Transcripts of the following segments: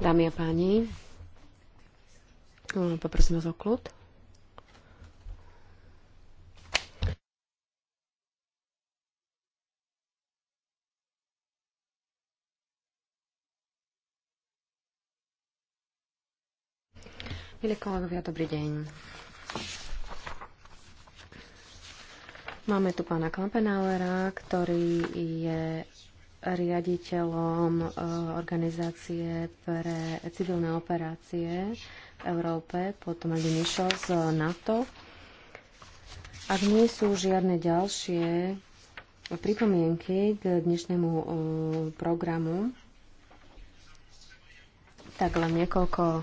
Dámy a páni, no, poprosím vás o kľud. Milí kolegovia, dobrý deň. Máme tu pána Klampenauera, ktorý je riaditeľom e, organizácie pre civilné operácie v Európe, potom Andy Michel z NATO. Ak nie sú žiadne ďalšie pripomienky k dnešnému e, programu, tak len niekoľko e,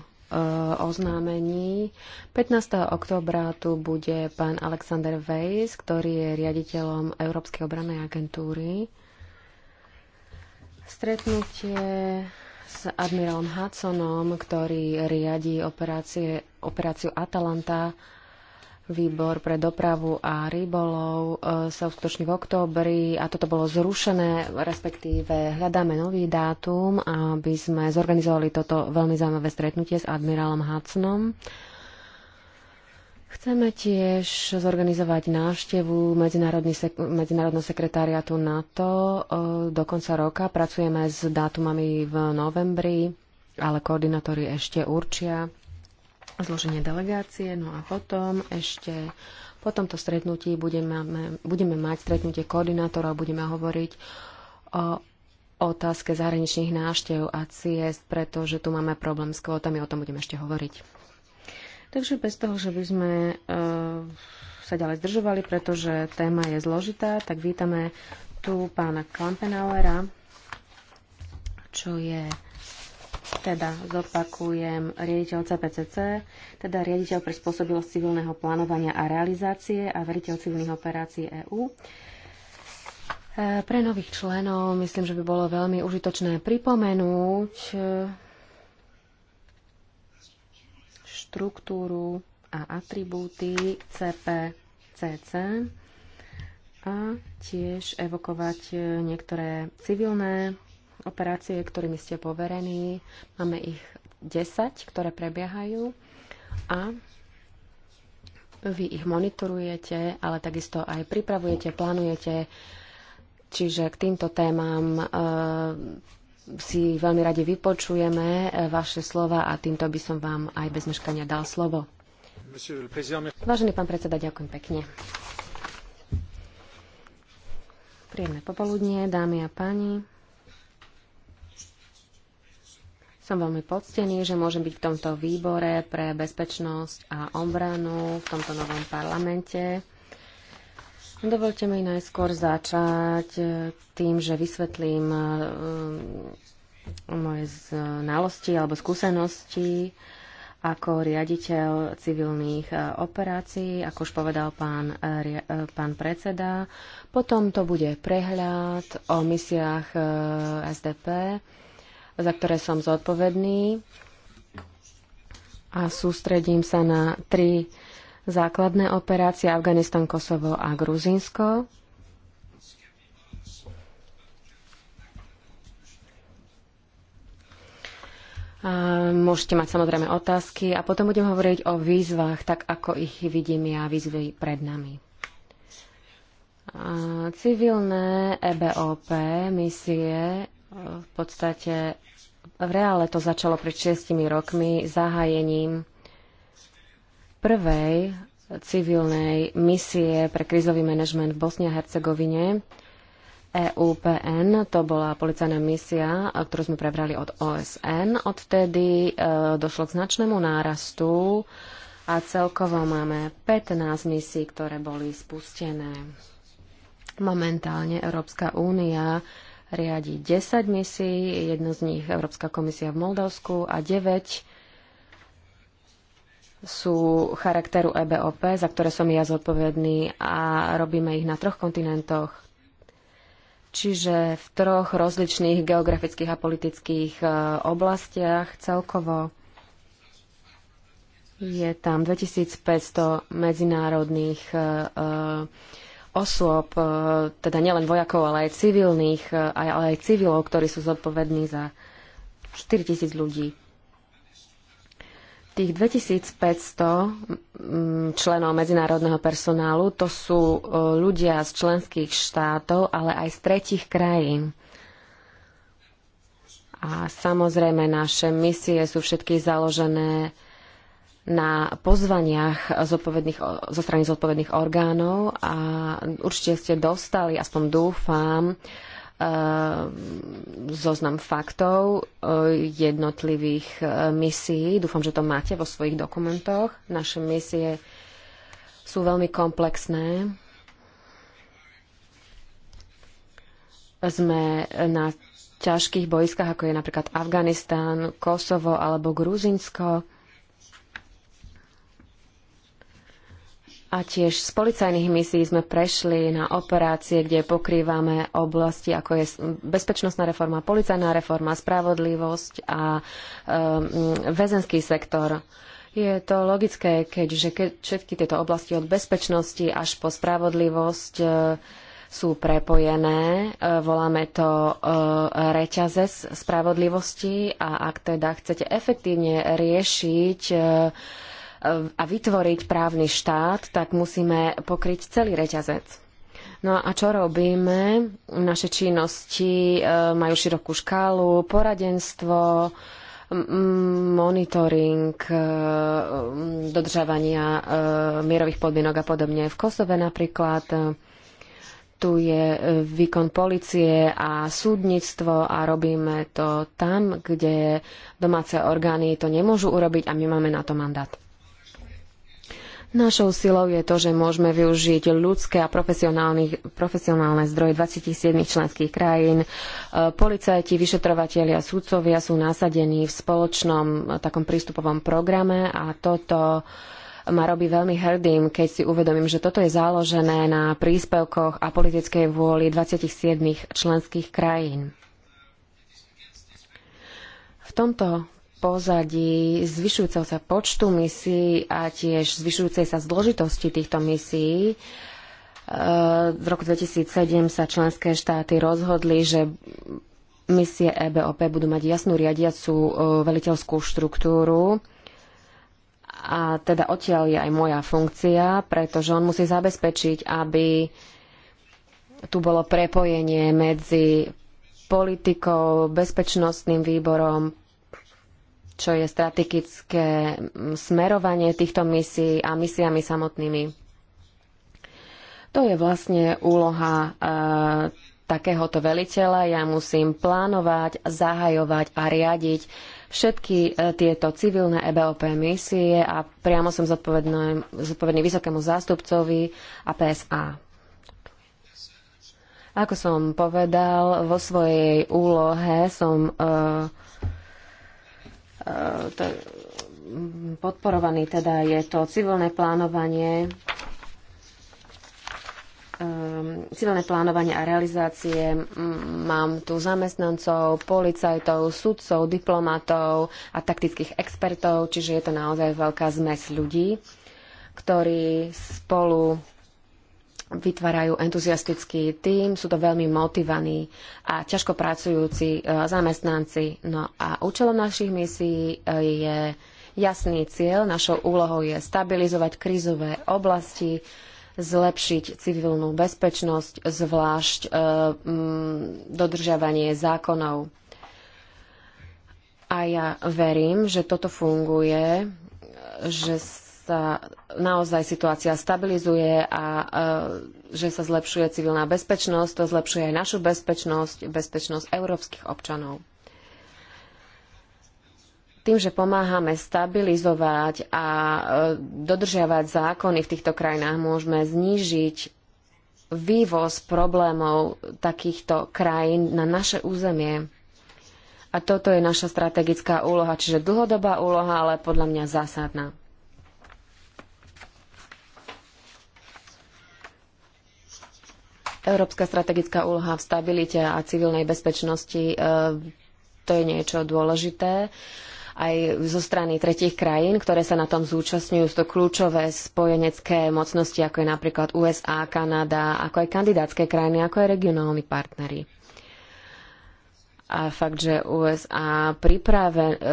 oznámení. 15. oktobra tu bude pán Alexander Weiss, ktorý je riaditeľom Európskej obrannej agentúry stretnutie s admirálom Hudsonom, ktorý riadi operácie, operáciu Atalanta. Výbor pre dopravu a rybolov e, sa uskutoční v októbri a toto bolo zrušené, respektíve hľadáme nový dátum, aby sme zorganizovali toto veľmi zaujímavé stretnutie s admirálom Hudsonom. Uh, Chceme tiež zorganizovať návštevu sek Medzinárodného sekretariatu NATO e, do konca roka. Pracujeme s dátumami v novembri, ale koordinátori ešte určia zloženie delegácie. No a potom ešte po tomto stretnutí budeme, budeme mať stretnutie koordinátorov, budeme hovoriť o otázke zahraničných návštev a ciest, pretože tu máme problém s kvótami, o tom budeme ešte hovoriť. Takže bez toho, že by sme eh, sa ďalej zdržovali, pretože téma je zložitá, tak vítame tu pána Klampenauera, čo je teda zopakujem riaditeľ CPCC, teda riaditeľ pre spôsobilosť civilného plánovania a realizácie a veriteľ civilných operácií EÚ. Eh, pre nových členov myslím, že by bolo veľmi užitočné pripomenúť eh, štruktúru a atribúty CPCC a tiež evokovať niektoré civilné operácie, ktorými ste poverení. Máme ich 10, ktoré prebiehajú a vy ich monitorujete, ale takisto aj pripravujete, plánujete. Čiže k týmto témam e, si veľmi radi vypočujeme e, vaše slova a týmto by som vám aj bez meškania dal slovo. Vážený pán predseda, ďakujem pekne. Príjemné popoludnie, dámy a páni. Som veľmi poctený, že môžem byť v tomto výbore pre bezpečnosť a obranu v tomto novom parlamente. Dovolte mi najskôr začať e, tým, že vysvetlím e, moje znalosti e, alebo skúsenosti ako riaditeľ civilných operácií, ako už povedal pán, pán predseda. Potom to bude prehľad o misiách SDP, za ktoré som zodpovedný a sústredím sa na tri základné operácie Afganistan, Kosovo a Gruzínsko. A môžete mať samozrejme otázky a potom budem hovoriť o výzvach, tak ako ich vidím ja, výzvy pred nami. A civilné EBOP misie v podstate v reále to začalo pred šiestimi rokmi zahájením prvej civilnej misie pre krizový manažment v Bosne a Hercegovine EUPN, to bola policajná misia, ktorú sme prebrali od OSN. Odtedy e, došlo k značnému nárastu a celkovo máme 15 misií, ktoré boli spustené. Momentálne Európska únia riadi 10 misií, jednu z nich Európska komisia v Moldavsku a 9 sú charakteru EBOP, za ktoré som ja zodpovedný a robíme ich na troch kontinentoch. Čiže v troch rozličných geografických a politických e, oblastiach celkovo je tam 2500 medzinárodných e, e, osôb, teda nielen vojakov, ale aj civilných, ale aj civilov, ktorí sú zodpovední za 4000 ľudí. Tých 2500 mm, členov medzinárodného personálu to sú e, ľudia z členských štátov, ale aj z tretich krajín. A samozrejme naše misie sú všetky založené na pozvaniach zo strany zodpovedných orgánov a určite ste dostali, aspoň dúfam, uh, Ehm, zoznam faktov e, jednotlivých e, misií. Dúfam, že to máte vo svojich dokumentoch. Naše misie sú veľmi komplexné. Sme na ťažkých bojskách, ako je napríklad Afganistán, Kosovo alebo Gruzinsko. A tiež z policajných misií sme prešli na operácie, kde pokrývame oblasti, ako je bezpečnostná reforma, policajná reforma, spravodlivosť a um, väzenský sektor. Je to logické, keďže všetky tieto oblasti od bezpečnosti až po spravodlivosť e, sú prepojené. E, voláme to e, reťazec spravodlivosti a ak teda chcete efektívne riešiť e, a vytvoriť právny štát, tak musíme pokryť celý reťazec. No a čo robíme? Naše činnosti e, majú širokú škálu, poradenstvo, monitoring e, dodržavania e, mierových podmienok a podobne. V Kosove napríklad tu je výkon policie a súdnictvo a robíme to tam, kde domáce orgány to nemôžu urobiť a my máme na to mandát. Našou silou je to, že môžeme využiť ľudské a profesionálne zdroje 27 členských krajín. E, policajti, vyšetrovatelia, sudcovia sú nasadení v spoločnom e, takom prístupovom programe a toto ma robí veľmi hrdým, keď si uvedomím, že toto je založené na príspevkoch a politickej vôli 27 členských krajín. V tomto pozadí zvyšujúceho sa počtu misií a tiež zvyšujúcej sa zložitosti týchto misií e, v roku 2007 sa členské štáty rozhodli, že misie EBOP budú mať jasnú riadiacu e, veliteľskú štruktúru. A teda odtiaľ je aj moja funkcia, pretože on musí zabezpečiť, aby tu bolo prepojenie medzi politikou, bezpečnostným výborom, čo je strategické mm, smerovanie týchto misií a misiami samotnými. To je vlastne úloha e, takéhoto veliteľa. Ja musím plánovať, zahajovať a riadiť všetky e, tieto civilné EBOP misie a priamo som zodpovedný, zodpovedný vysokému zástupcovi a PSA. Ako som povedal, vo svojej úlohe som e, E, podporovaný, teda je to civilné plánovanie, ehm, civilné plánovanie a realizácie. Mám tu zamestnancov, policajtov, sudcov, diplomatov a taktických expertov, čiže je to naozaj veľká zmes ľudí, ktorí spolu vytvárajú entuziastický tím, sú to veľmi motivovaní a ťažko pracujúci e, zamestnanci. No a účelom našich misií e, je jasný cieľ. Našou úlohou je stabilizovať krízové oblasti, zlepšiť civilnú bezpečnosť, zvlášť e, dodržiavanie zákonov. A ja verím, že toto funguje, že sa naozaj situácia stabilizuje a e, že sa zlepšuje civilná bezpečnosť, to zlepšuje aj našu bezpečnosť, bezpečnosť európskych občanov. Tým, že pomáhame stabilizovať a e, dodržiavať zákony v týchto krajinách, môžeme znížiť vývoz problémov takýchto krajín na naše územie. A toto je naša strategická úloha, čiže dlhodobá úloha, ale podľa mňa zásadná. Európska strategická úloha v stabilite a civilnej bezpečnosti, e, to je niečo dôležité aj zo strany tretich krajín, ktoré sa na tom zúčastňujú. Sú to kľúčové spojenecké mocnosti, ako je napríklad USA, Kanada, ako aj kandidátske krajiny, ako aj regionálni partneri. A fakt, že USA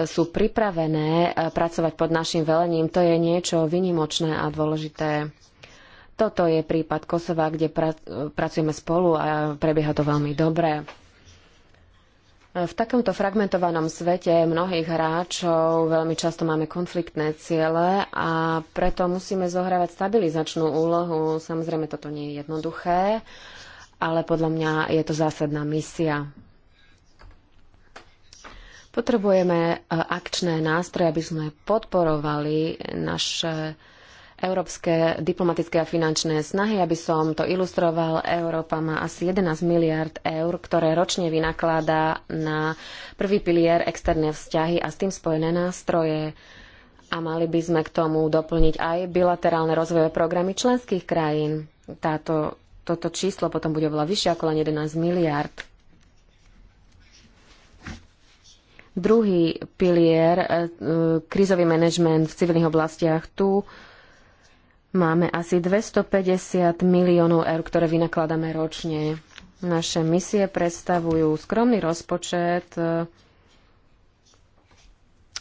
sú pripravené e, pracovať pod našim velením, to je niečo vynimočné a dôležité toto je prípad Kosova, kde pra, pracujeme spolu a prebieha to veľmi dobre. V takomto fragmentovanom svete mnohých hráčov veľmi často máme konfliktné ciele a preto musíme zohrávať stabilizačnú úlohu. Samozrejme, toto nie je jednoduché, ale podľa mňa je to zásadná misia. Potrebujeme e, akčné nástroje, aby sme podporovali naše európske diplomatické a finančné snahy. Aby som to ilustroval, Európa má asi 11 miliard eur, ktoré ročne vynakladá na prvý pilier externé vzťahy a s tým spojené nástroje. A mali by sme k tomu doplniť aj bilaterálne rozvojové programy členských krajín. Táto, toto číslo potom bude oveľa vyššie ako len 11 miliard. Druhý pilier, e, e, krízový manažment v civilných oblastiach. Tu Máme asi 250 miliónov eur, ktoré vynakladáme ročne. Naše misie predstavujú skromný rozpočet e,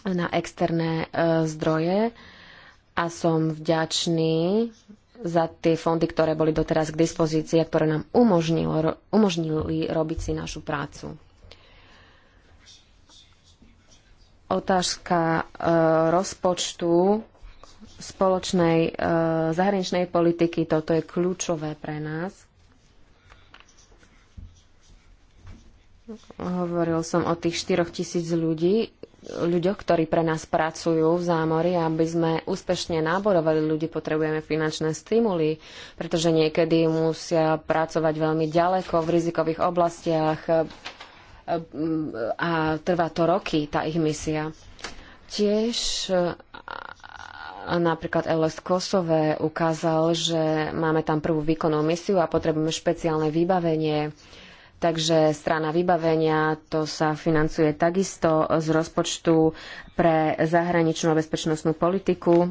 na externé e, zdroje a som vďačný za tie fondy, ktoré boli doteraz k dispozícii a ktoré nám umožnilo, umožnili robiť si našu prácu. Otázka e, rozpočtu spoločnej e, zahraničnej politiky. Toto je kľúčové pre nás. Hovoril som o tých 4 tisíc ľudí, ľuďoch, ktorí pre nás pracujú v zámori, aby sme úspešne náborovali ľudí, potrebujeme finančné stimuly, pretože niekedy musia pracovať veľmi ďaleko v rizikových oblastiach e, a trvá to roky, tá ich misia. Tiež Napríklad LS Kosové ukázal, že máme tam prvú výkonnú misiu a potrebujeme špeciálne vybavenie. Takže strana vybavenia, to sa financuje takisto z rozpočtu pre zahraničnú a bezpečnostnú politiku. E,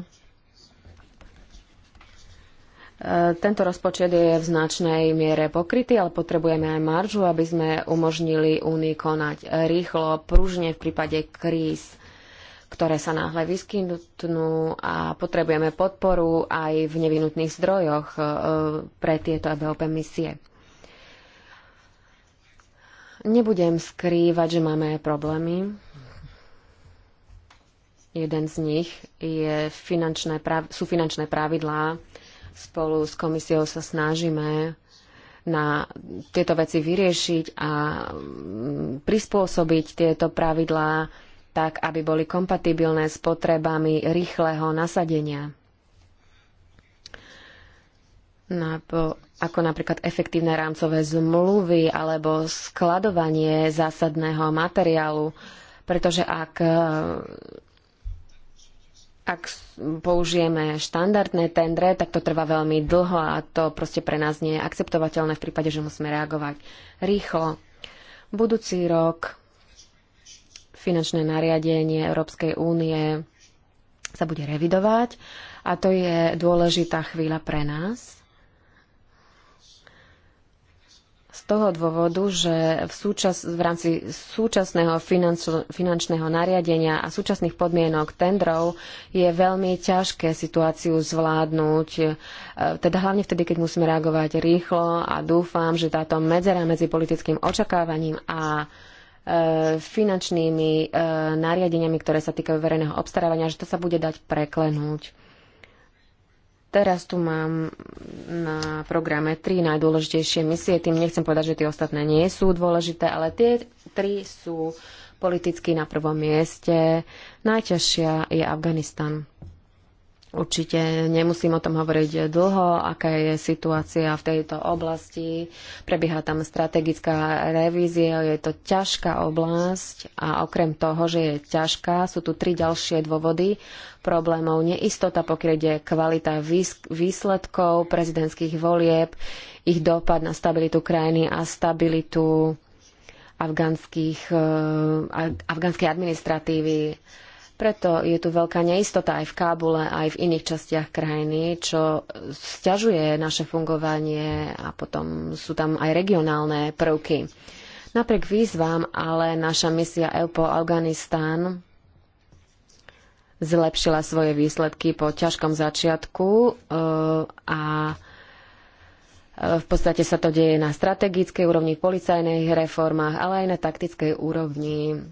tento rozpočet je v značnej miere pokrytý, ale potrebujeme aj maržu, aby sme umožnili Únii konať rýchlo, pružne v prípade kríz ktoré sa náhle vyskytnú a potrebujeme podporu aj v nevinutných zdrojoch e, pre tieto EBOP misie. Nebudem skrývať, že máme problémy. Jeden z nich je finančné prav- sú finančné pravidlá. Spolu s komisiou sa snažíme na tieto veci vyriešiť a mm, prispôsobiť tieto pravidlá tak aby boli kompatibilné s potrebami rýchleho nasadenia. Na, po, ako napríklad efektívne rámcové zmluvy alebo skladovanie zásadného materiálu, pretože ak, eh, ak použijeme štandardné tendre, tak to trvá veľmi dlho a to proste pre nás nie je akceptovateľné v prípade, že musíme reagovať rýchlo. Budúci rok finančné nariadenie Európskej únie sa bude revidovať a to je dôležitá chvíľa pre nás. Z toho dôvodu, že v, súčas, v rámci súčasného financ, finančného nariadenia a súčasných podmienok tendrov je veľmi ťažké situáciu zvládnuť, e, teda hlavne vtedy, keď musíme reagovať rýchlo a dúfam, že táto medzera medzi politickým očakávaním a E, finančnými e, nariadeniami, ktoré sa týkajú verejného obstarávania, že to sa bude dať preklenúť. Teraz tu mám na programe tri najdôležitejšie misie. Tým nechcem povedať, že tie ostatné nie sú dôležité, ale tie tri sú politicky na prvom mieste. Najťažšia je Afganistan. Určite nemusím o tom hovoriť dlho, aká je situácia v tejto oblasti. Prebieha tam strategická revízia, je to ťažká oblasť a okrem toho, že je ťažká, sú tu tri ďalšie dôvody problémov. Neistota, pokiaľ ide kvalita výsledkov prezidentských volieb, ich dopad na stabilitu krajiny a stabilitu eh, afgánskej administratívy preto je tu veľká neistota aj v Kábule, aj v iných častiach krajiny, čo sťažuje naše fungovanie a potom sú tam aj regionálne prvky. Napriek výzvam, ale naša misia EUPO Afganistán zlepšila svoje výsledky po ťažkom začiatku e, a v podstate sa to deje na strategickej úrovni, policajných reformách, ale aj na taktickej úrovni.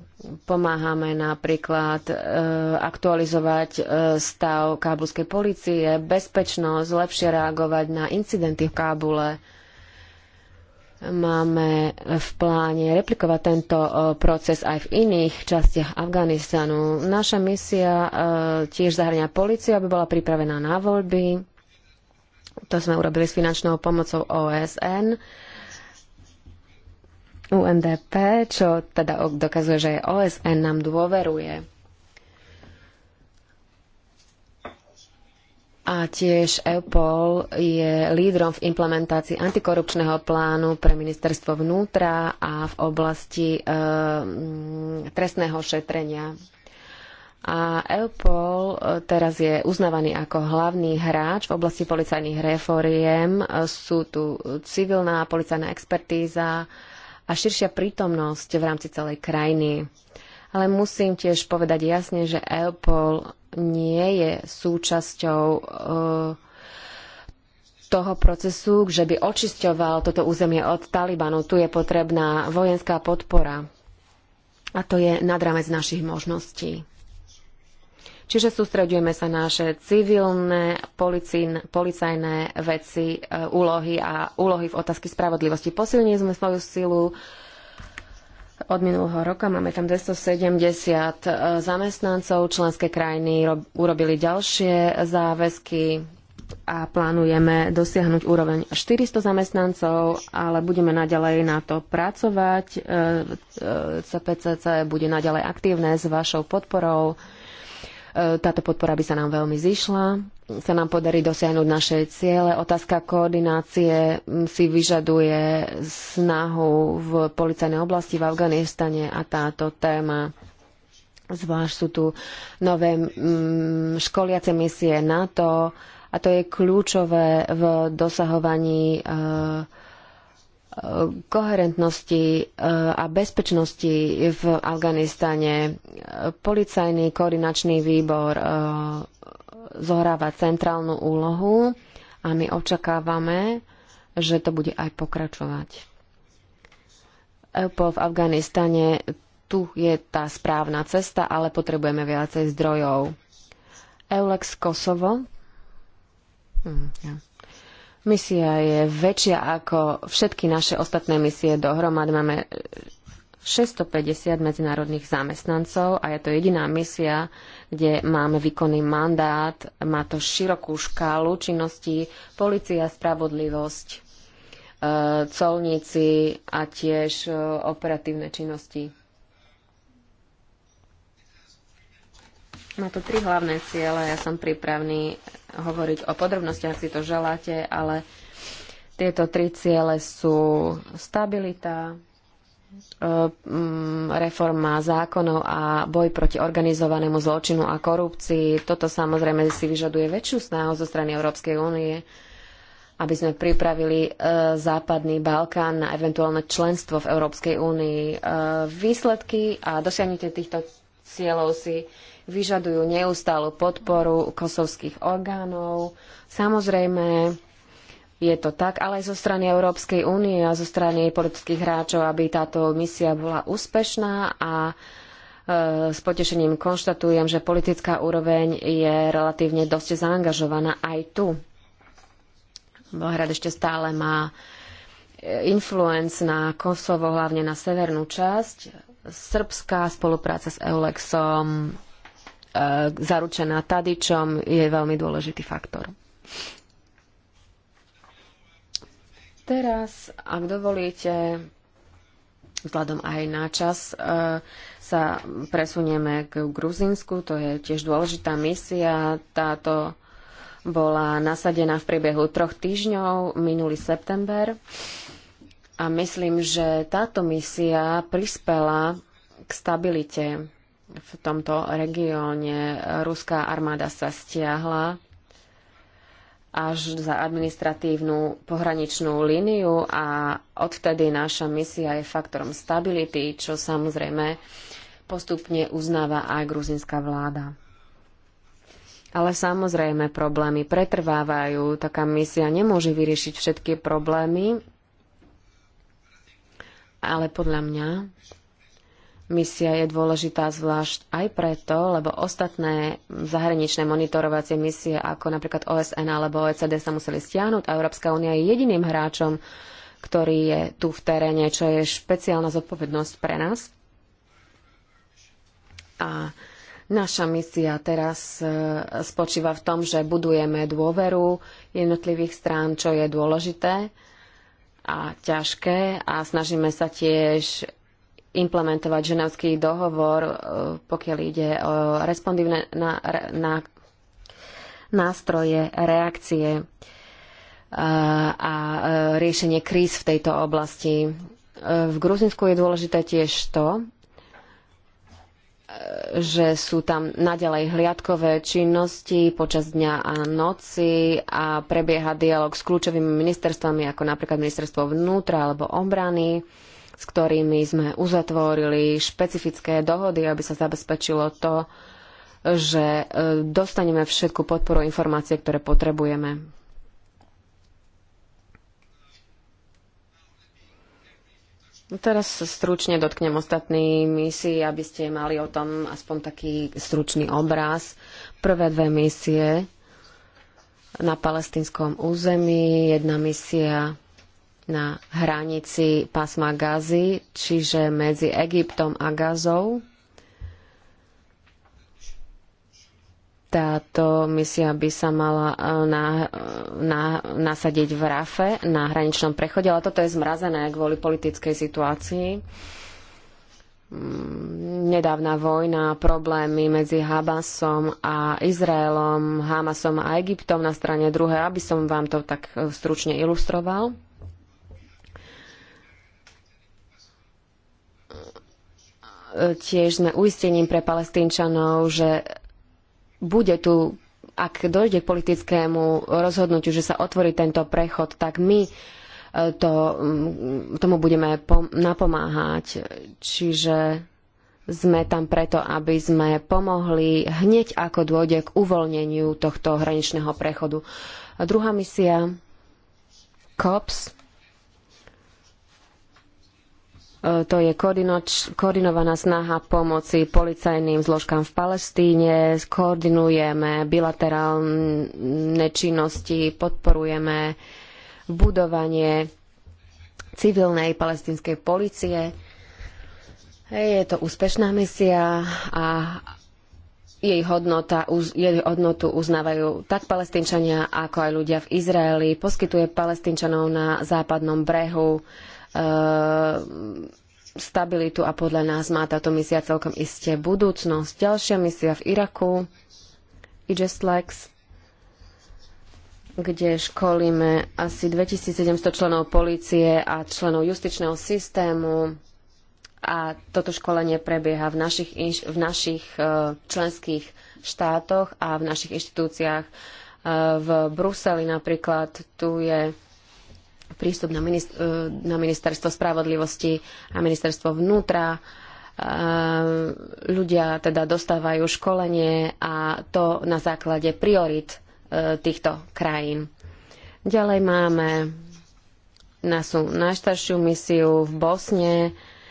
Pomáhame napríklad e, aktualizovať e, stav kábulskej policie, bezpečnosť, lepšie reagovať na incidenty v Kábule. Máme v pláne replikovať tento e, proces aj v iných častiach Afganistanu. Naša misia e, tiež zahrania policiu, aby bola pripravená na voľby to sme urobili s finančnou pomocou OSN. UNDP, čo teda dokazuje, že OSN nám dôveruje. A tiež EUPOL je lídrom v implementácii antikorupčného plánu pre ministerstvo vnútra a v oblasti e, trestného šetrenia a EUPOL e, teraz je uznávaný ako hlavný hráč v oblasti policajných reforiem. E, sú tu civilná policajná expertíza a širšia prítomnosť v rámci celej krajiny. Ale musím tiež povedať jasne, že EUPOL nie je súčasťou e, toho procesu, že by očisťoval toto územie od Talibanu. Tu je potrebná vojenská podpora. A to je nad rámec našich možností. Čiže sústredujeme sa naše civilné, policín, policajné veci, e, úlohy a úlohy v otázky spravodlivosti. Posilnili sme svoju silu od minulého roka máme tam 270 e, zamestnancov. Členské krajiny urobili ďalšie záväzky a plánujeme dosiahnuť úroveň 400 zamestnancov, ale budeme naďalej na to pracovať. CPCC e, bude naďalej aktívne s vašou podporou táto podpora by sa nám veľmi zišla. Sa nám podarí dosiahnuť naše ciele. Otázka koordinácie mm, si vyžaduje snahu v policajnej oblasti v Afganistane a táto téma Zvlášť sú tu nové mm, školiace misie NATO a to je kľúčové v dosahovaní uh, koherentnosti e, a bezpečnosti v Afganistane. Policajný koordinačný výbor e, zohráva centrálnu úlohu a my očakávame, že to bude aj pokračovať. EUPOL v Afganistane, tu je tá správna cesta, ale potrebujeme viacej zdrojov. EULEX Kosovo. Hm, ja. Misia je väčšia ako všetky naše ostatné misie dohromady. Máme 650 e, medzinárodných zamestnancov a je to jediná misia, kde máme výkonný mandát. Má to širokú škálu činností, policia, spravodlivosť, e, colníci a tiež e, operatívne činnosti. Má to tri hlavné ciele. Ja som pripravný hovoriť o podrobnostiach, ak si to želáte, ale tieto tri ciele sú stabilita, e, mm, reforma zákonov a boj proti organizovanému zločinu a korupcii. Toto samozrejme si vyžaduje väčšiu snahu zo strany Európskej únie, aby sme pripravili e, Západný Balkán na eventuálne členstvo v Európskej únii. E, výsledky a dosiahnutie týchto cieľov si vyžadujú neustálu podporu kosovských orgánov. Samozrejme, je to tak, ale aj zo strany Európskej únie a zo strany politických hráčov, aby táto misia bola úspešná a e, s potešením konštatujem, že politická úroveň je relatívne dosť zaangažovaná aj tu. Bohrad ešte stále má e, influence na Kosovo, hlavne na severnú časť. Srbská spolupráca s Eulexom E, zaručená Tadičom, je veľmi dôležitý faktor. Teraz, ak dovolíte, vzhľadom aj na čas, e, sa presunieme k Gruzinsku, To je tiež dôležitá misia. Táto bola nasadená v priebehu troch týždňov minulý september. A myslím, že táto misia prispela k stabilite v tomto regióne. Ruská armáda sa stiahla až za administratívnu pohraničnú líniu a odvtedy naša misia je faktorom stability, čo samozrejme postupne uznáva aj gruzinská vláda. Ale samozrejme problémy pretrvávajú. Taká misia nemôže vyriešiť všetky problémy, ale podľa mňa Misia je dôležitá zvlášť aj preto, lebo ostatné zahraničné monitorovacie misie, ako napríklad OSN alebo OECD, sa museli stiahnuť a Európska únia je jediným hráčom, ktorý je tu v teréne, čo je špeciálna zodpovednosť pre nás. A naša misia teraz e, spočíva v tom, že budujeme dôveru jednotlivých strán, čo je dôležité a ťažké a snažíme sa tiež implementovať ženevský dohovor, e, pokiaľ ide o respondívne na, na nástroje reakcie e, a e, riešenie kríz v tejto oblasti. V Gruzinsku je dôležité tiež to, že sú tam naďalej hliadkové činnosti počas dňa a noci a prebieha dialog s kľúčovými ministerstvami, ako napríklad ministerstvo vnútra alebo obrany. Uh, s ktorými sme uzatvorili špecifické dohody, aby sa zabezpečilo to, že e, dostaneme všetku podporu informácie, ktoré potrebujeme. No teraz stručne dotknem ostatný misií, aby ste mali o tom aspoň taký stručný obraz. Prvé dve misie na palestinskom území, jedna misia na hranici pásma Gazy, čiže medzi Egyptom a Gazou. Táto misia by sa mala e, na, e, na, nasadiť v Rafe na hraničnom prechode, ale toto je zmrazené kvôli politickej situácii. Mm, nedávna vojna, problémy medzi Hamasom a Izraelom, Hamasom a Egyptom na strane druhej, aby som vám to tak e, stručne ilustroval. tiež sme uistením pre palestínčanov, že bude tu, ak dojde k politickému rozhodnutiu, že sa otvorí tento prechod, tak my e, to, mm, tomu budeme napomáhať. Čiže sme tam preto, aby sme pomohli hneď ako dôjde k uvoľneniu tohto hraničného prechodu. A druhá misia COPS E, to je koordinovaná snaha pomoci policajným zložkám v Palestíne, koordinujeme bilaterálne činnosti, podporujeme budovanie civilnej palestinskej policie. Je to úspešná misia a jej, hodnota, jej hodnotu uznávajú tak palestínčania, ako aj ľudia v Izraeli. Poskytuje Palestinčanov na západnom brehu Ehm, stabilitu a podľa nás má táto misia celkom isté budúcnosť. Ďalšia misia v Iraku, IGESTLEX, kde školíme asi 2700 členov polície a členov justičného systému a toto školenie prebieha v našich, v našich e, členských štátoch a v našich inštitúciách. E, v Bruseli napríklad tu je prístup na, minist- e, na ministerstvo spravodlivosti a ministerstvo vnútra. E, ľudia teda dostávajú školenie a to na základe priorit e, týchto krajín. Ďalej máme našu najstaršiu misiu v Bosne.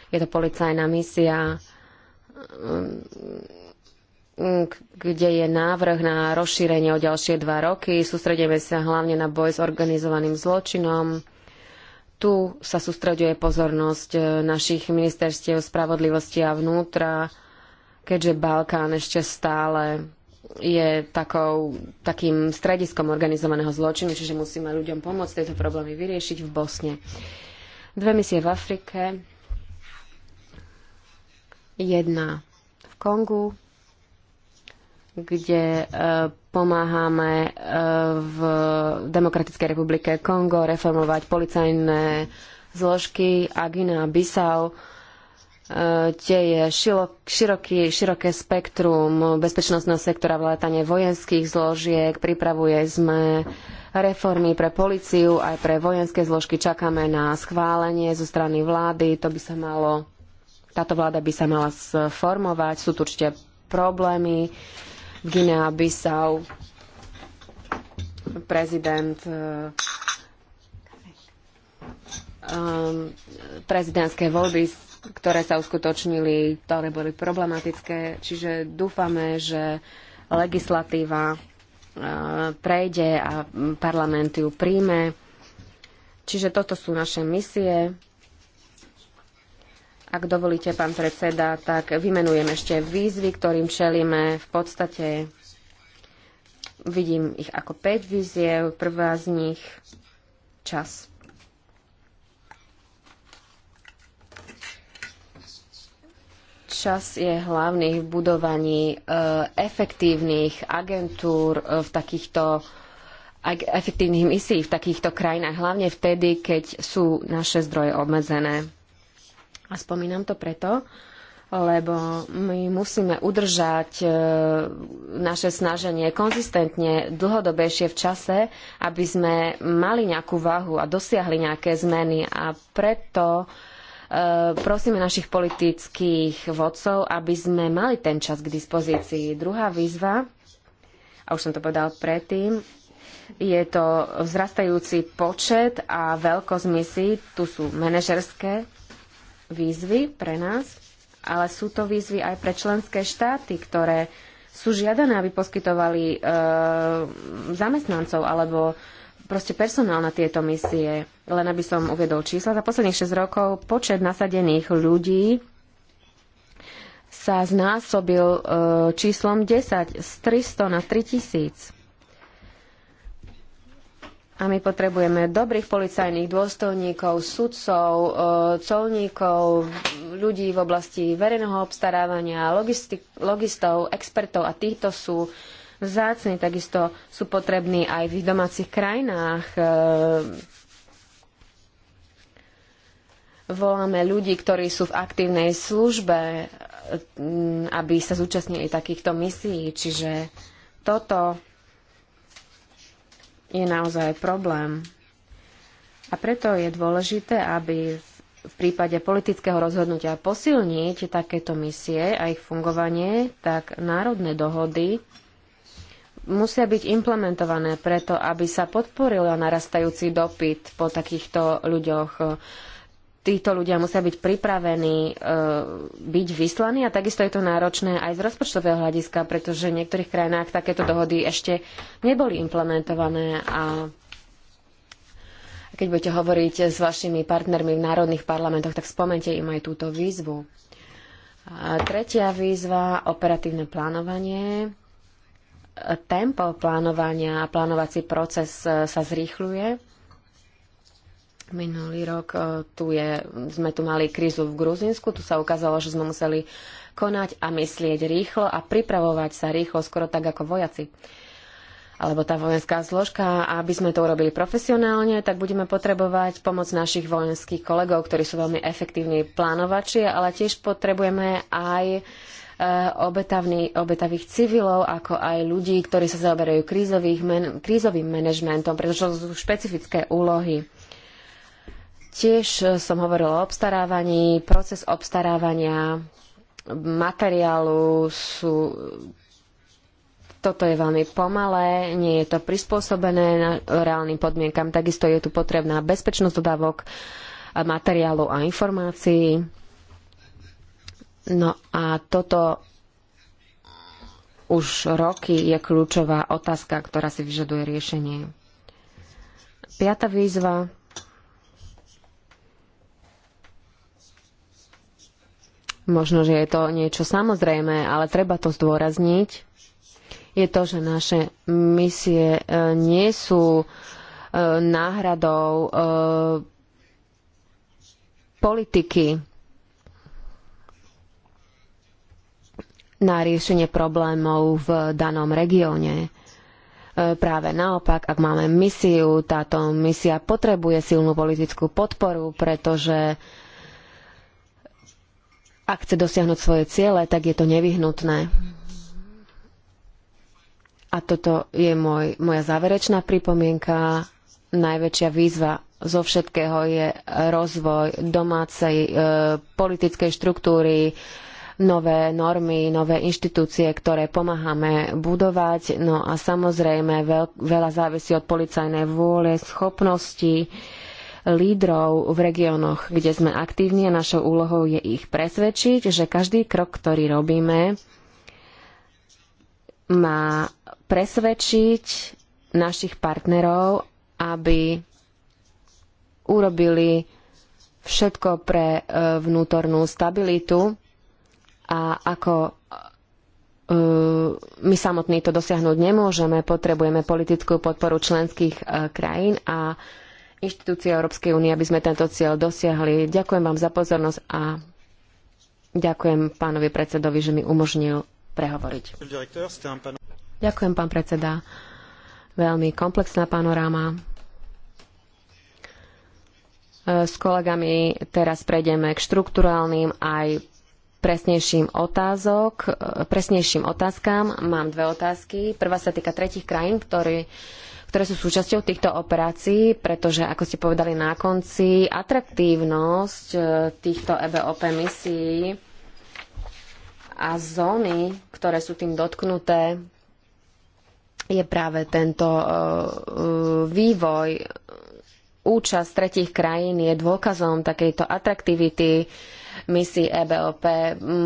Je to policajná misia kde je návrh na rozšírenie o ďalšie dva roky. Sústredíme sa hlavne na boj s organizovaným zločinom. Tu sa sústreďuje pozornosť e, našich ministerstiev spravodlivosti a vnútra, keďže Balkán ešte stále je takou, takým strediskom organizovaného zločinu, čiže musíme ľuďom pomôcť tieto problémy vyriešiť v Bosne. Dve misie v Afrike, jedna v Kongu, kde e, pomáhame e, v Demokratickej republike Kongo reformovať policajné zložky a Guinea-Bissau e, tie je široký, široké spektrum bezpečnostného sektora vrátane vojenských zložiek. Pripravuje sme reformy pre policiu aj pre vojenské zložky. Čakáme na schválenie zo strany vlády. To by sa malo, táto vláda by sa mala sformovať. Sú tu určite problémy. Uh, Guinea Bissau. Prezident um, prezidentské voľby, ktoré sa uskutočnili, ktoré boli problematické. Čiže dúfame, že legislatíva eh, prejde a mm, parlament ju príjme. Čiže toto sú naše misie. Ak dovolíte, pán predseda, tak vymenujem ešte výzvy, ktorým čelíme. V podstate vidím ich ako 5 výziev. Prvá z nich čas. Čas je hlavný v budovaní e, efektívnych agentúr e, v takýchto efektívnych misií v takýchto krajinách, hlavne vtedy, keď sú naše zdroje obmedzené. A spomínam to preto, lebo my musíme udržať e, naše snaženie konzistentne dlhodobejšie v čase, aby sme mali nejakú váhu a dosiahli nejaké zmeny. A preto e, prosíme našich politických vodcov, aby sme mali ten čas k dispozícii. Druhá výzva, a už som to povedal predtým, je to vzrastajúci počet a veľkosť misií, tu sú manažerské výzvy pre nás, ale sú to výzvy aj pre členské štáty, ktoré sú žiadané, aby poskytovali e, zamestnancov alebo proste personál na tieto misie. Len aby som uviedol čísla, za posledných 6 rokov počet nasadených ľudí sa znásobil e, číslom 10 z 300 na 3000. A my potrebujeme dobrých policajných dôstojníkov, sudcov, e, colníkov, ľudí v oblasti verejného obstarávania, logistov, expertov a týchto sú vzácni, takisto sú potrební aj v ich domácich krajinách. E, voláme ľudí, ktorí sú v aktívnej službe, aby sa zúčastnili takýchto misií, čiže toto je naozaj problém. A preto je dôležité, aby v prípade politického rozhodnutia posilniť takéto misie a ich fungovanie, tak národné dohody musia byť implementované preto, aby sa podporil narastajúci dopyt po takýchto ľuďoch títo ľudia musia byť pripravení e, byť vyslaní a takisto je to náročné aj z rozpočtového hľadiska, pretože v niektorých krajinách takéto dohody ešte neboli implementované a keď budete hovoriť s vašimi partnermi v národných parlamentoch, tak spomente im aj túto výzvu. A tretia výzva, operatívne plánovanie. Tempo plánovania a plánovací proces e, sa zrýchľuje Minulý rok e, tu je, sme tu mali krízu v Gruzinsku. tu sa ukázalo, že sme museli konať a myslieť rýchlo a pripravovať sa rýchlo, skoro tak ako vojaci alebo tá vojenská zložka, aby sme to urobili profesionálne, tak budeme potrebovať pomoc našich vojenských kolegov, ktorí sú veľmi efektívni plánovači, ale tiež potrebujeme aj e, obetavný, obetavých civilov, ako aj ľudí, ktorí sa zaoberajú krízových krízovým manažmentom, pretože to sú špecifické úlohy. Tiež e, som hovorila o obstarávaní. Proces obstarávania materiálu sú toto je veľmi pomalé, nie je to prispôsobené reálnym podmienkam. Takisto je tu potrebná bezpečnosť dodávok materiálu a informácií. No a toto už roky je kľúčová otázka, ktorá si vyžaduje riešenie. Piata výzva Možno, že je to niečo samozrejme, ale treba to zdôrazniť. Je to, že naše misie e, nie sú e, náhradou e, politiky na riešenie problémov v danom regióne. Práve naopak, ak máme misiu, táto misia potrebuje silnú politickú podporu, pretože ak chce dosiahnuť svoje ciele, tak je to nevyhnutné. A toto je môj, moja záverečná pripomienka. Najväčšia výzva zo všetkého je rozvoj domácej e, politickej štruktúry, nové normy, nové inštitúcie, ktoré pomáhame budovať. No a samozrejme veľ, veľa závisí od policajnej vôle, schopnosti, e, lídrov v regiónoch, kde sme aktívni a našou úlohou je ich presvedčiť, že každý krok, ktorý robíme, má presvedčiť našich partnerov, aby urobili všetko pre e, vnútornú stabilitu a ako e, my samotní to dosiahnuť nemôžeme, potrebujeme politickú podporu členských e, krajín a inštitúcie Európskej únie, aby sme tento cieľ dosiahli. Ďakujem vám za pozornosť a ďakujem pánovi predsedovi, že mi umožnil prehovoriť. Ďakujem, pán predseda. Veľmi komplexná panoráma. E, s kolegami teraz prejdeme k štruktúrálnym aj presnejším otázok, e, presnejším otázkam. Mám dve otázky. Prvá sa týka tretich krajín, ktorý, ktoré sú súčasťou týchto operácií, pretože, ako ste povedali na konci, atraktívnosť e, týchto EBOP misií a zóny, ktoré sú tým dotknuté, je práve tento e, e, vývoj. Účasť tretích krajín je dôkazom takejto atraktivity misií EBOP.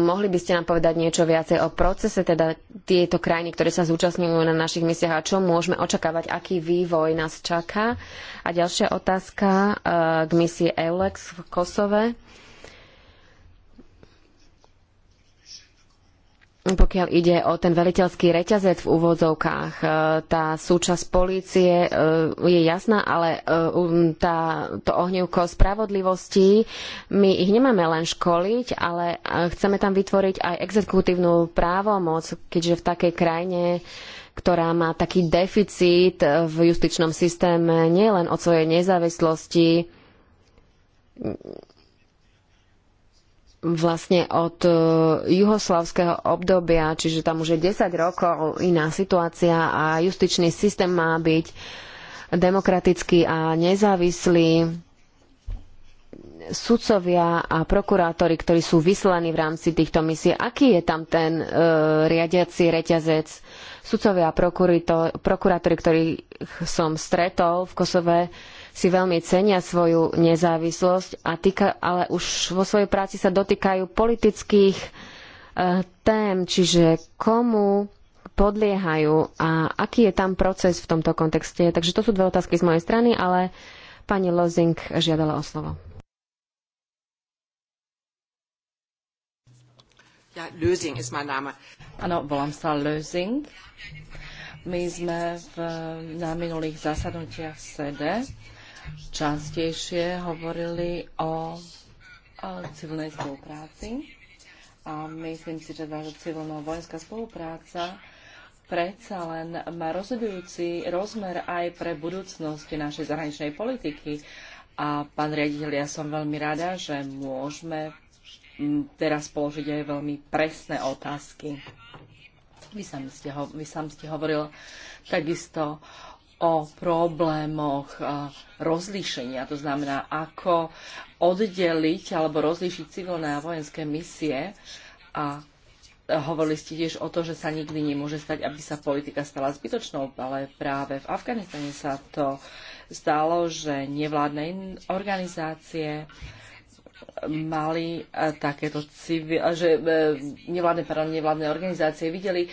Mohli by ste nám povedať niečo viacej o procese, teda tieto krajiny, ktoré sa zúčastňujú na našich misiách a čo môžeme očakávať, aký vývoj nás čaká. A ďalšia otázka eh, k misii EULEX v Kosove. pokiaľ ide o ten veliteľský reťazec v úvodzovkách, e, tá súčasť polície e, je jasná, ale e, um, tá, to ohnívko spravodlivosti, my ich nemáme len školiť, ale chceme tam vytvoriť aj exekutívnu právomoc, keďže v takej krajine ktorá má taký deficit v justičnom systéme nielen od svojej nezávislosti, vlastne od e, juhoslavského obdobia, čiže tam už je 10 rokov iná situácia a justičný systém má byť demokratický a nezávislý. Sudcovia a prokurátori, ktorí sú vyslaní v rámci týchto misií, aký je tam ten e, riadiaci reťazec? Sudcovia a prokurátori, ktorých som stretol v Kosove, e, si veľmi cenia svoju nezávislosť, a týka, ale už vo svojej práci sa dotýkajú politických e, tém, čiže komu podliehajú a aký je tam proces v tomto kontexte. Takže to sú dve otázky z mojej strany, ale pani Lozing žiadala o slovo. Ja, Lozing je môj náma. Áno, volám sa Lozing. My sme v, na minulých zasadnutiach SEDE častejšie hovorili o, o civilnej spolupráci a myslím si, že táto civilno-vojenská spolupráca predsa len má rozhodujúci rozmer aj pre budúcnosť našej zahraničnej politiky. A pán riaditeľ, ja som veľmi rada, že môžeme teraz položiť aj veľmi presné otázky. Vy sám ste, ho, vy sám ste hovoril takisto o problémoch e, rozlíšenia, to znamená, ako oddeliť alebo rozlíšiť civilné a vojenské misie a hovorili ste tiež o to, že sa nikdy nemôže stať, aby sa politika stala zbytočnou, ale práve v Afganistane sa to stalo, že nevládne organizácie mali e, takéto civil, že e, nevládne, pardon, nevládne organizácie videli e,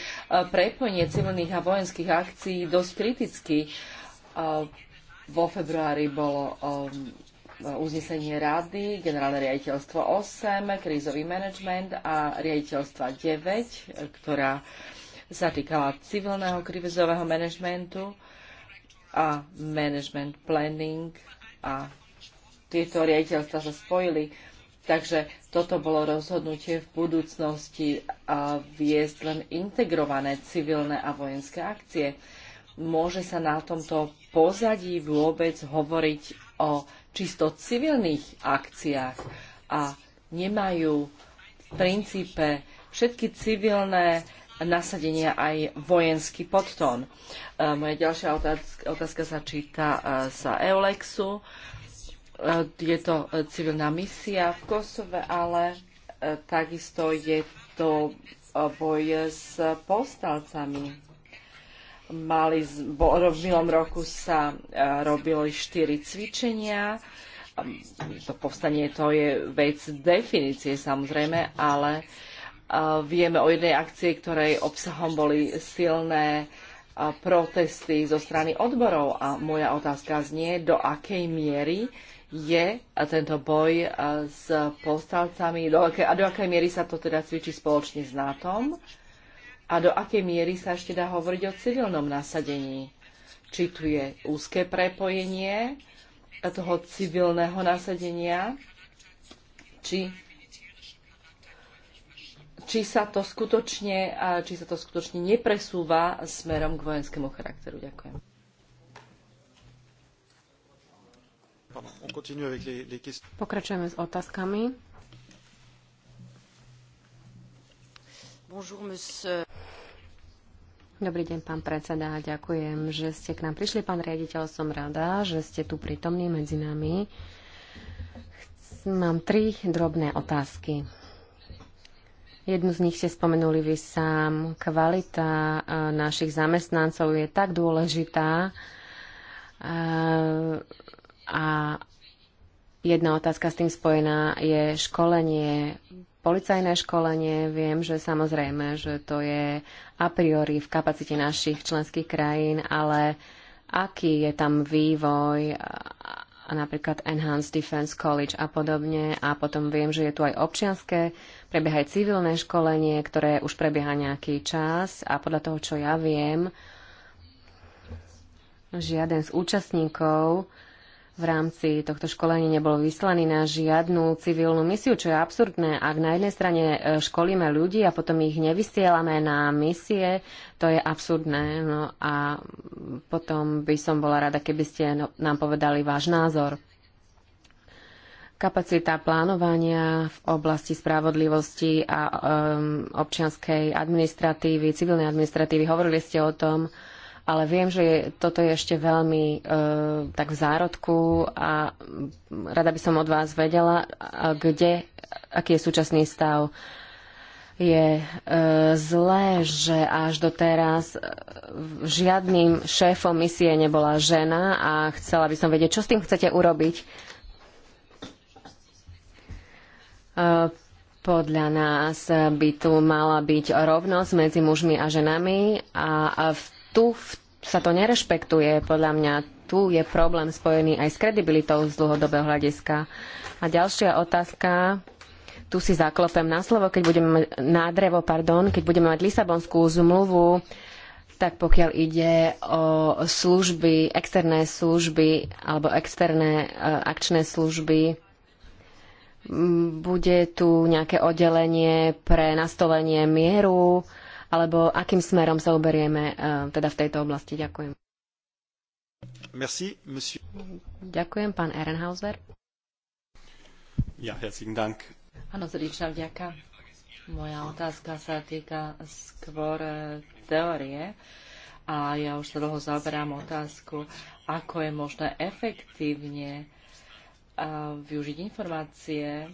prepojenie civilných a vojenských akcií dosť kriticky. Vo februári bolo uznesenie rady, generálne riaditeľstvo 8, krízový management a riaditeľstva 9, ktorá sa týkala civilného krízového manažmentu a management planning a tieto riaditeľstva sa spojili. Takže toto bolo rozhodnutie v budúcnosti a viesť len integrované civilné a vojenské akcie. Môže sa na tomto pozadí vôbec hovoriť o čisto civilných akciách a nemajú v princípe všetky civilné nasadenia aj vojenský podtón. E, moja ďalšia otázka, otázka sa číta sa e, Eulexu. E, je to e, civilná misia v Kosove, ale e, takisto je to boj s povstalcami. Mali, v minulom roku sa robili štyri cvičenia. To povstanie to je vec definície samozrejme, ale vieme o jednej akcii, ktorej obsahom boli silné protesty zo strany odborov. A moja otázka znie, do akej miery je tento boj s povstalcami, do akej, a do akej miery sa to teda cvičí spoločne s NATO a do akej miery sa ešte dá hovoriť o civilnom nasadení. Či tu je úzke prepojenie toho civilného nasadenia, či, či, sa to skutočne, či sa to skutočne nepresúva smerom k vojenskému charakteru. Ďakujem. Pokračujeme s otázkami. Dobrý deň, pán predseda. Ďakujem, že ste k nám prišli. Pán riaditeľ, som rada, že ste tu prítomní medzi nami. Mám tri drobné otázky. Jednu z nich ste spomenuli vy sám. Kvalita e, našich zamestnancov je tak dôležitá, e, a jedna otázka s tým spojená je školenie, policajné školenie. Viem, že samozrejme, že to je a priori v kapacite našich členských krajín, ale aký je tam vývoj a napríklad Enhanced Defense College a podobne. A potom viem, že je tu aj občianské, prebieha aj civilné školenie, ktoré už prebieha nejaký čas a podľa toho, čo ja viem, žiaden z účastníkov v rámci tohto školenia nebol vyslaný na žiadnu civilnú misiu, čo je absurdné. Ak na jednej strane e, školíme ľudí a potom ich nevysielame na misie, to je absurdné. No a potom by som bola rada, keby ste no, nám povedali váš názor. Kapacita plánovania v oblasti spravodlivosti a um, občianskej administratívy, civilnej administratívy, hovorili ste o tom, ale viem, že toto je ešte veľmi e, tak v zárodku a rada by som od vás vedela, kde, aký je súčasný stav. Je e, zlé, že až doteraz e, žiadnym šéfom misie nebola žena a chcela by som vedieť, čo s tým chcete urobiť. E, podľa nás by tu mala byť rovnosť medzi mužmi a ženami a v tu sa to nerešpektuje, podľa mňa tu je problém spojený aj s kredibilitou z dlhodobého hľadiska. A ďalšia otázka, tu si zaklopem na slovo, keď budeme mať, na drevo, pardon, keď budeme mať Lisabonskú zmluvu, tak pokiaľ ide o služby, externé služby alebo externé e, akčné služby, bude tu nejaké oddelenie pre nastolenie mieru, alebo akým smerom sa uberieme eh, teda v tejto oblasti. Ďakujem. Merci, monsieur. Ďakujem, pán Ehrenhauser. Ja, herzlichen Dank. Áno, srdečná vďaka. Moja otázka sa týka skôr eh, teórie a ja už sa dlho zaoberám otázku, ako je možné efektívne eh, využiť informácie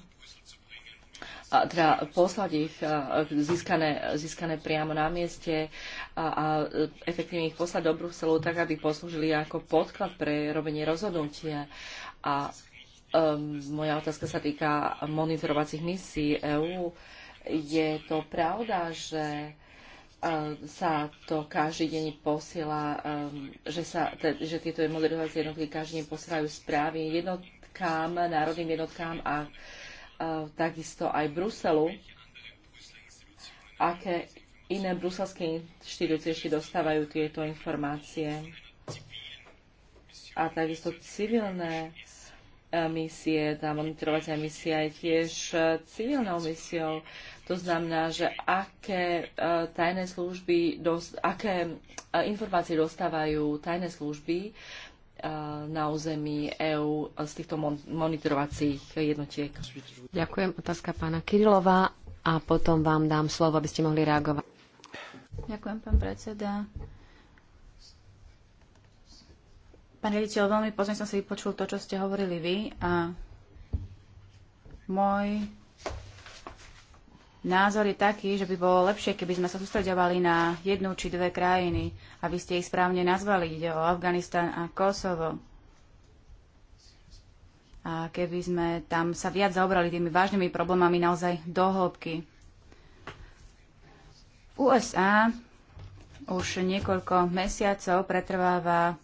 teda poslať ich získané, získané priamo na mieste a, a efektívne ich poslať do Bruselu tak, aby poslúžili ako podklad pre robenie rozhodnutia. A um, moja otázka sa týka monitorovacích misií EÚ. Je to pravda, že sa to každý deň posiela, um, že, sa, že tieto moderovacie jednotky každý deň posielajú správy jednotkám, národným jednotkám a Eh, takisto aj Bruselu, aké iné bruselské inštitúcie ešte dostávajú tieto informácie. A takisto civilné eh, misie, tá monitorovacia misia je tiež eh, civilnou misiou. To znamená, že aké tajné služby, aké informácie dostávajú tajné služby Eh, na území EÚ z týchto monitorovacích jednotiek. Ďakujem. Otázka pána Kirilová a potom vám dám slovo, aby ste mohli reagovať. Ďakujem, pán predseda. Pán riaditeľ, veľmi pozne som si vypočul to, čo ste hovorili vy a môj názor je taký, že by bolo lepšie, keby sme sa sústredovali na jednu či dve krajiny. aby ste ich správne nazvali. Ide o Afganistan a Kosovo. A keby sme tam sa viac zaobrali tými vážnymi problémami naozaj do hĺbky. V USA už niekoľko mesiacov pretrváva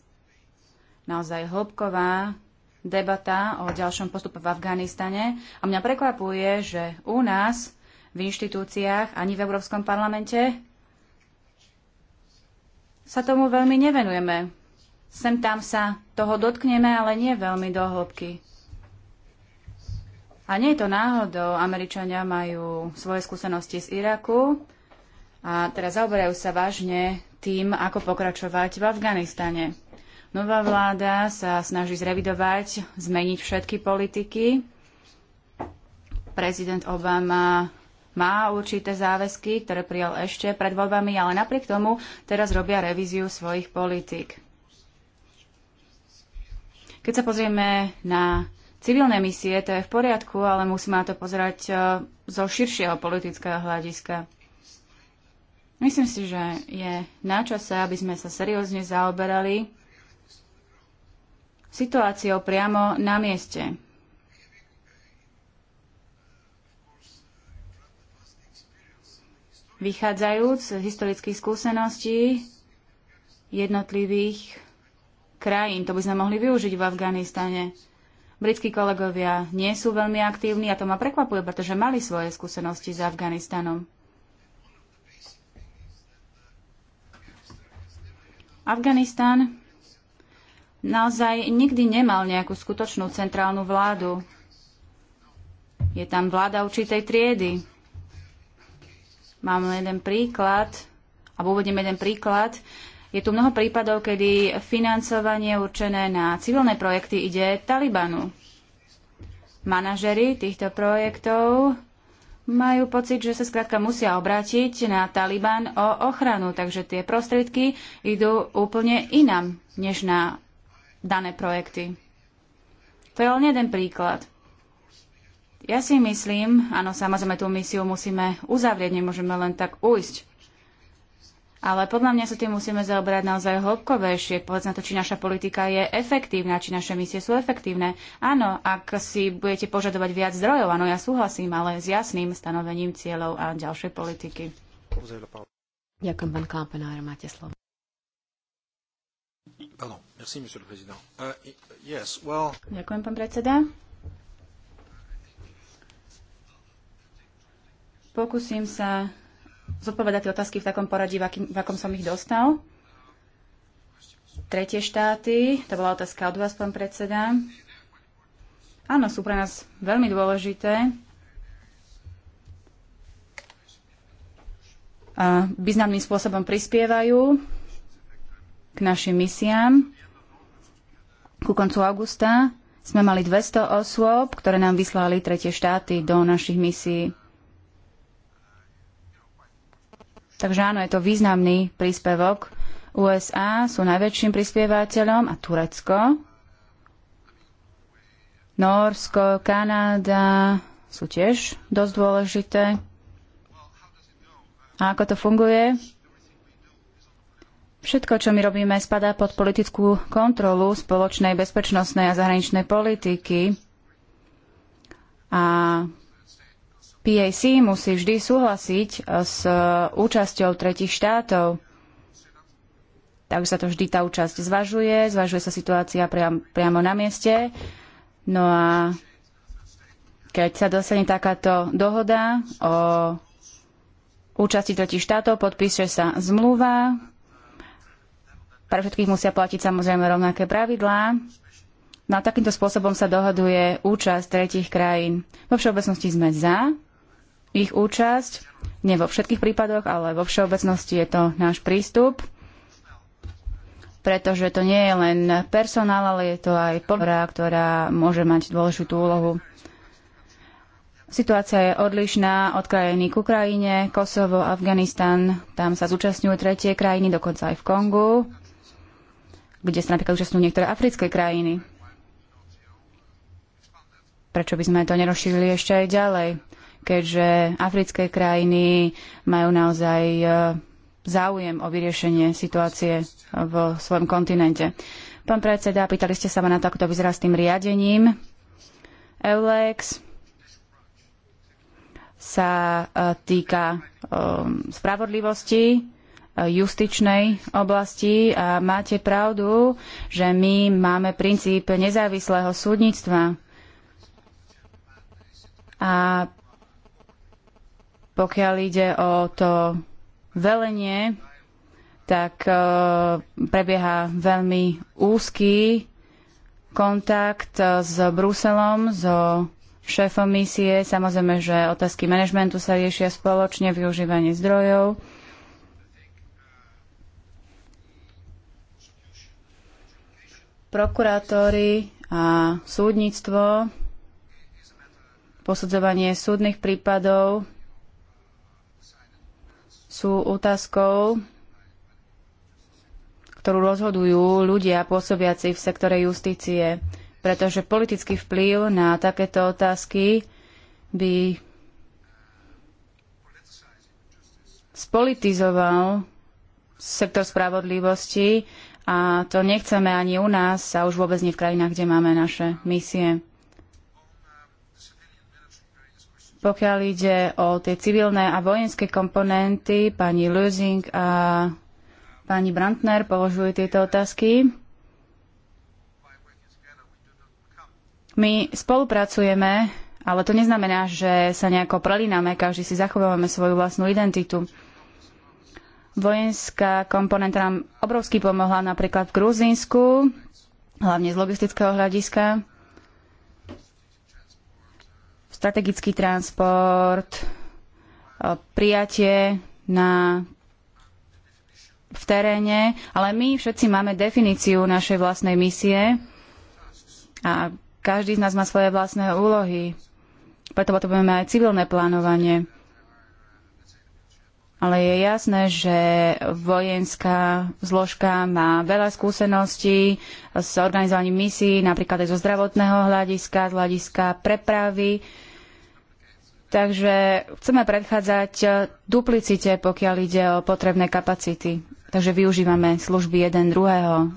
naozaj hĺbková debata o ďalšom postupe v Afganistane. A mňa prekvapuje, že u nás v inštitúciách ani v Európskom parlamente sa tomu veľmi nevenujeme. Sem tam sa toho dotkneme, ale nie veľmi do hĺbky. A nie je to náhodou, Američania majú svoje skúsenosti z Iraku a teraz zaoberajú sa vážne tým, ako pokračovať v Afganistane. Nová vláda sa snaží zrevidovať, zmeniť všetky politiky. Prezident Obama má určité záväzky, ktoré prijal ešte pred voľbami, ale napriek tomu teraz robia revíziu svojich politík. Keď sa pozrieme na civilné misie, to je v poriadku, ale musíme na to pozerať e, zo širšieho politického hľadiska. Myslím si, že je na čase, aby sme sa seriózne zaoberali situáciou priamo na mieste, vychádzajúc z historických skúseností jednotlivých krajín. To by sme mohli využiť v Afganistane. Britskí kolegovia nie sú veľmi aktívni a to ma prekvapuje, pretože mali svoje skúsenosti s Afganistanom. Afganistan naozaj nikdy nemal nejakú skutočnú centrálnu vládu. Je tam vláda určitej triedy. Mám jeden príklad, alebo uvediem jeden príklad. Je tu mnoho prípadov, kedy financovanie určené na civilné projekty ide Talibanu. Manažery týchto projektov majú pocit, že sa skrátka musia obrátiť na Taliban o ochranu, takže tie prostriedky idú úplne inam, než na dané projekty. To je len jeden príklad. Ja si myslím, áno, samozrejme tú misiu musíme uzavrieť, nemôžeme len tak ujsť. Ale podľa mňa sa tým musíme zaoberať naozaj hĺbkovejšie. Povedz na to, či naša politika je efektívna, či naše misie sú efektívne. Áno, ak si budete požadovať viac zdrojov, áno, ja súhlasím, ale s jasným stanovením cieľov a ďalšej politiky. Ďakujem, pán Kampenár, máte slovo. Pardon, merci, monsieur le président. Uh, yes, well... Ďakujem, pán predseda. Pokúsim sa zodpovedať tie otázky v takom poradí, v, akým, v akom som ich dostal. Tretie štáty, to bola otázka od vás, pán predseda. Áno, sú pre nás veľmi dôležité. A významným spôsobom prispievajú k našim misiám. Ku koncu augusta sme mali 200 osôb, ktoré nám vyslali tretie štáty do našich misií. Takže áno, je to významný príspevok. USA sú najväčším prispievateľom a Turecko. Norsko, Kanada sú tiež dosť dôležité. A ako to funguje? Všetko, čo my robíme, spadá pod politickú kontrolu spoločnej bezpečnostnej a zahraničnej politiky. A PAC musí vždy súhlasiť e, s e, účasťou tretich štátov. Takže sa to vždy tá účasť zvažuje, zvažuje sa situácia priam, priamo na mieste. No a keď sa dosadne takáto dohoda o účasti tretich štátov, podpíše sa zmluva. Pre všetkých musia platiť samozrejme rovnaké pravidlá. No a takýmto spôsobom sa dohoduje účasť tretich krajín. Vo všeobecnosti sme za ich účasť. Nie vo všetkých prípadoch, ale vo všeobecnosti je to náš prístup, pretože to nie je len personál, ale je to aj podpora, ktorá môže mať dôležitú úlohu. Situácia je odlišná od krajiny k Ukrajine, Kosovo, Afganistan. Tam sa zúčastňujú tretie krajiny, dokonca aj v Kongu, kde sa napríklad zúčastňujú niektoré africké krajiny. Prečo by sme to nerozšírili ešte aj ďalej? keďže africké krajiny majú naozaj e, záujem o vyriešenie situácie vo svojom kontinente. Pán predseda, pýtali ste sa ma na to, ako to vyzerá s tým riadením. Eulex sa e, týka e, spravodlivosti, justičnej oblasti a máte pravdu, že my máme princíp nezávislého súdnictva. A pokiaľ ide o to velenie, tak e, prebieha veľmi úzky kontakt e, s Bruselom, so šéfom misie. Samozrejme, že otázky manažmentu sa riešia spoločne, využívanie zdrojov. Prokurátory a súdnictvo, posudzovanie súdnych prípadov sú otázkou, ktorú rozhodujú ľudia pôsobiaci v sektore justície, pretože politický vplyv na takéto otázky by spolitizoval sektor spravodlivosti a to nechceme ani u nás a už vôbec nie v krajinách, kde máme naše misie. Pokiaľ ide o tie civilné a vojenské komponenty, pani Lusing a pani Brantner položujú tieto otázky. My spolupracujeme, ale to neznamená, že sa nejako prelíname, každý si zachovávame svoju vlastnú identitu. Vojenská komponenta nám obrovsky pomohla napríklad v Gruzínsku, hlavne z logistického hľadiska strategický transport, e, prijatie na v teréne, ale my všetci máme definíciu našej vlastnej misie a každý z nás má svoje vlastné úlohy. Preto potrebujeme aj civilné plánovanie. Ale je jasné, že vojenská zložka má veľa skúseností s organizovaním misií, napríklad aj zo zdravotného hľadiska, z hľadiska prepravy Takže chceme predchádzať eh, duplicite, pokiaľ ide o potrebné kapacity. Takže využívame služby jeden druhého.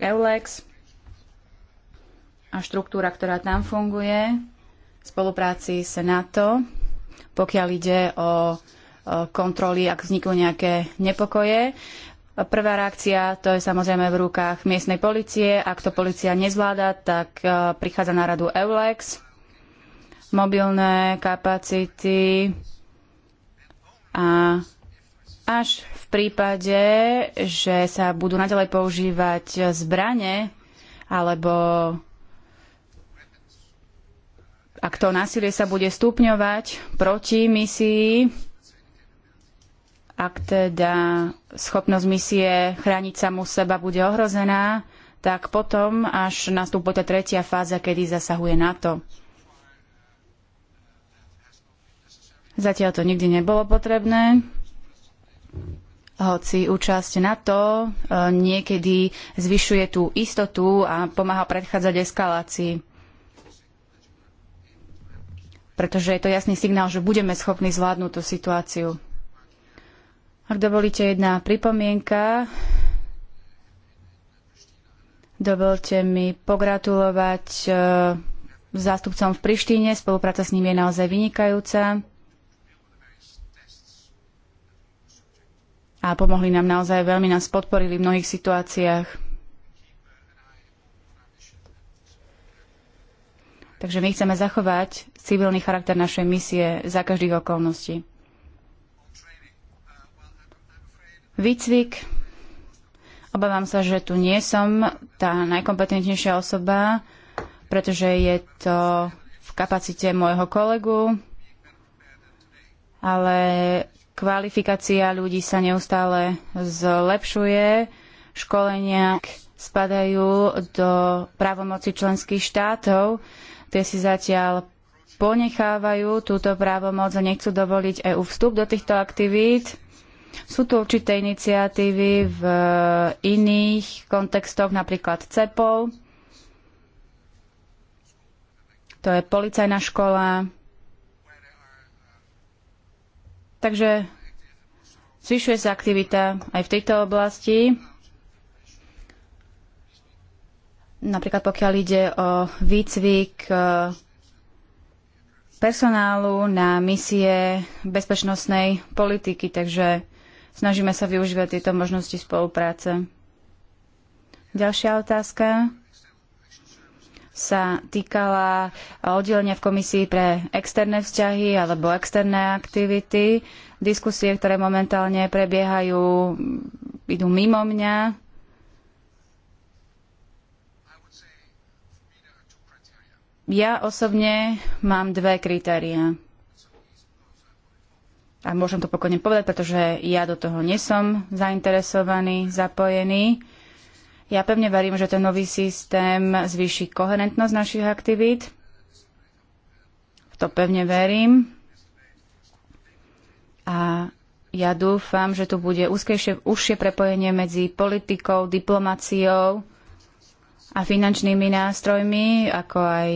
EULEX a štruktúra, ktorá tam funguje, v spolupráci s NATO, pokiaľ ide o kontroly, ak vzniknú nejaké nepokoje. Prvá reakcia to je samozrejme v rukách miestnej policie. Ak to policia nezvláda, tak eh, prichádza na radu EULEX mobilné kapacity a až v prípade, že sa budú naďalej používať zbranie alebo ak to násilie sa bude stupňovať proti misii, ak teda schopnosť misie chrániť samú seba bude ohrozená, tak potom až nastupuje tá tretia fáza, kedy zasahuje NATO. Zatiaľ to nikdy nebolo potrebné, hoci účasť na to e, niekedy zvyšuje tú istotu a pomáha predchádzať eskalácii. Pretože je to jasný signál, že budeme schopní zvládnuť tú situáciu. Ak dovolíte jedna pripomienka, dovolte mi pogratulovať e, zástupcom v Prištíne. Spolupráca s ním je naozaj vynikajúca. a pomohli nám naozaj veľmi, nás podporili v mnohých situáciách. Takže my chceme zachovať civilný charakter našej misie za každých okolností. Výcvik. Obávam sa, že tu nie som tá najkompetentnejšia osoba, pretože je to v kapacite môjho kolegu, ale Kvalifikácia ľudí sa neustále zlepšuje, školenia spadajú do právomoci členských štátov, tie si zatiaľ ponechávajú túto právomoc a nechcú dovoliť EU vstup do týchto aktivít. Sú tu určité iniciatívy v iných kontextoch, napríklad CEPOL, to je policajná škola, Takže zvyšuje sa aktivita aj v tejto oblasti. Napríklad pokiaľ ide o výcvik e, personálu na misie bezpečnostnej politiky, takže snažíme sa využívať tieto možnosti spolupráce. Ďalšia otázka sa týkala oddelenia v komisii pre externé vzťahy alebo externé aktivity. Diskusie, ktoré momentálne prebiehajú, idú mimo mňa. Ja osobne mám dve kritéria. A môžem to pokojne povedať, pretože ja do toho nesom zainteresovaný, zapojený. Ja pevne verím, že ten nový systém zvýši koherentnosť našich aktivít. V to pevne verím. A ja dúfam, že tu bude úzkejšie, užšie prepojenie medzi politikou, diplomáciou a finančnými nástrojmi, ako aj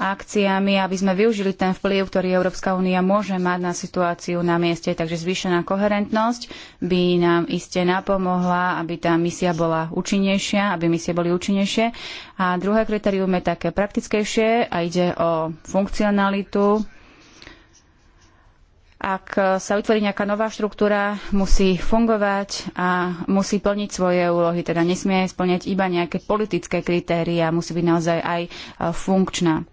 akciami, aby sme využili ten vplyv, ktorý Európska únia môže mať na situáciu na mieste. Takže zvýšená koherentnosť by nám iste napomohla, aby tá misia bola účinnejšia, aby misie boli účinnejšie. A druhé kritérium je také praktickejšie a ide o funkcionalitu. Ak sa vytvorí nejaká nová štruktúra, musí fungovať a musí plniť svoje úlohy, teda nesmie splňať iba nejaké politické kritéria, musí byť naozaj aj e, funkčná.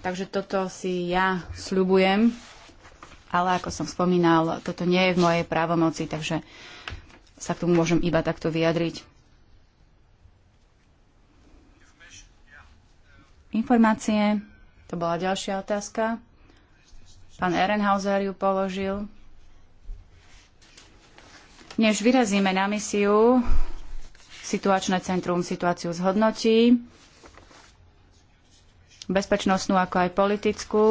Takže toto si ja sľubujem, ale ako som spomínal, toto nie je v mojej právomoci, takže sa k tomu môžem iba takto vyjadriť. Informácie, to bola ďalšia otázka. Pán Ehrenhauser ju položil. Než vyrazíme na misiu, situačné centrum situáciu zhodnotí bezpečnostnú ako aj politickú.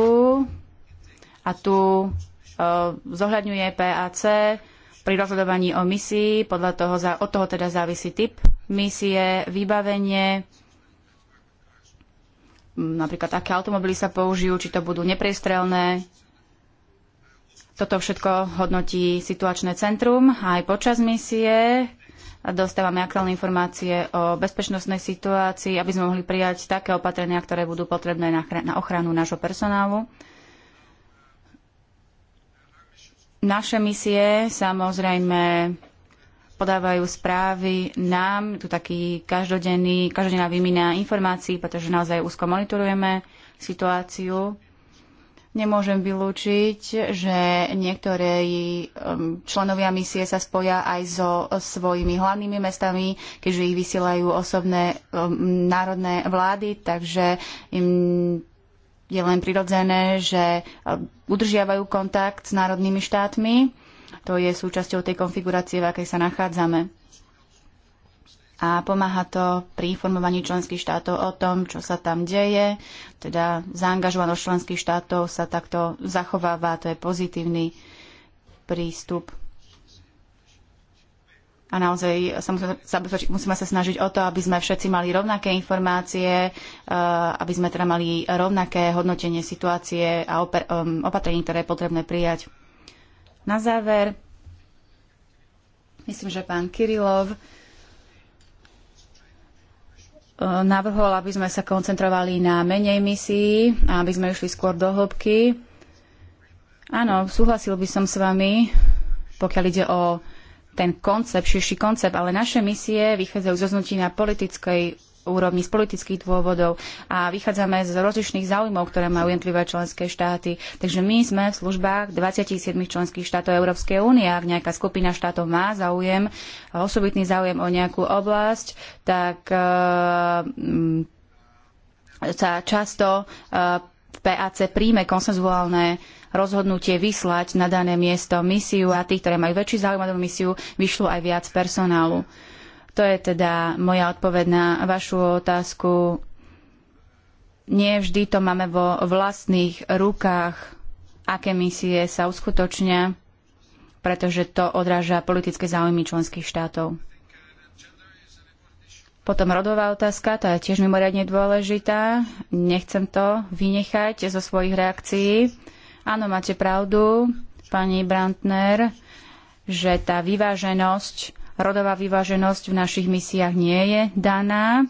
A tu e, zohľadňuje PAC pri rozhodovaní o misii, podľa toho, od toho teda závisí typ misie, vybavenie, napríklad aké automobily sa použijú, či to budú nepriestrelné. Toto všetko hodnotí situačné centrum aj počas misie, dostávame aktuálne informácie o bezpečnostnej situácii, aby sme mohli prijať také opatrenia, ktoré budú potrebné na ochranu nášho personálu. Naše misie samozrejme podávajú správy nám, tu taký každodenný, každodenná výmina informácií, pretože naozaj úzko monitorujeme situáciu Nemôžem vylúčiť, že niektoré um, členovia misie sa spoja aj so svojimi hlavnými mestami, keďže ich vysielajú osobné um, národné vlády, takže im je len prirodzené, že um, udržiavajú kontakt s národnými štátmi. To je súčasťou tej konfigurácie, v akej sa nachádzame a pomáha to pri informovaní členských štátov o tom, čo sa tam deje. Teda zaangažovanosť členských štátov sa takto zachováva, to je pozitívny prístup. A naozaj sa musíme, musíme sa snažiť o to, aby sme všetci mali rovnaké informácie, eh, aby sme teda mali rovnaké hodnotenie situácie a opatrení, ktoré je potrebné prijať. Na záver, myslím, že pán Kirilov navrhol, aby sme sa koncentrovali na menej misií a aby sme išli skôr do hĺbky. Áno, súhlasil by som s vami, pokiaľ ide o ten koncept, širší koncept, ale naše misie vychádzajú zoznutí na politickej úrovni z politických dôvodov a vychádzame z rozličných záujmov, ktoré majú jednotlivé členské štáty. Takže my sme v službách 27 členských štátov Európskej únie. Ak nejaká skupina štátov má záujem, osobitný záujem o nejakú oblasť, tak uh, sa často eh, v PAC príjme konsenzuálne rozhodnutie vyslať na dané miesto misiu a tí, ktoré majú väčší záujem na misiu, vyšlo aj viac personálu. To je teda moja odpoveď na vašu otázku. Nie vždy to máme vo vlastných rukách, aké misie sa uskutočnia, pretože to odráža politické záujmy členských štátov. Potom rodová otázka, tá je tiež mimoriadne dôležitá. Nechcem to vynechať zo svojich reakcií. Áno, máte pravdu, pani Brantner, že tá vyváženosť Rodová vyváženosť v našich misiách nie je daná.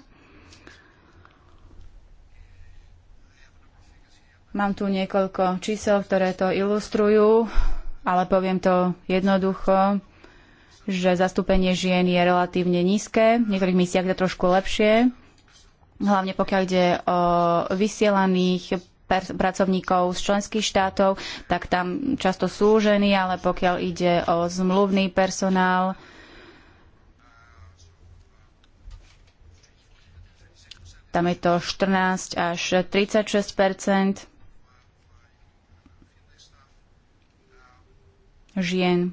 Mám tu niekoľko čísel, ktoré to ilustrujú, ale poviem to jednoducho, že zastúpenie žien je relatívne nízke, v niektorých misiách je trošku lepšie, hlavne pokiaľ ide o vysielaných pracovníkov z členských štátov, tak tam často sú ženy, ale pokiaľ ide o zmluvný personál, Tam je to 14 až 36 žien.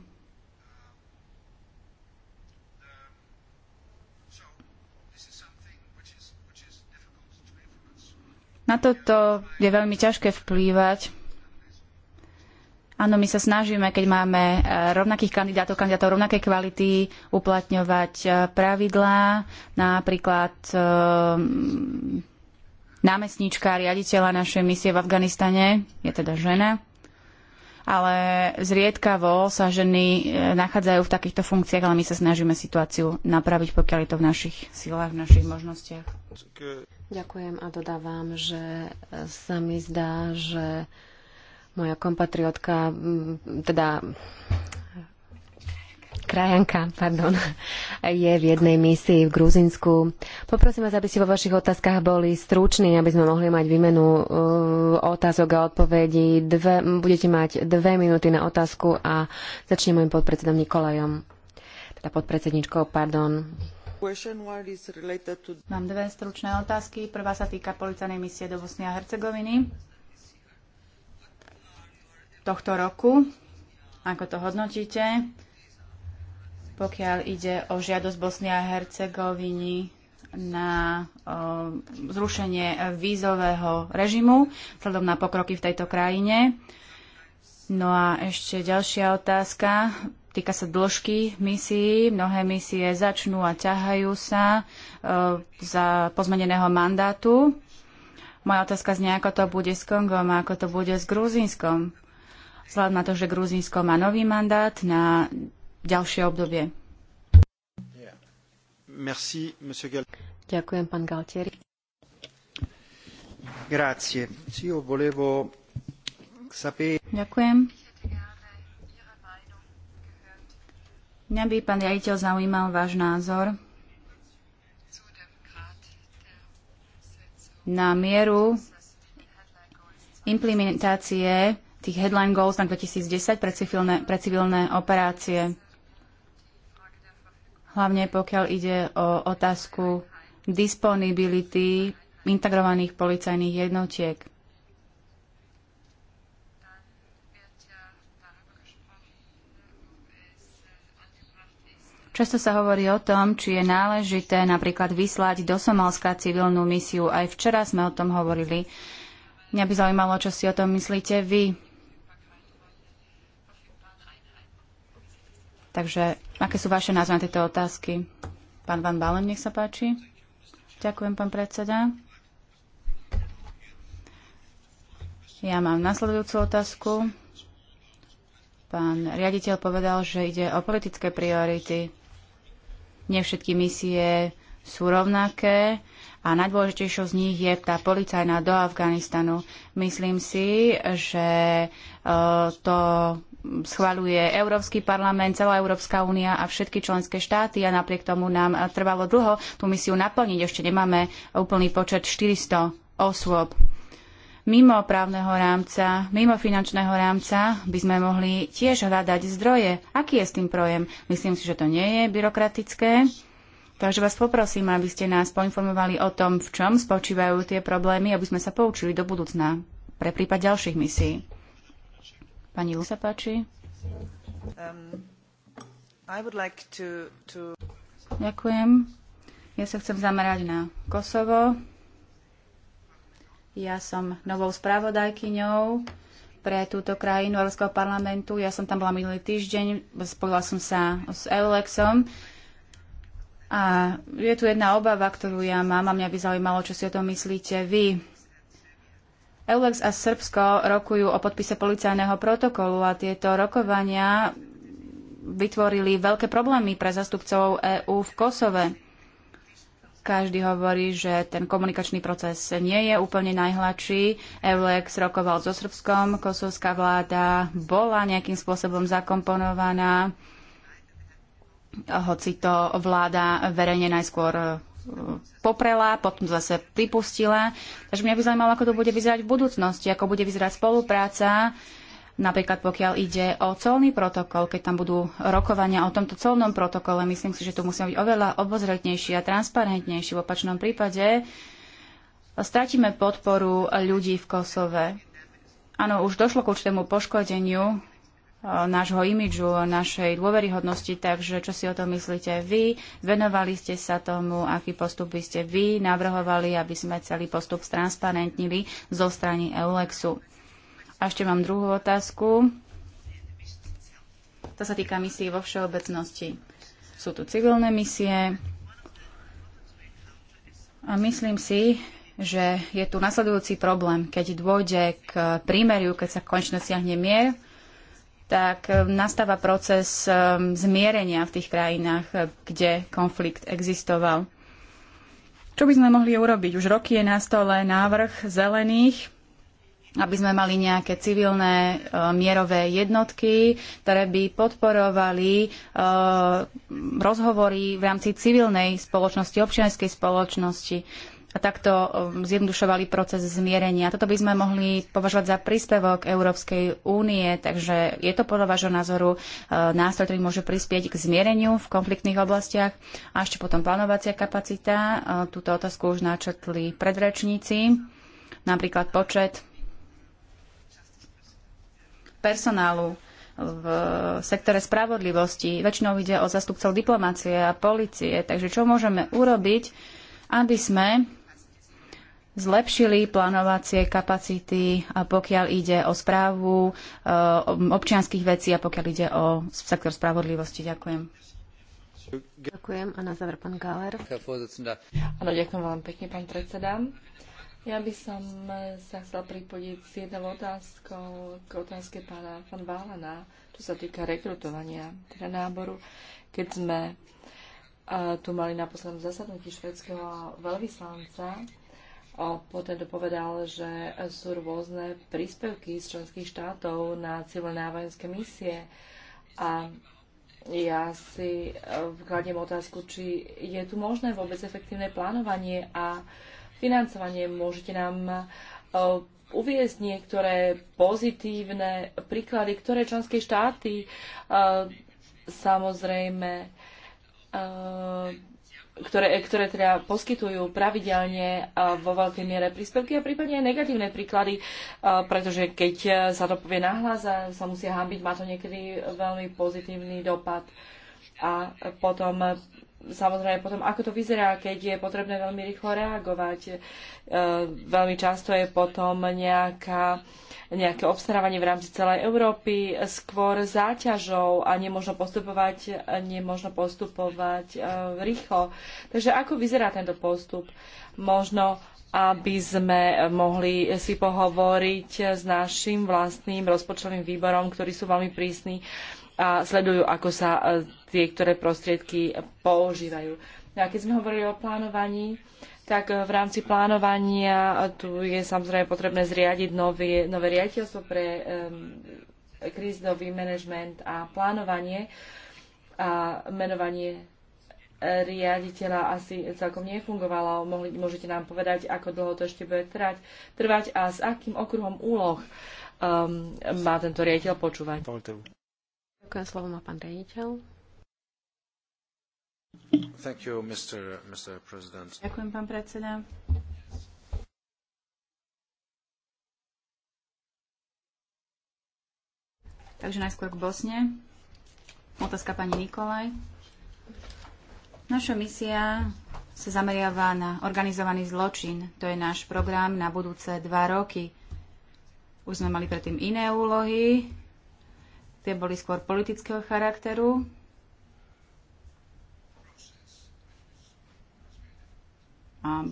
Na toto je veľmi ťažké vplývať. Áno, my sa snažíme, keď máme e, rovnakých kandidátov, kandidátov rovnakej kvality, uplatňovať e, pravidlá, napríklad e, námestníčka riaditeľa našej misie v Afganistane, je teda žena, ale zriedkavo sa ženy nachádzajú v takýchto funkciách, ale my sa snažíme situáciu napraviť, pokiaľ je to v našich silách, v našich možnostiach. Ďakujem a dodávam, že sa mi zdá, že moja kompatriotka, teda krajanka, pardon, je v jednej misii v Gruzinsku. Poprosím vás, aby ste vo vašich otázkach boli struční, aby sme mohli mať výmenu uh, otázok a odpovedí. Dve, budete mať dve minúty na otázku a začne môjim podpredsedom Nikolajom, teda podpredsedničkou, pardon. Mám dve stručné otázky. Prvá sa týka policajnej misie do Bosny a Hercegoviny tohto roku. Ako to hodnotíte, pokiaľ ide o žiadosť Bosny a Hercegoviny na o, zrušenie vízového režimu, vzhľadom na pokroky v tejto krajine? No a ešte ďalšia otázka. Týka sa dĺžky misií. Mnohé misie začnú a ťahajú sa e, za pozmeneného mandátu. Moja otázka znie, ako to bude s Kongom a ako to bude s Gruzínskom vzhľadom na to, že Gruzínsko má nový mandát na ďalšie obdobie. Yeah. Merci, Ďakujem, pán Galtieri. Grazie. Io volevo sapere... Ďakujem. Mňa by, pán riaditeľ, zaujímal váš názor na mieru implementácie tých headline goals na 2010 pre civilné, pre civilné operácie. Hlavne pokiaľ ide o otázku disponibility integrovaných policajných jednotiek. Často sa hovorí o tom, či je náležité napríklad vyslať do Somalska civilnú misiu. Aj včera sme o tom hovorili. Mňa by zaujímalo, čo si o tom myslíte vy. Takže aké sú vaše názory na tieto otázky? Pán Van Balen, nech sa páči. Ďakujem, pán predseda. Ja mám nasledujúcu otázku. Pán riaditeľ povedal, že ide o politické priority. Nie všetky misie sú rovnaké a najdôležitejšou z nich je tá policajná do Afganistanu. Myslím si, že e, to schvaľuje Európsky parlament, celá Európska únia a všetky členské štáty a napriek tomu nám trvalo dlho tú misiu naplniť. Ešte nemáme úplný počet 400 osôb. Mimo právneho rámca, mimo finančného rámca by sme mohli tiež hľadať zdroje. Aký je s tým projem? Myslím si, že to nie je byrokratické. Takže vás poprosím, aby ste nás poinformovali o tom, v čom spočívajú tie problémy, aby sme sa poučili do budúcna pre prípad ďalších misií. Pani sa páči. Um, Ďakujem. Ja sa chcem zamerať na Kosovo. Ja som novou spravodajkyňou pre túto krajinu Európskeho parlamentu. Ja som tam bola minulý týždeň, spojila som sa s Eulexom. A je tu jedna obava, ktorú ja mám a mňa by zaujímalo, čo si o tom myslíte vy Eulex a Srbsko rokujú o podpise policajného protokolu a tieto rokovania vytvorili veľké problémy pre zastupcov EÚ v Kosove. Každý hovorí, že ten komunikačný proces nie je úplne najhladší. Eulex rokoval so Srbskom, kosovská vláda bola nejakým spôsobom zakomponovaná, hoci to vláda verejne najskôr poprela, potom zase pripustila. Takže mňa by zaujímalo, ako to bude vyzerať v budúcnosti, ako bude vyzerať spolupráca, napríklad pokiaľ ide o colný protokol, keď tam budú rokovania o tomto colnom protokole. Myslím si, že tu musí byť oveľa obozretnejší a transparentnejší. V opačnom prípade stratíme podporu ľudí v Kosove. Áno, už došlo k určitému poškodeniu Eh, nášho imidžu, našej dôveryhodnosti. Takže čo si o tom myslíte vy? Venovali ste sa tomu, aký postup by ste vy navrhovali, aby sme celý postup stransparentnili zo strany Eulexu? A ešte mám druhú otázku. To sa týka misií vo všeobecnosti. Sú tu civilné misie a myslím si, že je tu nasledujúci problém. Keď dôjde k prímeriu, keď sa konečne siahne mier, tak e, nastáva proces e, zmierenia v tých krajinách, e, kde konflikt existoval. Čo by sme mohli urobiť? Už roky je na stole návrh zelených, aby sme mali nejaké civilné mierové jednotky, ktoré by podporovali rozhovory v rámci civilnej spoločnosti, občianskej spoločnosti a takto um, zjednodušovali proces zmierenia. Toto by sme mohli považovať za príspevok Európskej únie, takže je to podľa vášho názoru uh, nástroj, ktorý môže prispieť k zmiereniu v konfliktných oblastiach. A ešte potom plánovacia kapacita. Uh, túto otázku už načetli predrečníci, napríklad počet personálu v sektore spravodlivosti. Väčšinou ide o zastupcov diplomácie a policie. Takže čo môžeme urobiť, aby sme zlepšili plánovacie kapacity, pokiaľ ide o správu e, občianských vecí a pokiaľ ide o sektor spravodlivosti. Ďakujem. Ďakujem. A na záver pán Galer. Áno, ďakujem veľmi pekne, pán predseda. Ja by som e, sa chcel pripojiť s jednou otázkou k otázke pána Van Válena, čo sa týka rekrutovania, teda náboru. Keď sme e, tu mali na poslednom zasadnutí švedského veľvyslanca, O, potom to povedal, že sú rôzne príspevky z členských štátov na civilné a vojenské misie. A ja si e, kladiem otázku, či je tu možné vôbec efektívne plánovanie a financovanie. Môžete nám o, e, uviezť niektoré pozitívne príklady, ktoré členské štáty o, e, samozrejme ktoré, ktoré teda poskytujú pravidelne vo veľkej miere príspevky a prípadne aj negatívne príklady, pretože keď sa to povie nahlas a sa musia hambiť, má to niekedy veľmi pozitívny dopad. A potom samozrejme potom, ako to vyzerá, keď je potrebné veľmi rýchlo reagovať. Veľmi často je potom nejaká nejaké obstarávanie v rámci celej Európy skôr záťažou a nemožno postupovať, nemôžno postupovať e, rýchlo. Takže ako vyzerá tento postup? Možno aby sme mohli si pohovoriť s našim vlastným rozpočtovým výborom, ktorí sú veľmi prísni a sledujú, ako sa e, tie ktoré prostriedky používajú. No a keď sme hovorili o plánovaní, tak eh, v rámci plánovania eh, tu je samozrejme potrebné zriadiť nové, nové riaditeľstvo pre um, eh, krízový manažment a plánovanie a menovanie riaditeľa asi celkom nefungovalo. Mohli, môžete nám povedať, ako dlho to ešte bude trvať, trvať a s akým okruhom úloh um, má tento riaditeľ počúvať. Ďakujem slovo má pán riaditeľ. Ďakujem, pán predseda. Takže najskôr k Bosne. Otázka pani Nikolaj. Naša misia sa zameriava na organizovaný zločin. To je náš program na budúce dva roky. Už sme mali predtým iné úlohy. Tie boli skôr politického charakteru. a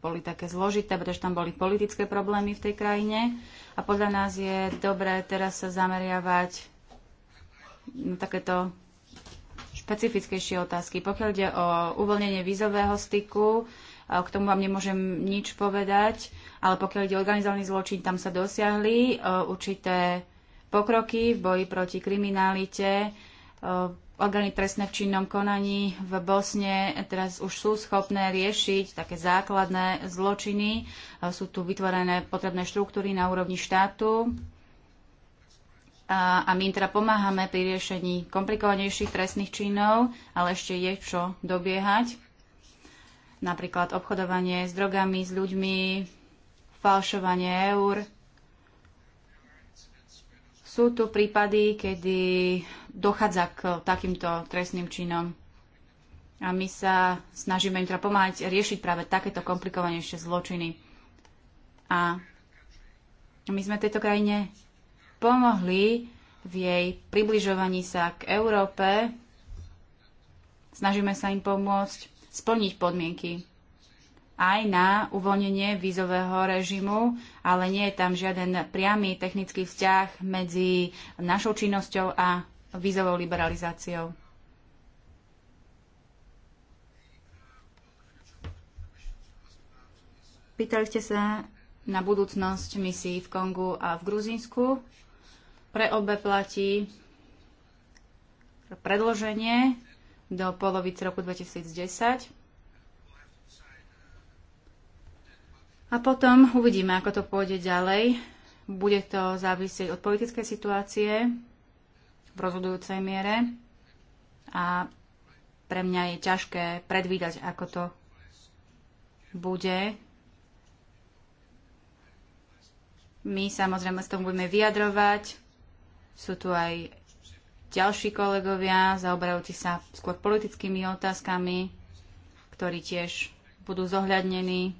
boli také zložité, pretože tam boli politické problémy v tej krajine. A podľa nás je dobré teraz sa zameriavať na takéto špecifickejšie otázky. Pokiaľ ide o uvoľnenie vízového styku, k tomu vám nemôžem nič povedať, ale pokiaľ ide o organizovaný zločin, tam sa dosiahli e, určité pokroky v boji proti kriminalite e, orgány trestné v činnom konaní v Bosne teraz už sú schopné riešiť také základné zločiny. Sú tu vytvorené potrebné štruktúry na úrovni štátu. A, a my im teda pomáhame pri riešení komplikovanejších trestných činov, ale ešte je čo dobiehať. Napríklad obchodovanie s drogami, s ľuďmi, falšovanie eur, sú tu prípady, kedy dochádza k takýmto trestným činom. A my sa snažíme im teda pomáhať riešiť práve takéto komplikovanejšie zločiny. A my sme tejto krajine pomohli v jej približovaní sa k Európe. Snažíme sa im pomôcť splniť podmienky aj na uvoľnenie vízového režimu, ale nie je tam žiaden priamy technický vzťah medzi našou činnosťou a vízovou liberalizáciou. Pýtali ste sa na budúcnosť misií v Kongu a v Gruzínsku. Pre obe platí predloženie do polovice roku 2010 A potom uvidíme, ako to pôjde ďalej. Bude to závisieť od politickej situácie v rozhodujúcej miere a pre mňa je ťažké predvídať, ako to bude. My samozrejme s tom budeme vyjadrovať. Sú tu aj ďalší kolegovia, zaoberajúci sa skôr politickými otázkami, ktorí tiež budú zohľadnení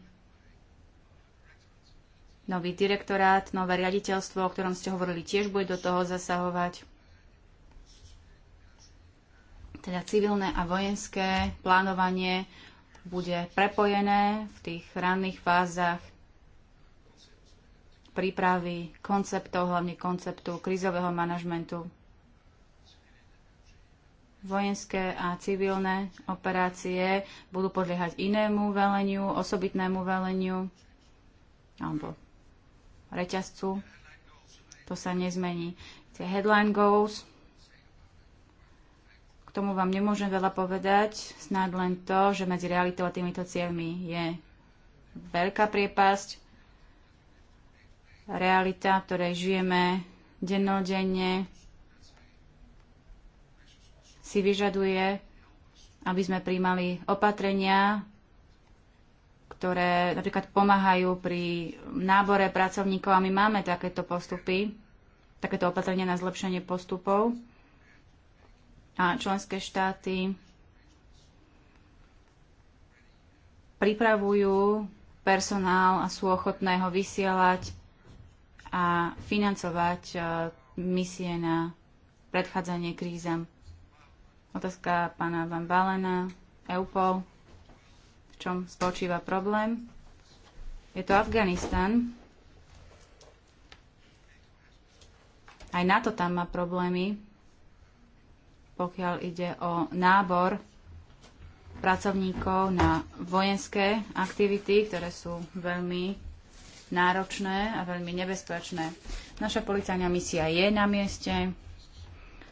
nový direktorát, nové riaditeľstvo, o ktorom ste hovorili, tiež bude do toho zasahovať. Teda civilné a vojenské plánovanie bude prepojené v tých ranných fázach prípravy konceptov, hlavne konceptu krízového manažmentu. Vojenské a civilné operácie budú podliehať inému veleniu, osobitnému veleniu alebo reťazcu. To sa nezmení. Tie headline goals, k tomu vám nemôžem veľa povedať, snáď len to, že medzi realitou a týmito cieľmi je veľká priepasť. Realita, v ktorej žijeme dennodenne, si vyžaduje, aby sme príjmali opatrenia, ktoré napríklad pomáhajú pri nábore pracovníkov a my máme takéto postupy, takéto opatrenia na zlepšenie postupov. A členské štáty pripravujú personál a sú ochotné ho vysielať a financovať e, misie na predchádzanie krízam. Otázka pána Van Balena, EUPOL čom spočíva problém. Je to Afganistan. Aj NATO tam má problémy, pokiaľ ide o nábor pracovníkov na vojenské aktivity, ktoré sú veľmi náročné a veľmi nebezpečné. Naša policajná misia je na mieste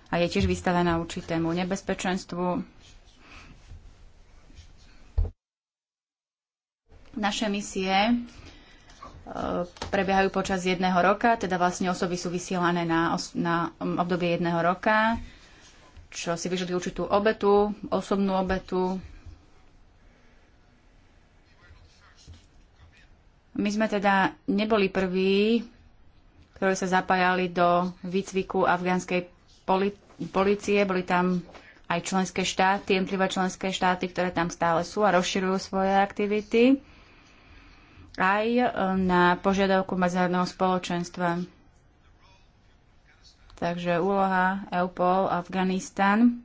a je tiež vystavená určitému nebezpečenstvu Naše misie e, prebiehajú počas jedného roka, teda vlastne osoby sú vysielané na, na obdobie jedného roka, čo si vyžaduje určitú obetu, osobnú obetu. My sme teda neboli prví, ktorí sa zapájali do výcviku afgánskej poli- policie. Boli tam aj členské štáty, jednotlivé členské štáty, ktoré tam stále sú a rozširujú svoje aktivity aj e, na požiadavku medzinárodného spoločenstva. Takže úloha EUPOL Afganistan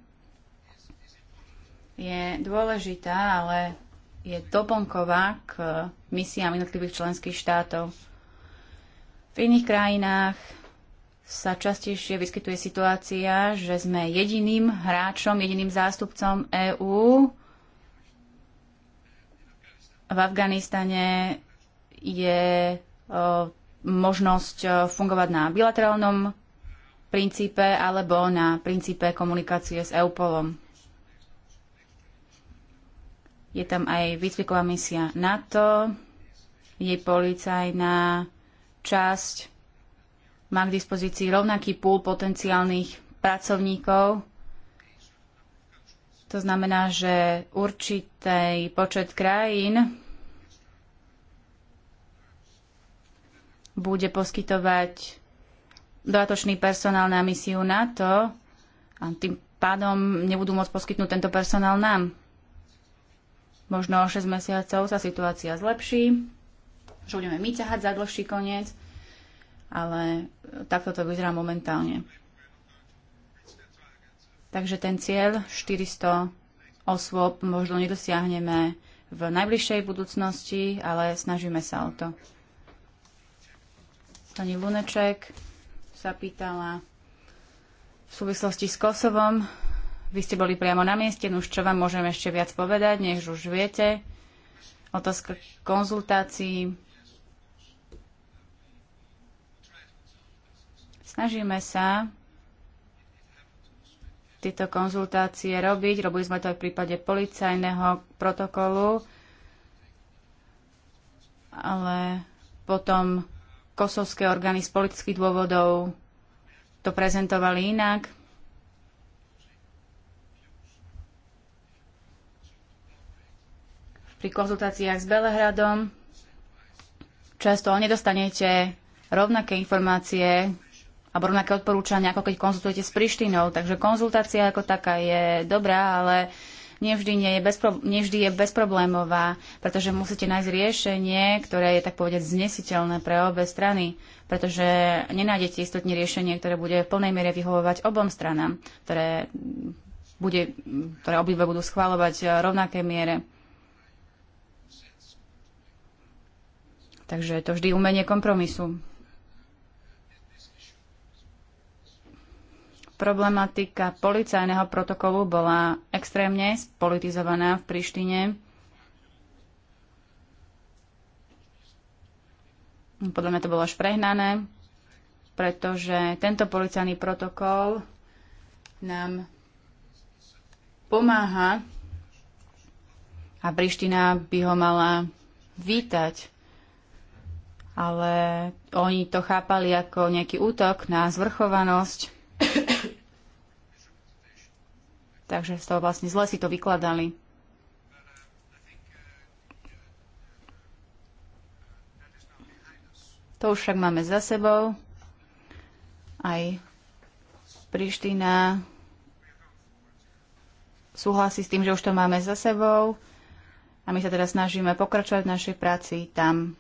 je dôležitá, ale je doplnková k misiám jednotlivých členských štátov. V iných krajinách sa častejšie vyskytuje situácia, že sme jediným hráčom, jediným zástupcom EÚ. V Afganistane je e, možnosť e, fungovať na bilaterálnom princípe alebo na princípe komunikácie s EUPOLom. Je tam aj výcviková misia NATO, jej policajná časť má k dispozícii rovnaký púl potenciálnych pracovníkov. To znamená, že určitý počet krajín bude poskytovať dodatočný personál na misiu NATO a tým pádom nebudú môcť poskytnúť tento personál nám. Možno o 6 mesiacov sa situácia zlepší, že budeme my ťahať za dlhší koniec, ale takto to vyzerá momentálne. Takže ten cieľ 400 osôb možno nedosiahneme v najbližšej budúcnosti, ale snažíme sa o to. Pani Luneček sa pýtala v súvislosti s Kosovom. Vy ste boli priamo na mieste, no už čo vám môžem ešte viac povedať, než už viete. Otázka konzultácií. Snažíme sa tieto konzultácie robiť. Robili sme to aj v prípade policajného protokolu, ale potom kosovské orgány z politických dôvodov to prezentovali inak. Pri konzultáciách s Belehradom často nedostanete rovnaké informácie alebo rovnaké odporúčania, ako keď konzultujete s Prištinou. Takže konzultácia ako taká je dobrá, ale nevždy, nie je, bezpro, nevždy je bezproblémová, pretože musíte nájsť riešenie, ktoré je tak povedať znesiteľné pre obe strany, pretože nenájdete istotne riešenie, ktoré bude v plnej miere vyhovovať obom stranám, ktoré, bude, ktoré obidve budú schváľovať e, rovnaké miere. Takže je to vždy umenie kompromisu. Problematika policajného protokolu bola extrémne spolitizovaná v Prištine. Podľa mňa to bolo až prehnané, pretože tento policajný protokol nám pomáha a Priština by ho mala vítať. Ale oni to chápali ako nejaký útok na zvrchovanosť Takže z toho vlastne zle si to vykladali. To už však máme za sebou. Aj Priština súhlasí s tým, že už to máme za sebou a my sa teda snažíme pokračovať v našej práci tam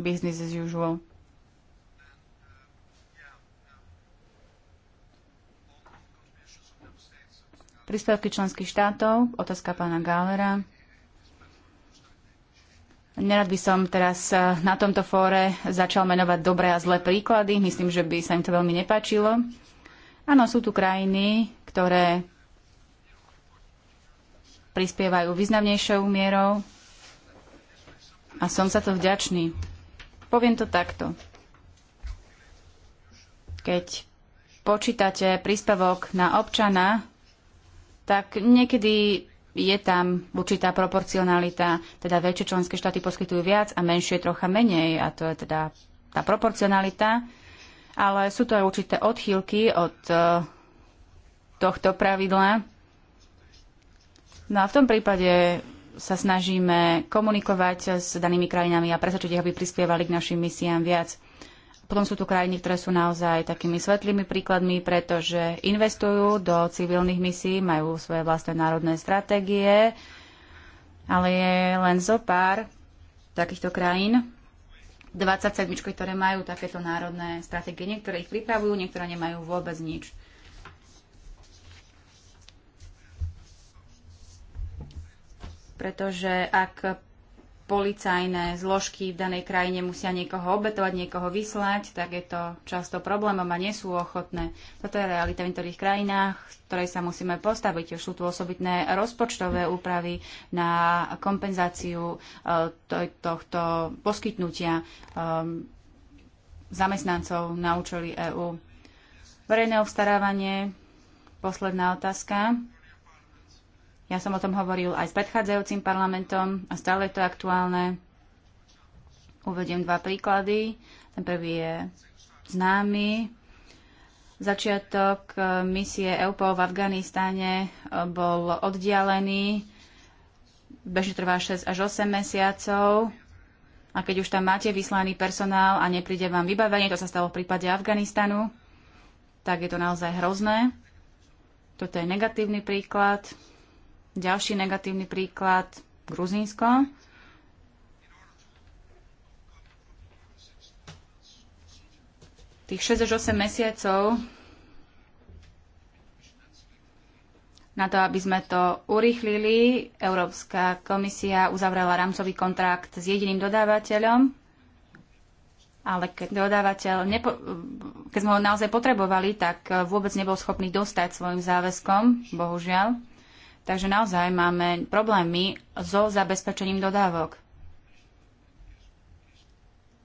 business as usual. Príspevky členských štátov, otázka pána Gálera. Nerad by som teraz eh, na tomto fóre začal menovať dobré a zlé príklady. Myslím, že by sa im to veľmi nepáčilo. Áno, sú tu krajiny, ktoré prispievajú významnejšou mierou a som sa to vďačný. Poviem to takto. Keď počítate príspevok na občana, tak niekedy je tam určitá proporcionalita, teda väčšie členské štáty poskytujú viac a menšie trocha menej, a to je teda tá proporcionalita. Ale sú to aj určité odchýlky od e, tohto pravidla. No a v tom prípade sa snažíme komunikovať s danými krajinami a presvedčiť ich, aby prispievali k našim misiám viac. Potom sú tu krajiny, ktoré sú naozaj takými svetlými príkladmi, pretože investujú do civilných misií, majú svoje vlastné národné stratégie, ale je len zo pár takýchto krajín, 27, ktoré majú takéto národné stratégie. Niektoré ich pripravujú, niektoré nemajú vôbec nič. Pretože ak policajné zložky v danej krajine musia niekoho obetovať, niekoho vyslať, tak je to často problémom a nie sú ochotné. Toto je realita v niektorých krajinách, v ktorej sa musíme postaviť. Už sú tu osobitné rozpočtové úpravy na kompenzáciu e, tohto poskytnutia e, zamestnancov na účely EÚ. Verejné obstarávanie, posledná otázka. Ja som o tom hovoril aj s predchádzajúcim parlamentom a stále je to aktuálne. Uvediem dva príklady. Ten prvý je známy. Začiatok eh, misie EUPO v Afganistáne eh, bol oddialený. Bežne trvá 6 až 8 mesiacov. A keď už tam máte vyslaný personál a nepríde vám vybavenie, to sa stalo v prípade Afganistanu, tak je to naozaj hrozné. Toto je negatívny príklad. Ďalší negatívny príklad, Gruzínsko. Tých 6 až 8 mesiacov na to, aby sme to urýchlili, Európska komisia uzavrela rámcový kontrakt s jediným dodávateľom, ale keď dodávateľ, nepo- keď sme ho naozaj potrebovali, tak vôbec nebol schopný dostať svojim záväzkom, bohužiaľ. Takže naozaj máme problémy so zabezpečením dodávok.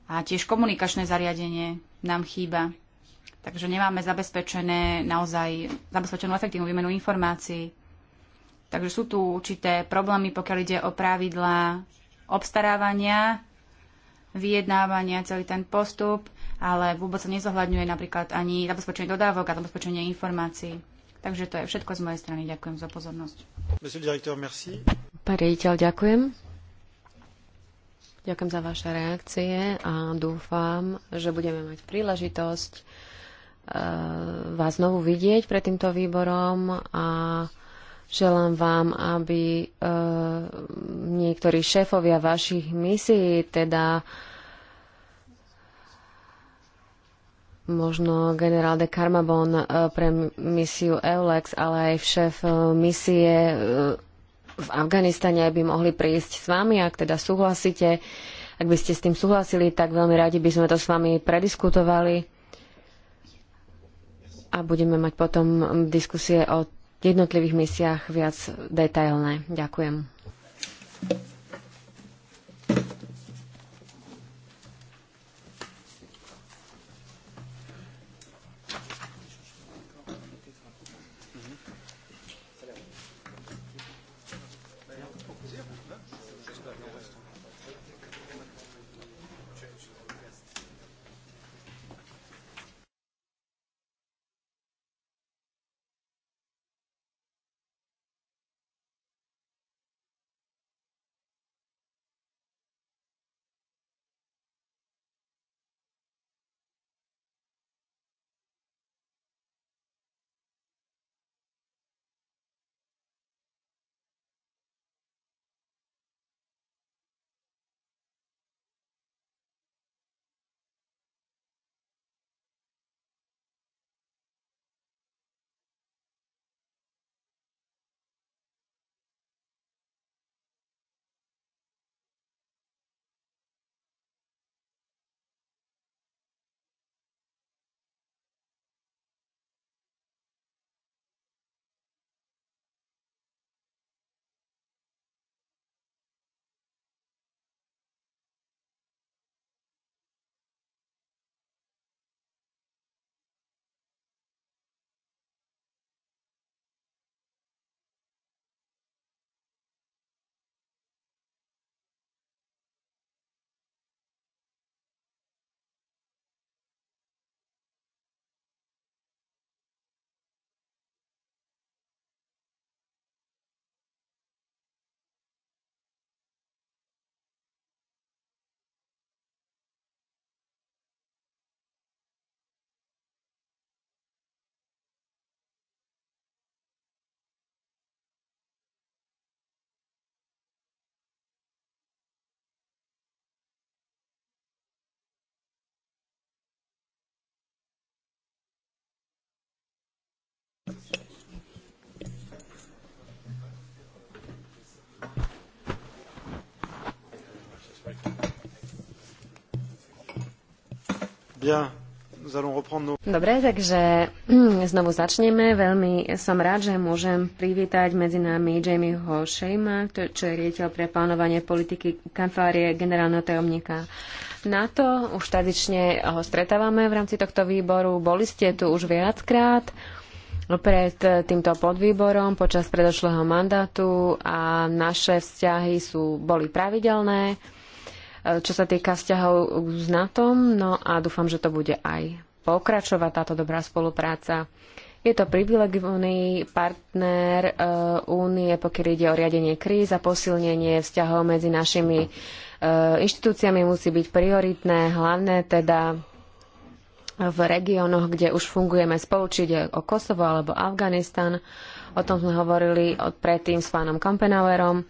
A tiež komunikačné zariadenie nám chýba. Takže nemáme zabezpečené naozaj zabezpečenú efektívnu výmenu informácií. Takže sú tu určité problémy, pokiaľ ide o pravidlá obstarávania, vyjednávania, celý ten postup, ale vôbec sa nezohľadňuje napríklad ani zabezpečenie dodávok a zabezpečenie informácií. Takže to je všetko z mojej strany. Ďakujem za pozornosť. Pán riaditeľ, ďakujem. Ďakujem za vaše reakcie a dúfam, že budeme mať príležitosť eh, vás znovu vidieť pred týmto výborom a želám vám, aby eh, niektorí šéfovia vašich misií, teda možno generál de Carmabon eh, pre misiu EULEX, ale aj šéf eh, misie eh, v Afganistane by mohli prísť s vami, ak teda súhlasíte. Ak by ste s tým súhlasili, tak veľmi radi by sme to s vami prediskutovali a budeme mať potom diskusie o jednotlivých misiách viac detailné. Ďakujem. Dobre, takže hm, znovu začneme. Veľmi som rád, že môžem privítať medzi nami Jamieho Shema, čo je riediteľ pre plánovanie politiky kancelárie generálneho tajomníka NATO. Už tradične ho stretávame v rámci tohto výboru. Boli ste tu už viackrát pred eh, týmto podvýborom počas predošlého mandátu a naše vzťahy sú, boli pravidelné, eh, čo sa týka vzťahov s NATO, no a dúfam, že to bude aj pokračovať táto dobrá spolupráca. Je to privilegovaný partner eh, únie, pokiaľ ide o riadenie kríz a posilnenie vzťahov medzi našimi inštitúciami musí byť prioritné, hlavné teda v regiónoch, kde už fungujeme spolu, či ide o Kosovo alebo Afganistan. O tom sme hovorili predtým s pánom Kampenauerom.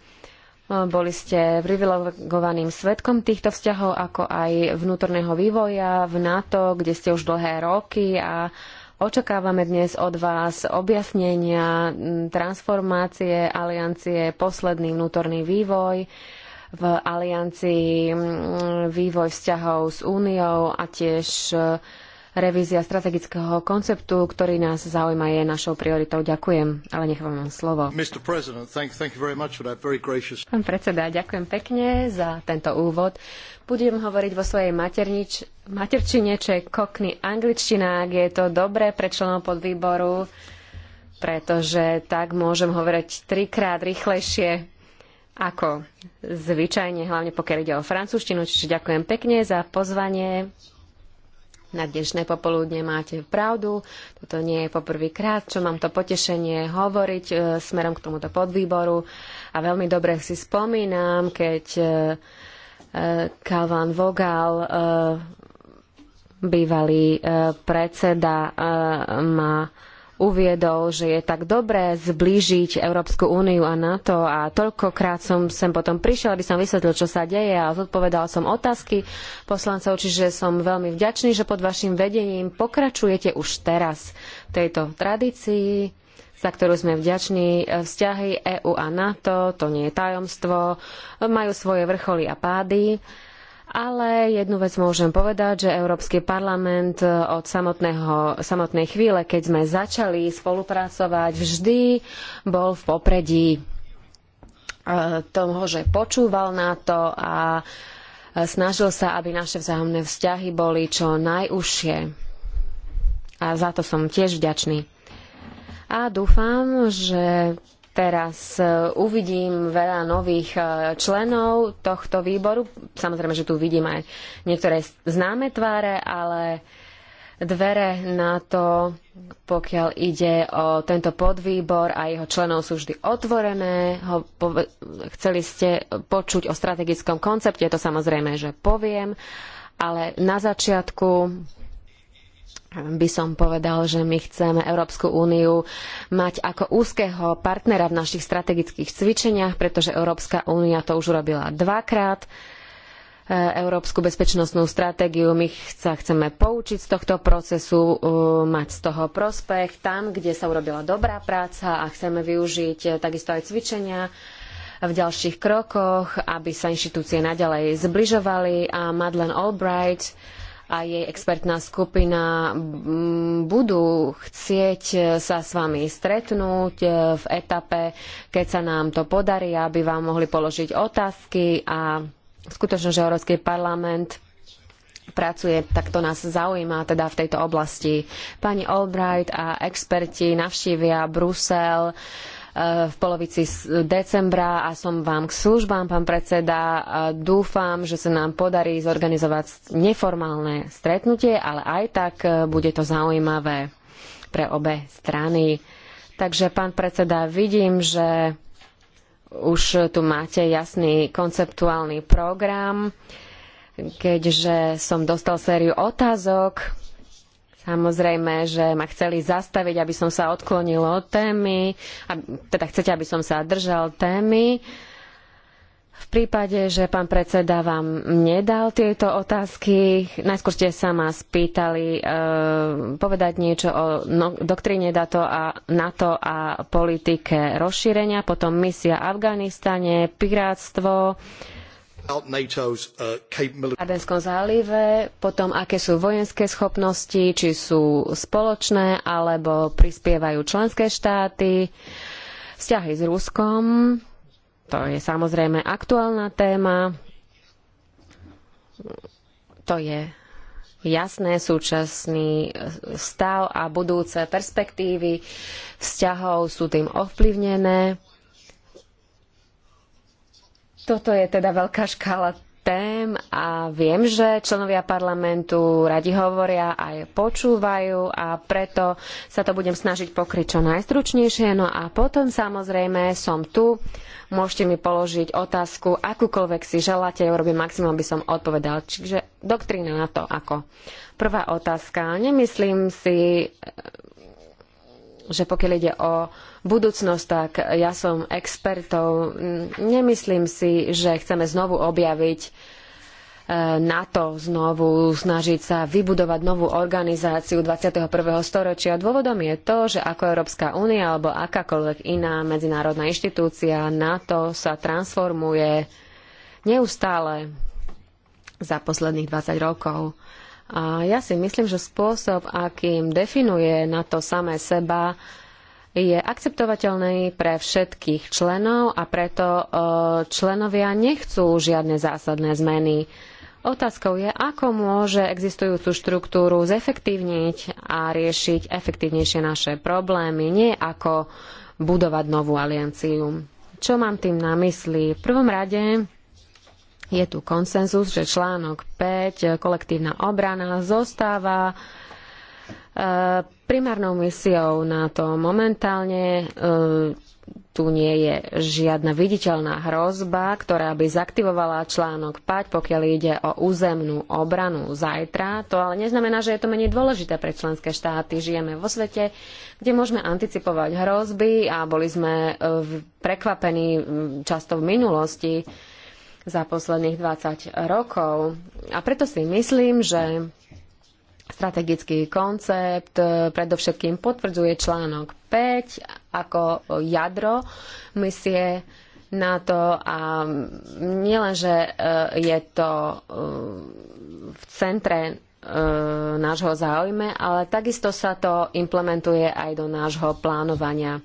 Boli ste privilegovaným svetkom týchto vzťahov, ako aj vnútorného vývoja v NATO, kde ste už dlhé roky a očakávame dnes od vás objasnenia, transformácie aliancie, posledný vnútorný vývoj v aliancii, vývoj vzťahov s úniou a tiež Revízia strategického konceptu, ktorý nás zaujíma, je našou prioritou. Ďakujem, ale nechávam vám slovo. Pán predseda, ďakujem pekne za tento úvod. Budem hovoriť vo svojej materčine, čo je kokny angličtina, ak je to dobré pre členov podvýboru, pretože tak môžem hovoriť trikrát rýchlejšie ako zvyčajne, hlavne pokiaľ ide o francúzštinu. Čiže ďakujem pekne za pozvanie na dnešné popoludne máte pravdu. Toto nie je poprvýkrát, čo mám to potešenie hovoriť e, smerom k tomuto podvýboru. A veľmi dobre si spomínam, keď e, e Vogal, e, bývalý e, predseda, e, ma uviedol, že je tak dobré zblížiť Európsku úniu a NATO a toľkokrát som sem potom prišiel, aby som vysvetlil, čo sa deje a zodpovedal som otázky poslancov, čiže som veľmi vďačný, že pod vašim vedením pokračujete už teraz v tejto tradícii za ktorú sme vďační. Vzťahy EÚ a NATO, to nie je tajomstvo, majú svoje vrcholy a pády. Ale jednu vec môžem povedať, že Európsky parlament e, od samotnej chvíle, keď sme začali spolupracovať, vždy bol v popredí e, toho, že počúval na to a e, snažil sa, aby naše vzájomné vzťahy boli čo najúžšie. A za to som tiež vďačný. A dúfam, že Teraz e, uvidím veľa nových e, členov tohto výboru. Samozrejme, že tu vidím aj niektoré známe tváre, ale dvere na to, pokiaľ ide o tento podvýbor a jeho členov sú vždy otvorené. Ho, chceli ste počuť o strategickom koncepte, to samozrejme, že poviem, ale na začiatku by som povedal, že my chceme Európsku úniu mať ako úzkeho partnera v našich strategických cvičeniach, pretože Európska únia to už urobila dvakrát. E, Európsku bezpečnostnú stratégiu. My sa chceme poučiť z tohto procesu, e, mať z toho prospech tam, kde sa urobila dobrá práca a chceme využiť e, takisto aj cvičenia v ďalších krokoch, aby sa inštitúcie naďalej zbližovali a Madeleine Albright a jej expertná skupina mm, budú chcieť e, sa s vami stretnúť e, v etape, keď sa nám to podarí, aby vám mohli položiť otázky a skutočnosť, že Európsky parlament pracuje, tak to nás zaujíma teda v tejto oblasti. Pani Albright a experti navštívia Brusel v polovici decembra a som vám k službám, pán predseda. Dúfam, že sa nám podarí zorganizovať neformálne stretnutie, ale aj tak e, bude to zaujímavé pre obe strany. Takže, pán predseda, vidím, že už tu máte jasný konceptuálny program keďže som dostal sériu otázok Samozrejme, že ma chceli zastaviť, aby som sa odklonil od témy, teda chcete, aby som sa držal témy. V prípade, že pán predseda vám nedal tieto otázky, najskôr ste sa ma spýtali e, povedať niečo o no, doktríne NATO a, NATO a politike rozšírenia, potom misia Afganistane, pirátstvo, e, Adenskom uh, zálive, potom aké sú vojenské schopnosti, či sú spoločné alebo prispievajú členské štáty, vzťahy s Ruskom, to je samozrejme aktuálna téma, to je jasné súčasný stav a budúce perspektívy vzťahov sú tým ovplyvnené toto je teda veľká škála tém a viem, že členovia parlamentu radi hovoria aj počúvajú a preto sa to budem snažiť pokryť čo najstručnejšie. No a potom samozrejme som tu, môžete mi položiť otázku, akúkoľvek si želáte, ja urobím maximum, aby som odpovedal. Čiže doktrína na to ako. Prvá otázka. Nemyslím si, že pokiaľ ide o budúcnosť, tak ja som expertov. Nemyslím si, že chceme znovu objaviť e, NATO znovu snažiť sa vybudovať novú organizáciu 21. storočia. Dôvodom je to, že ako Európska únia alebo akákoľvek iná medzinárodná inštitúcia NATO sa transformuje neustále za posledných 20 rokov. A ja si myslím, že spôsob, akým definuje NATO samé seba, je akceptovateľný pre všetkých členov a preto e, členovia nechcú žiadne zásadné zmeny. Otázkou je, ako môže existujúcu štruktúru zefektívniť a riešiť efektívnejšie naše problémy, nie ako budovať novú alianciu. Čo mám tým na mysli? V prvom rade je tu konsenzus, že článok 5, kolektívna obrana, zostáva E, primárnou misiou na to momentálne e, tu nie je žiadna viditeľná hrozba, ktorá by zaktivovala článok 5, pokiaľ ide o územnú obranu zajtra. To ale neznamená, že je to menej dôležité pre členské štáty. Žijeme vo svete, kde môžeme anticipovať hrozby a boli sme e, prekvapení často v minulosti za posledných 20 rokov. A preto si myslím, že strategický koncept e, predovšetkým potvrdzuje článok 5 ako jadro misie NATO a nielenže e, je to e, v centre nášho záujme, ale takisto sa to implementuje aj do nášho plánovania.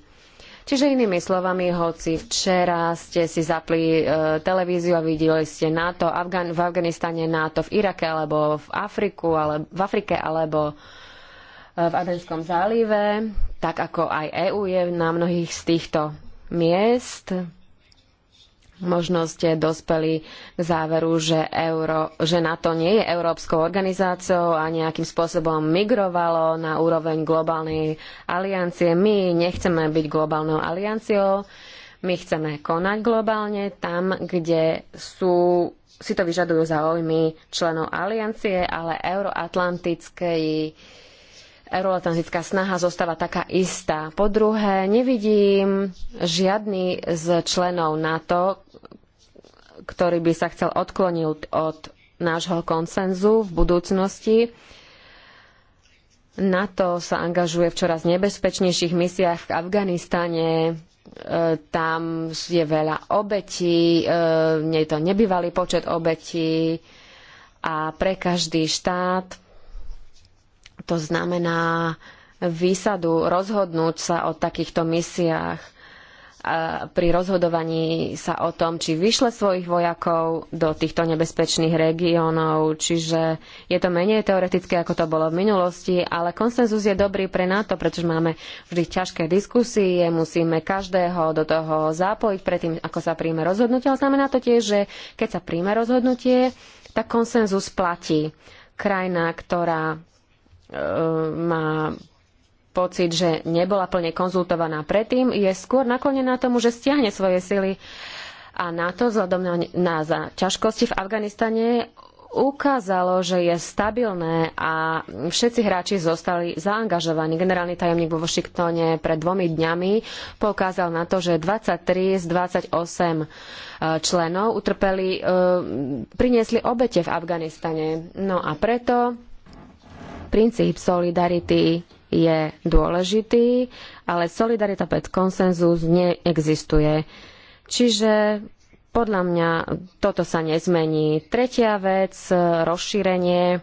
Čiže inými slovami, hoci včera ste si zapli e, televíziu a videli ste NATO Afgan- v Afganistane, NATO v Irake alebo v, Afriku, ale, v Afrike alebo e, v Adenskom zálive, tak ako aj EÚ je na mnohých z týchto miest, Možno ste eh, dospeli k záveru, že, Euro, že NATO nie je európskou organizáciou a nejakým spôsobom migrovalo na úroveň globálnej aliancie. My nechceme byť globálnou alianciou, my chceme konať globálne tam, kde sú, si to vyžadujú záujmy členov aliancie, ale euroatlantickej euroatlantická snaha zostáva taká istá. Po druhé, nevidím žiadny z členov NATO, ktorý by sa chcel odkloniť od nášho konsenzu v budúcnosti. NATO sa angažuje v čoraz nebezpečnejších misiách v Afganistane. E, tam je veľa obetí, e, nie je to nebývalý počet obetí a pre každý štát to znamená výsadu rozhodnúť sa o takýchto misiách pri rozhodovaní sa o tom, či vyšle svojich vojakov do týchto nebezpečných regiónov. Čiže je to menej teoretické, ako to bolo v minulosti, ale konsenzus je dobrý pre NATO, pretože máme vždy ťažké diskusie, musíme každého do toho zapojiť predtým, ako sa príjme rozhodnutie. Ale znamená to tiež, že keď sa príjme rozhodnutie, tak konsenzus platí. Krajina, ktorá Ehm, má pocit, že nebola plne konzultovaná predtým, je skôr naklonená tomu, že stiahne svoje sily a NATO vzhľadom na, na za ťažkosti v Afganistane ukázalo, že je stabilné a všetci hráči zostali zaangažovaní. Generálny tajomník vo Washingtone pred dvomi dňami poukázal na to, že 23 z 28 e, členov utrpeli, e, priniesli obete v Afganistane. No a preto Princíp solidarity je dôležitý, ale solidarita pred konsenzus neexistuje. Čiže podľa mňa toto sa nezmení. Tretia vec, rozšírenie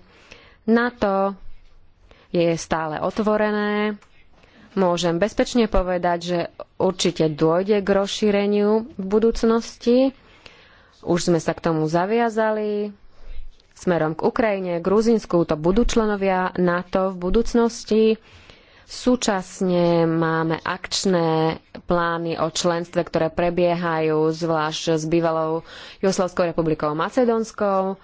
NATO je stále otvorené. Môžem bezpečne povedať, že určite dôjde k rozšíreniu v budúcnosti. Už sme sa k tomu zaviazali smerom k Ukrajine, Gruzinsku, to budú členovia NATO v budúcnosti. Súčasne máme akčné plány o členstve, ktoré prebiehajú zvlášť s bývalou Jugoslavskou republikou Macedónskou.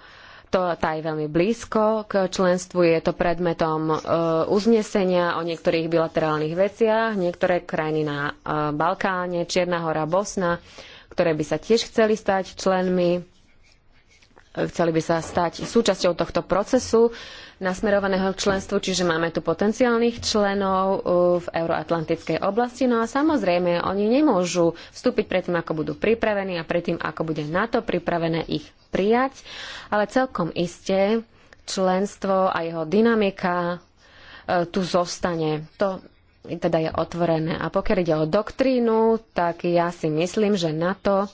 To tá je veľmi blízko k členstvu, je to predmetom e, uznesenia o niektorých bilaterálnych veciach, niektoré krajiny na e, Balkáne, Čierna hora, Bosna, ktoré by sa tiež chceli stať členmi E, chceli by sa stať súčasťou tohto procesu nasmerovaného k členstvu, čiže máme tu potenciálnych členov e, v euroatlantickej oblasti. No a samozrejme, oni nemôžu vstúpiť predtým, ako budú pripravení a predtým, ako bude NATO pripravené ich prijať, ale celkom iste členstvo a jeho dynamika e, tu zostane. To teda je otvorené. A pokiaľ ide o doktrínu, tak ja si myslím, že NATO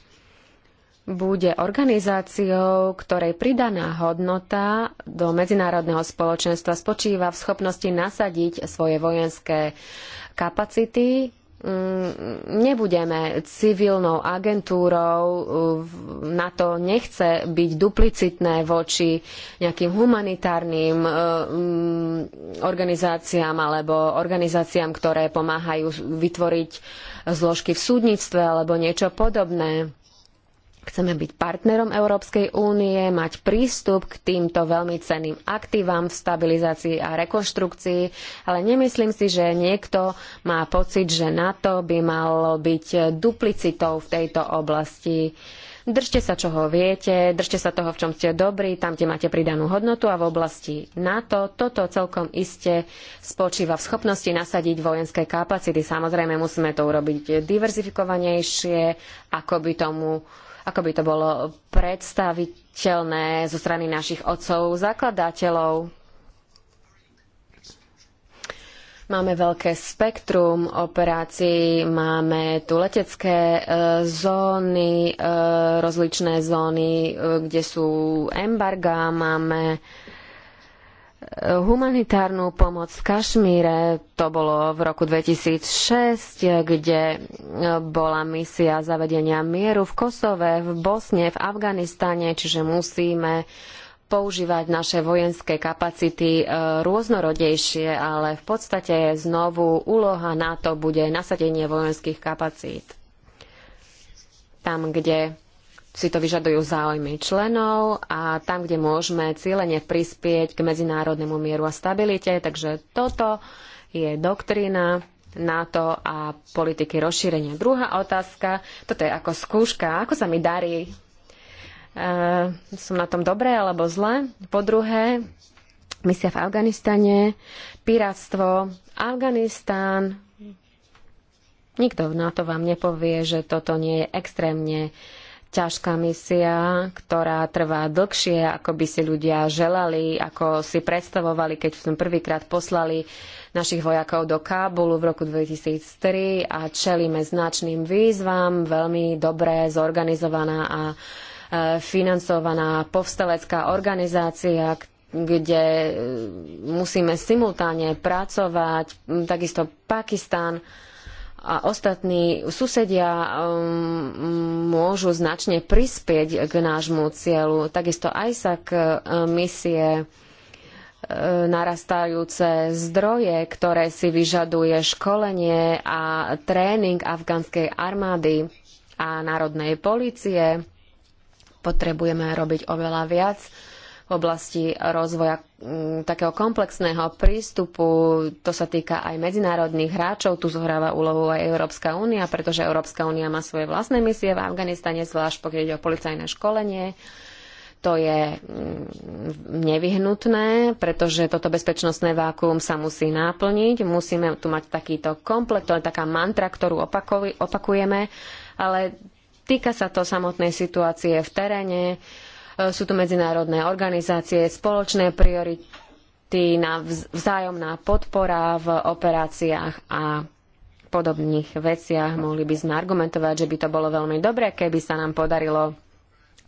bude organizáciou, ktorej pridaná hodnota do medzinárodného spoločenstva spočíva v schopnosti nasadiť svoje vojenské kapacity. Mm, nebudeme civilnou agentúrou, na to nechce byť duplicitné voči nejakým humanitárnym e, mm, organizáciám alebo organizáciám, ktoré pomáhajú vytvoriť zložky v súdnictve alebo niečo podobné Chceme byť partnerom Európskej únie, mať prístup k týmto veľmi ceným aktívam v stabilizácii a rekonštrukcii, ale nemyslím si, že niekto má pocit, že NATO by malo byť duplicitou v tejto oblasti. Držte sa, čoho viete, držte sa toho, v čom ste dobrí, tam, kde máte pridanú hodnotu a v oblasti NATO toto celkom iste spočíva v schopnosti nasadiť vojenské kapacity. Samozrejme, musíme to urobiť diverzifikovanejšie, ako by tomu ako by to bolo predstaviteľné zo strany našich otcov, zakladateľov. Máme veľké spektrum operácií, máme tu letecké e, zóny, e, rozličné zóny, e, kde sú embargá, máme humanitárnu pomoc v Kašmíre, to bolo v roku 2006, kde bola misia zavedenia mieru v Kosove, v Bosne, v Afganistane, čiže musíme používať naše vojenské kapacity e, rôznorodejšie, ale v podstate znovu úloha NATO bude nasadenie vojenských kapacít. Tam, kde si to vyžadujú záujmy členov a tam, kde môžeme cieľene prispieť k medzinárodnému mieru a stabilite. Takže toto je doktrína NATO a politiky rozšírenia. Druhá otázka, toto je ako skúška, ako sa mi darí, e, som na tom dobré alebo zle. Po druhé, misia v Afganistane, piráctvo, Afganistán. Nikto na NATO vám nepovie, že toto nie je extrémne ťažká misia, ktorá trvá dlhšie, ako by si ľudia želali, ako si predstavovali, keď sme prvýkrát poslali našich vojakov do Kábulu v roku 2003 a čelíme značným výzvam, veľmi dobre zorganizovaná a e, financovaná povstalecká organizácia, kde e, musíme simultáne pracovať, takisto Pakistan, a ostatní susedia um, môžu značne prispieť k nášmu cieľu. Takisto k e, misie e, narastajúce zdroje, ktoré si vyžaduje školenie a tréning afganskej armády a národnej polície. Potrebujeme robiť oveľa viac v oblasti rozvoja mm, takého komplexného prístupu. To sa týka aj medzinárodných hráčov. Tu zohráva úlohu aj Európska únia, pretože Európska únia má svoje vlastné misie v Afganistane, zvlášť pokiaľ ide o policajné školenie. To je mm, nevyhnutné, pretože toto bezpečnostné vákuum sa musí náplniť. Musíme tu mať takýto komplet, to je taká mantra, ktorú opakujeme, ale týka sa to samotnej situácie v teréne E, sú tu medzinárodné organizácie, spoločné priority na vzájomná podpora v operáciách a podobných veciach. Mohli by sme argumentovať, že by to bolo veľmi dobré, keby sa nám podarilo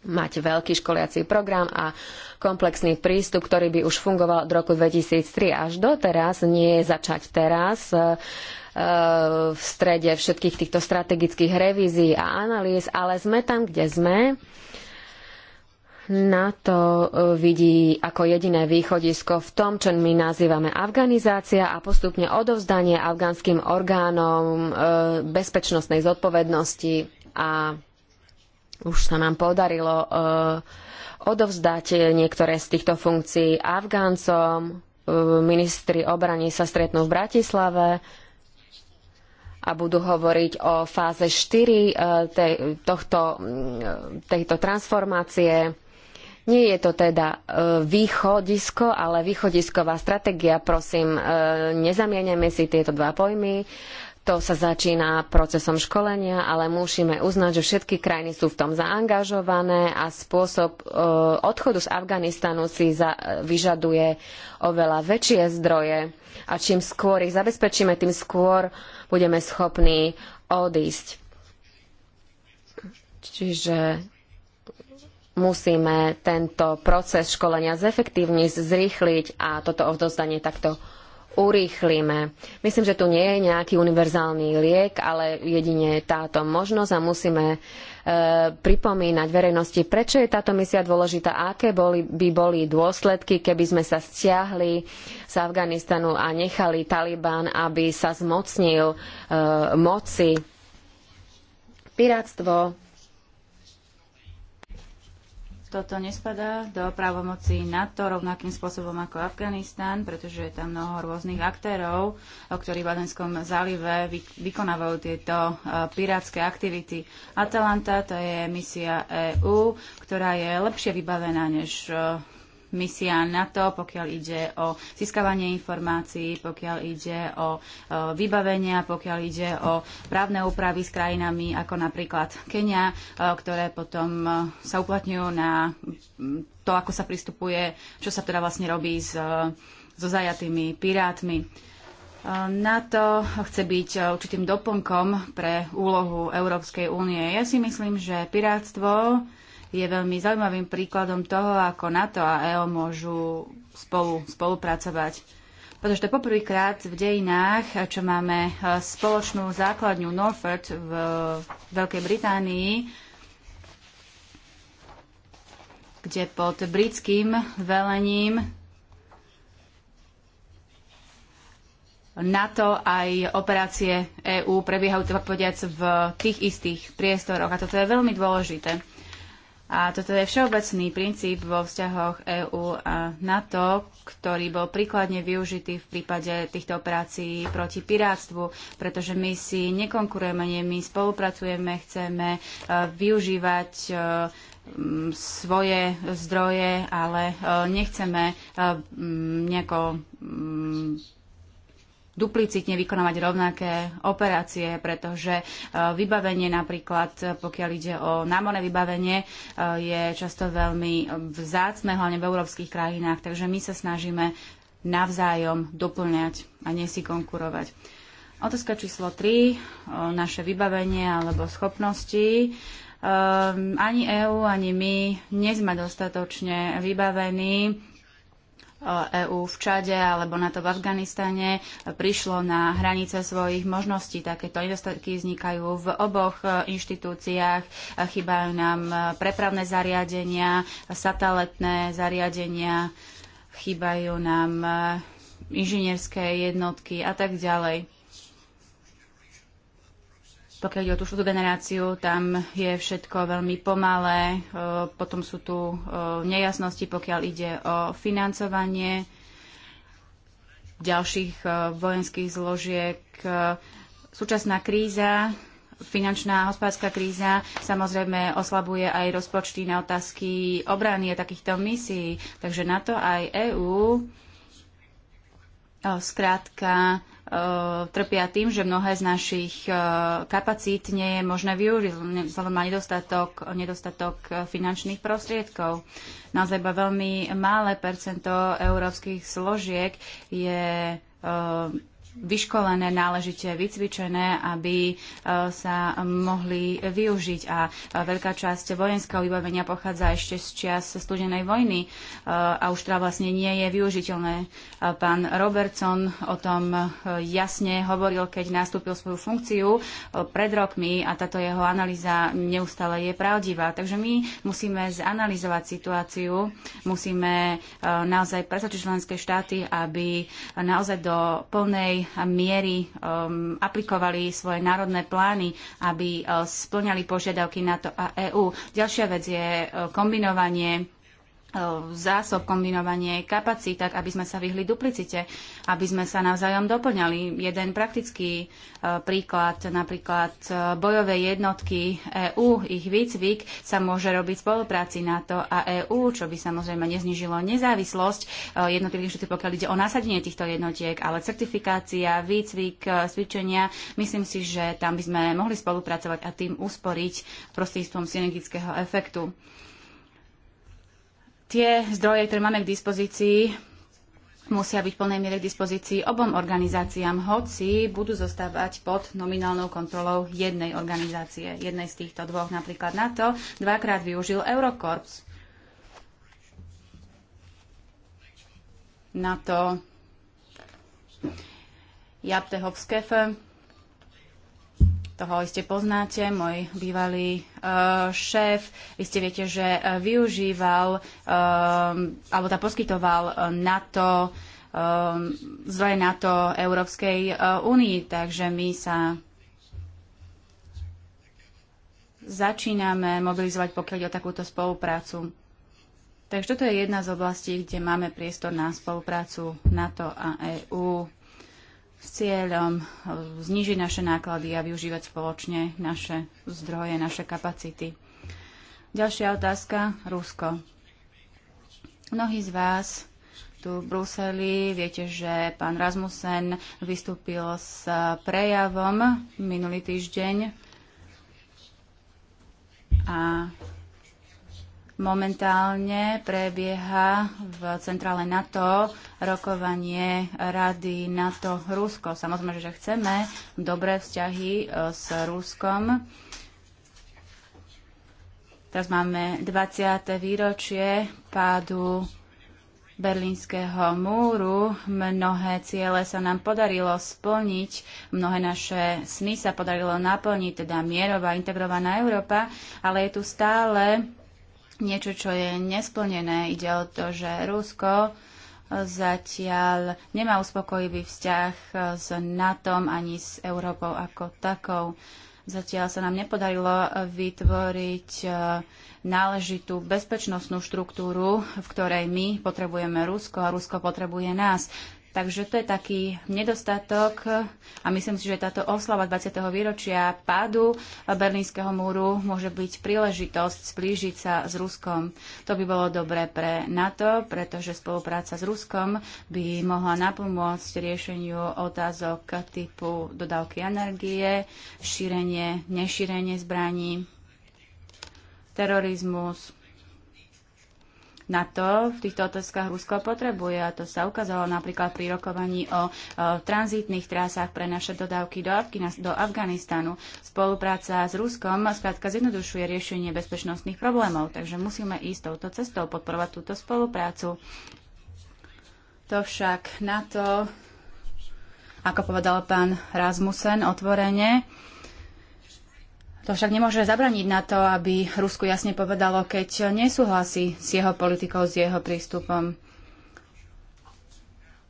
mať veľký školiací program a komplexný prístup, ktorý by už fungoval od roku 2003 až doteraz, nie začať teraz e, e, v strede všetkých týchto strategických revízií a analýz, ale sme tam, kde sme. NATO e, vidí ako jediné východisko v tom, čo my nazývame afganizácia a postupne odovzdanie afgánskym orgánom e, bezpečnostnej zodpovednosti a už sa nám podarilo e, odovzdať niektoré z týchto funkcií Afgáncom. Ministri obrany sa stretnú v Bratislave a budú hovoriť o fáze 4 tej, tohto, tejto transformácie nie je to teda e, východisko, ale východisková stratégia. Prosím, e, nezamieňame si tieto dva pojmy. To sa začína procesom školenia, ale musíme uznať, že všetky krajiny sú v tom zaangažované a spôsob e, odchodu z Afganistanu si vyžaduje oveľa väčšie zdroje a čím skôr ich zabezpečíme, tým skôr budeme schopní odísť. Čiže musíme tento proces školenia zefektívniť, zrýchliť a toto odovzdanie takto urýchlime. Myslím, že tu nie je nejaký univerzálny liek, ale jedine táto možnosť a musíme e, pripomínať verejnosti, prečo je táto misia dôležitá aké boli, by boli dôsledky, keby sme sa stiahli z Afganistanu a nechali Taliban, aby sa zmocnil e, moci. Piráctvo toto nespadá do právomoci NATO rovnakým spôsobom ako Afganistan, pretože je tam mnoho rôznych aktérov, ktorí v Adenskom zálive vykonávajú tieto e, pirátske aktivity. Atalanta to je misia EÚ, ktorá je lepšie vybavená než e, misia NATO, pokiaľ ide o získavanie informácií, pokiaľ ide o vybavenia, pokiaľ ide o právne úpravy s krajinami ako napríklad Kenia, ktoré potom sa uplatňujú na to, ako sa pristupuje, čo sa teda vlastne robí s, so zajatými pirátmi. NATO chce byť určitým doplnkom pre úlohu Európskej únie. Ja si myslím, že pirátstvo je veľmi zaujímavým príkladom toho, ako NATO a EO môžu spolu spolupracovať. Pretože to poprvýkrát v dejinách, čo máme e, spoločnú základňu Norfolk v Veľkej Británii, kde pod britským velením NATO aj operácie EÚ prebiehajú, tak povediac, v tých istých priestoroch. A toto je veľmi dôležité. A toto je všeobecný princíp vo vzťahoch EÚ a NATO, ktorý bol príkladne využitý v prípade týchto operácií proti pirátstvu, pretože my si nekonkurujeme, nie, my spolupracujeme, chceme e, využívať e, svoje zdroje, ale e, nechceme nejako duplicitne vykonávať rovnaké operácie, pretože e, vybavenie napríklad, pokiaľ ide o námorné vybavenie, e, je často veľmi vzácne, hlavne v európskych krajinách, takže my sa snažíme navzájom doplňať a nie si konkurovať. Otázka číslo 3, e, naše vybavenie alebo schopnosti. ani EÚ, ani my nie sme dostatočne vybavení EÚ v Čade alebo na to v Afganistane prišlo na hranice svojich možností. Takéto nedostatky vznikajú v oboch e, inštitúciách. E, chýbajú nám e, prepravné zariadenia, satelitné zariadenia, chýbajú nám inžinierské jednotky a tak ďalej. Pokiaľ ide o tú štvrtú generáciu, tam je všetko veľmi pomalé. E, potom sú tu e, nejasnosti, pokiaľ ide o financovanie ďalších e, vojenských zložiek. Súčasná kríza, finančná a hospodárska kríza samozrejme oslabuje aj rozpočty na otázky obrany a takýchto misií. Takže na to aj EÚ skrátka E, trpia tým, že mnohé z našich e, kapacít nie je možné využiť, vzhľadom na nedostatok, nedostatok e, finančných prostriedkov. Naozaj iba veľmi malé percento európskych složiek je vyškolené, náležite vycvičené, aby e, sa mohli využiť. A e, veľká časť vojenského vybavenia pochádza ešte z čias studenej vojny e, a už teda vlastne nie je využiteľné. Pán Robertson o tom jasne hovoril, keď nastúpil svoju funkciu pred rokmi a táto jeho analýza neustále je pravdivá. Takže my musíme zanalizovať situáciu, musíme naozaj presvedčiť členské štáty, aby naozaj do plnej miery um, aplikovali svoje národné plány, aby uh, splňali požiadavky NATO a EÚ. Ďalšia vec je uh, kombinovanie E, zásob, kombinovanie kapacít, tak aby sme sa vyhli duplicite, aby sme sa navzájom doplňali. Jeden praktický e, príklad, napríklad e, bojové jednotky EÚ, ich výcvik sa môže robiť v spolupráci NATO a EÚ, čo by samozrejme neznižilo nezávislosť jednotlivých štúdí, pokiaľ ide o nasadenie týchto jednotiek, ale certifikácia, výcvik, cvičenia, myslím si, že tam by sme mohli spolupracovať a tým usporiť prostredstvom synergického efektu tie zdroje, ktoré máme k dispozícii, musia byť v plnej miere k dispozícii obom organizáciám, hoci budú zostávať pod nominálnou kontrolou jednej organizácie, jednej z týchto dvoch. Napríklad NATO dvakrát využil Eurokorps. NATO Jabte Hopskefe toho iste poznáte, môj bývalý uh, šéf, iste viete, že e, využíval uh, alebo tá poskytoval NATO, uh, zdroje NATO Európskej únii, takže my sa začíname mobilizovať, pokiaľ o takúto spoluprácu. Takže toto je jedna z oblastí, kde máme priestor na spoluprácu NATO a EÚ s cieľom e, znižiť naše náklady a využívať spoločne naše zdroje, naše kapacity. Ďalšia otázka, Rusko. Mnohí z vás tu v Bruseli. Viete, že pán Rasmussen vystúpil s prejavom minulý týždeň a Momentálne prebieha v centrále NATO rokovanie Rady NATO-Rusko. Samozrejme, že chceme dobré vzťahy e, s Ruskom. Teraz máme 20. výročie pádu Berlínskeho múru. Mnohé ciele sa nám podarilo splniť, mnohé naše sny sa podarilo naplniť, teda mierová integrovaná Európa, ale je tu stále niečo, čo je nesplnené. Ide o to, že Rusko zatiaľ nemá uspokojivý vzťah s NATO ani s Európou ako takou. Zatiaľ sa nám nepodarilo vytvoriť e, náležitú bezpečnostnú štruktúru, v ktorej my potrebujeme Rusko a Rusko potrebuje nás. Takže to je taký nedostatok a myslím si, že táto oslava 20. výročia pádu Berlínskeho múru môže byť príležitosť splížiť sa s Ruskom. To by bolo dobré pre NATO, pretože spolupráca s Ruskom by mohla napomôcť riešeniu otázok typu dodávky energie, šírenie, nešírenie zbraní, terorizmus, na to v týchto otázkach Rusko potrebuje a to sa ukázalo napríklad pri rokovaní o, o tranzitných trasách pre naše dodávky do, Afgina, do Afganistanu. Spolupráca s Ruskom skrátka zjednodušuje riešenie bezpečnostných problémov, takže musíme ísť touto cestou, podporovať túto spoluprácu. To však na to, ako povedal pán Rasmussen otvorene, to však nemôže zabraniť na to, aby Rusku jasne povedalo, keď nesúhlasí s jeho politikou, s jeho prístupom.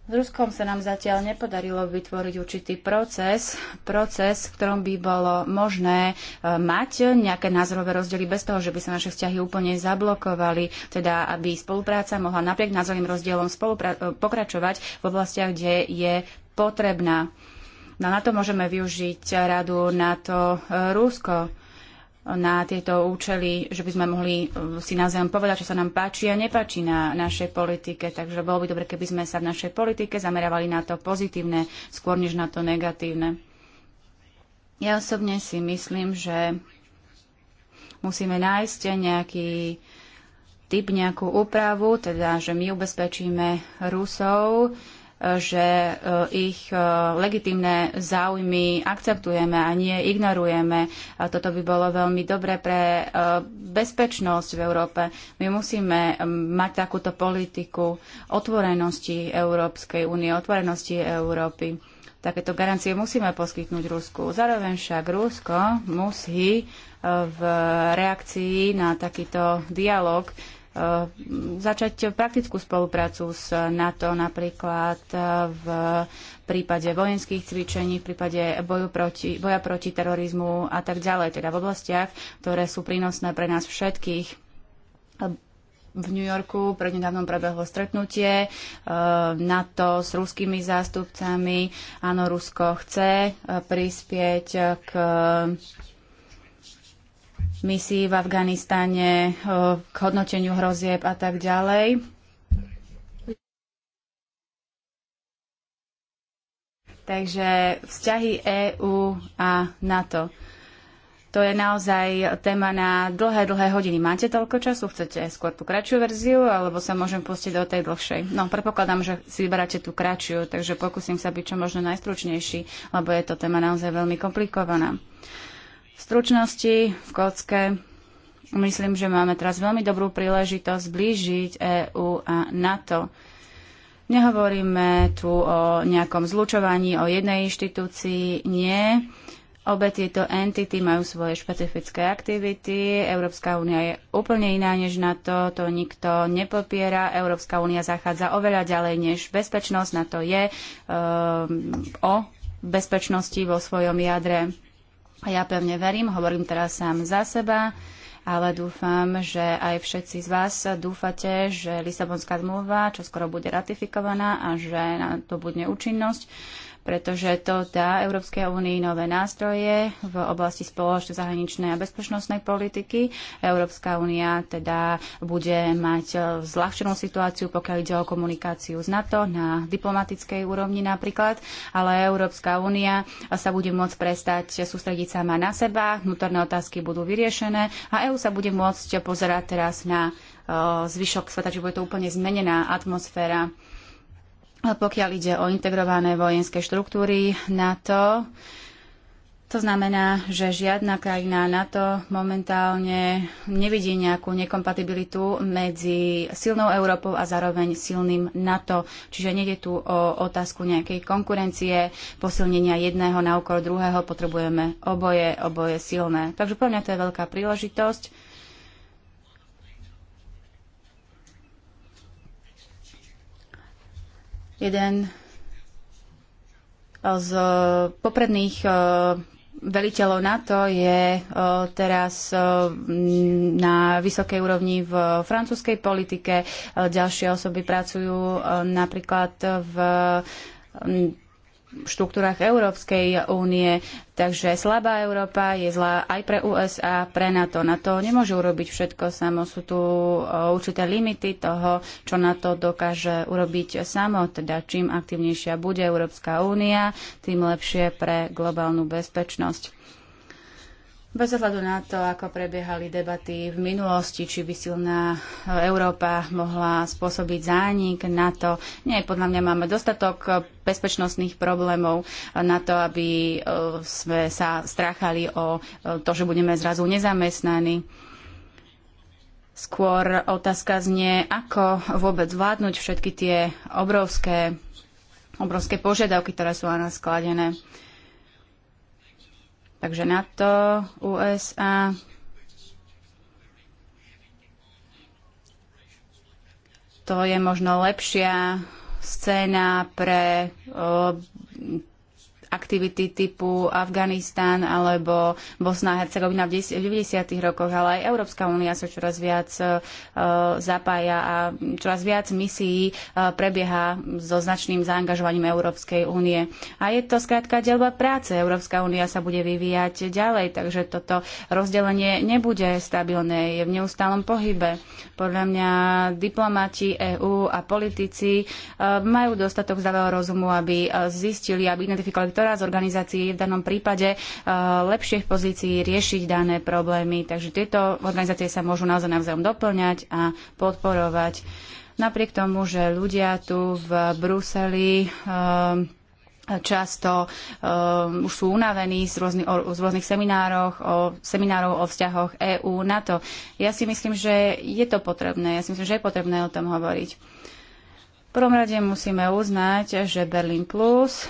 S Ruskom sa nám zatiaľ nepodarilo vytvoriť určitý proces, proces, v ktorom by bolo možné e, mať nejaké názorové rozdiely bez toho, že by sa naše vzťahy úplne zablokovali, teda aby spolupráca mohla napriek názorovým rozdielom e, pokračovať v oblastiach, kde je potrebná. No na to môžeme využiť radu NATO e, Rusko na tieto účely, že by sme mohli e, si navzájom povedať, čo sa nám páči a nepáči na našej politike. Takže bolo by dobre, keby sme sa v našej politike zamerávali na to pozitívne, skôr než na to negatívne. Ja osobne si myslím, že musíme nájsť nejaký typ, nejakú úpravu, teda, že my ubezpečíme Rusov, že e, ich e, legitimné záujmy akceptujeme a nie ignorujeme. A toto by bolo veľmi dobre pre e, bezpečnosť v Európe. My musíme mať takúto politiku otvorenosti Európskej únie, otvorenosti Európy. Takéto garancie musíme poskytnúť Rusku. Zároveň však Rusko musí v reakcii na takýto dialog Eh, začať praktickú spoluprácu s NATO napríklad eh, v prípade vojenských cvičení, v prípade boju proti, boja proti terorizmu a tak ďalej, teda v oblastiach, ktoré sú prínosné pre nás všetkých. V New Yorku prednedávnom prebehlo stretnutie eh, NATO s ruskými zástupcami. Áno, Rusko chce prispieť k misií v Afganistane, k hodnoteniu hrozieb a tak ďalej. Takže vzťahy EÚ a NATO. To je naozaj téma na dlhé, dlhé hodiny. Máte toľko času? Chcete skôr tú kratšiu verziu, alebo sa môžem pustiť do tej dlhšej? No, predpokladám, že si vyberáte tú kratšiu, takže pokúsim sa byť čo možno najstručnejší, lebo je to téma naozaj veľmi komplikovaná stručnosti v kocke myslím, že máme teraz veľmi dobrú príležitosť zblížiť EÚ a NATO. Nehovoríme tu o nejakom zlučovaní, o jednej inštitúcii, nie. Obe tieto entity majú svoje špecifické aktivity. Európska únia je úplne iná než NATO, to nikto nepopiera. Európska únia zachádza oveľa ďalej než bezpečnosť, na to je um, o bezpečnosti vo svojom jadre. A Ja pevne verím, hovorím teraz sám za seba, ale dúfam, že aj všetci z vás dúfate, že Lisabonská zmluva čo skoro bude ratifikovaná a že na to bude účinnosť pretože to dá Európskej únii nové nástroje v oblasti spoločnej zahraničnej a bezpečnostnej politiky. Európska únia teda bude mať e, zľahčenú situáciu, pokiaľ ide o komunikáciu s NATO na diplomatickej úrovni napríklad, ale Európska únia sa bude môcť prestať sústrediť sama na seba, vnútorné otázky budú vyriešené a EÚ sa bude môcť pozerať teraz na e, zvyšok sveta, čiže bude to úplne zmenená atmosféra pokiaľ ide o integrované vojenské štruktúry NATO. To znamená, že žiadna krajina NATO momentálne nevidí nejakú nekompatibilitu medzi silnou Európou a zároveň silným NATO. Čiže nejde tu o otázku nejakej konkurencie, posilnenia jedného na úkor druhého, potrebujeme oboje, oboje silné. Takže pre mňa to je veľká príležitosť Jeden e, z popredných e, veliteľov NATO je e, teraz na vysokej úrovni v francúzskej politike. Ďalšie osoby pracujú napríklad v štruktúrach Európskej únie. Takže slabá Európa je zlá aj pre USA, pre NATO. Na to nemôže urobiť všetko samo. Sú tu e, určité limity toho, čo na to dokáže urobiť samo. Teda čím aktívnejšia bude Európska únia, tým lepšie pre globálnu bezpečnosť. Bez ohľadu na to, ako prebiehali debaty v minulosti, či by silná e, Európa mohla spôsobiť zánik na to, nie, podľa mňa máme dostatok bezpečnostných problémov na to, aby e, sme sa strachali o e, to, že budeme zrazu nezamestnaní. Skôr otázka znie, ako vôbec vládnuť všetky tie obrovské, obrovské požiadavky, ktoré sú na nás skladené. Takže NATO, USA, to je možno lepšia scéna pre aktivity typu Afganistan alebo Bosna a Hercegovina v 90. rokoch, ale aj Európska únia sa čoraz viac e, zapája a čoraz viac misií e, prebieha so značným zaangažovaním Európskej únie. A je to skrátka delba práce. Európska únia sa bude vyvíjať ďalej, takže toto rozdelenie nebude stabilné, je v neustálom pohybe. Podľa mňa diplomati EÚ a politici e, majú dostatok zdravého rozumu, aby zistili, aby identifikovali, ktorá z organizácií je v danom prípade eh, lepšie v pozícii riešiť dané problémy. Takže tieto organizácie sa môžu naozaj navzájom doplňať a podporovať. Napriek tomu, že ľudia tu v Bruseli eh, často um, už sú unavení z rôznych, o, z rôznych seminárov, o, seminárov o vzťahoch EÚ, NATO. Ja si myslím, že je to potrebné. Ja si myslím, že je potrebné o tom hovoriť. V prvom rade musíme uznať, že Berlin Plus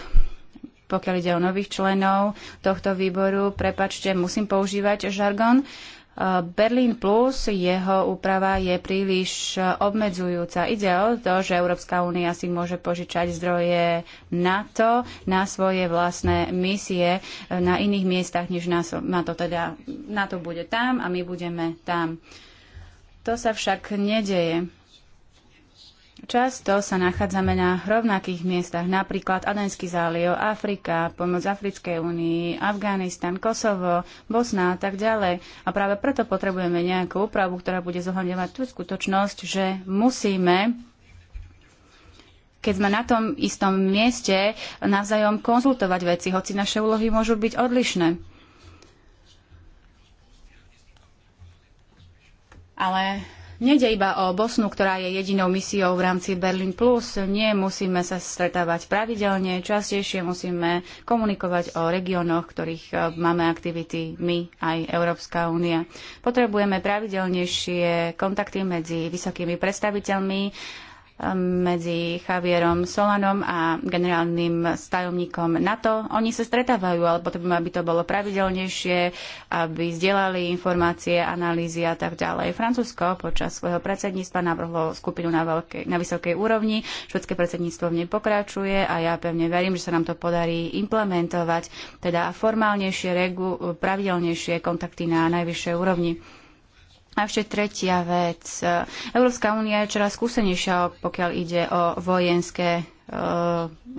pokiaľ ide o nových členov tohto výboru, prepačte, musím používať žargon. E, Berlín Plus, jeho úprava je príliš obmedzujúca. Ide o to, že Európska únia si môže požičať zdroje NATO na svoje vlastné misie e, na iných miestach, než NATO. Teda NATO bude tam a my budeme tam. To sa však nedeje. Často sa nachádzame na rovnakých miestach, napríklad Adenský záliv, Afrika, pomoc Africkej únii, Afganistan, Kosovo, Bosna a tak ďalej. A práve preto potrebujeme nejakú úpravu, ktorá bude zohľadňovať tú skutočnosť, že musíme keď sme na tom istom mieste navzájom konzultovať veci, hoci naše úlohy môžu byť odlišné. Ale Nede iba o Bosnu, ktorá je jedinou misiou v rámci Berlin Plus. Nie, musíme sa stretávať pravidelne, častejšie musíme komunikovať o regiónoch, ktorých e, máme aktivity my aj Európska únia. Potrebujeme pravidelnejšie kontakty medzi vysokými predstaviteľmi medzi Javierom Solanom a generálnym stajomníkom NATO. Oni sa stretávajú, ale potrebujeme, aby to bolo pravidelnejšie, aby zdieľali informácie, analýzy a tak ďalej. Francúzsko počas svojho predsedníctva navrhlo skupinu na, veľkej, na vysokej úrovni, švedské predsedníctvo v nej pokračuje a ja pevne verím, že sa nám to podarí implementovať, teda formálnejšie, regu, pravidelnejšie kontakty na najvyššej úrovni. A ešte tretia vec. Európska únia je čoraz skúsenejšia, pokiaľ ide o vojenské e,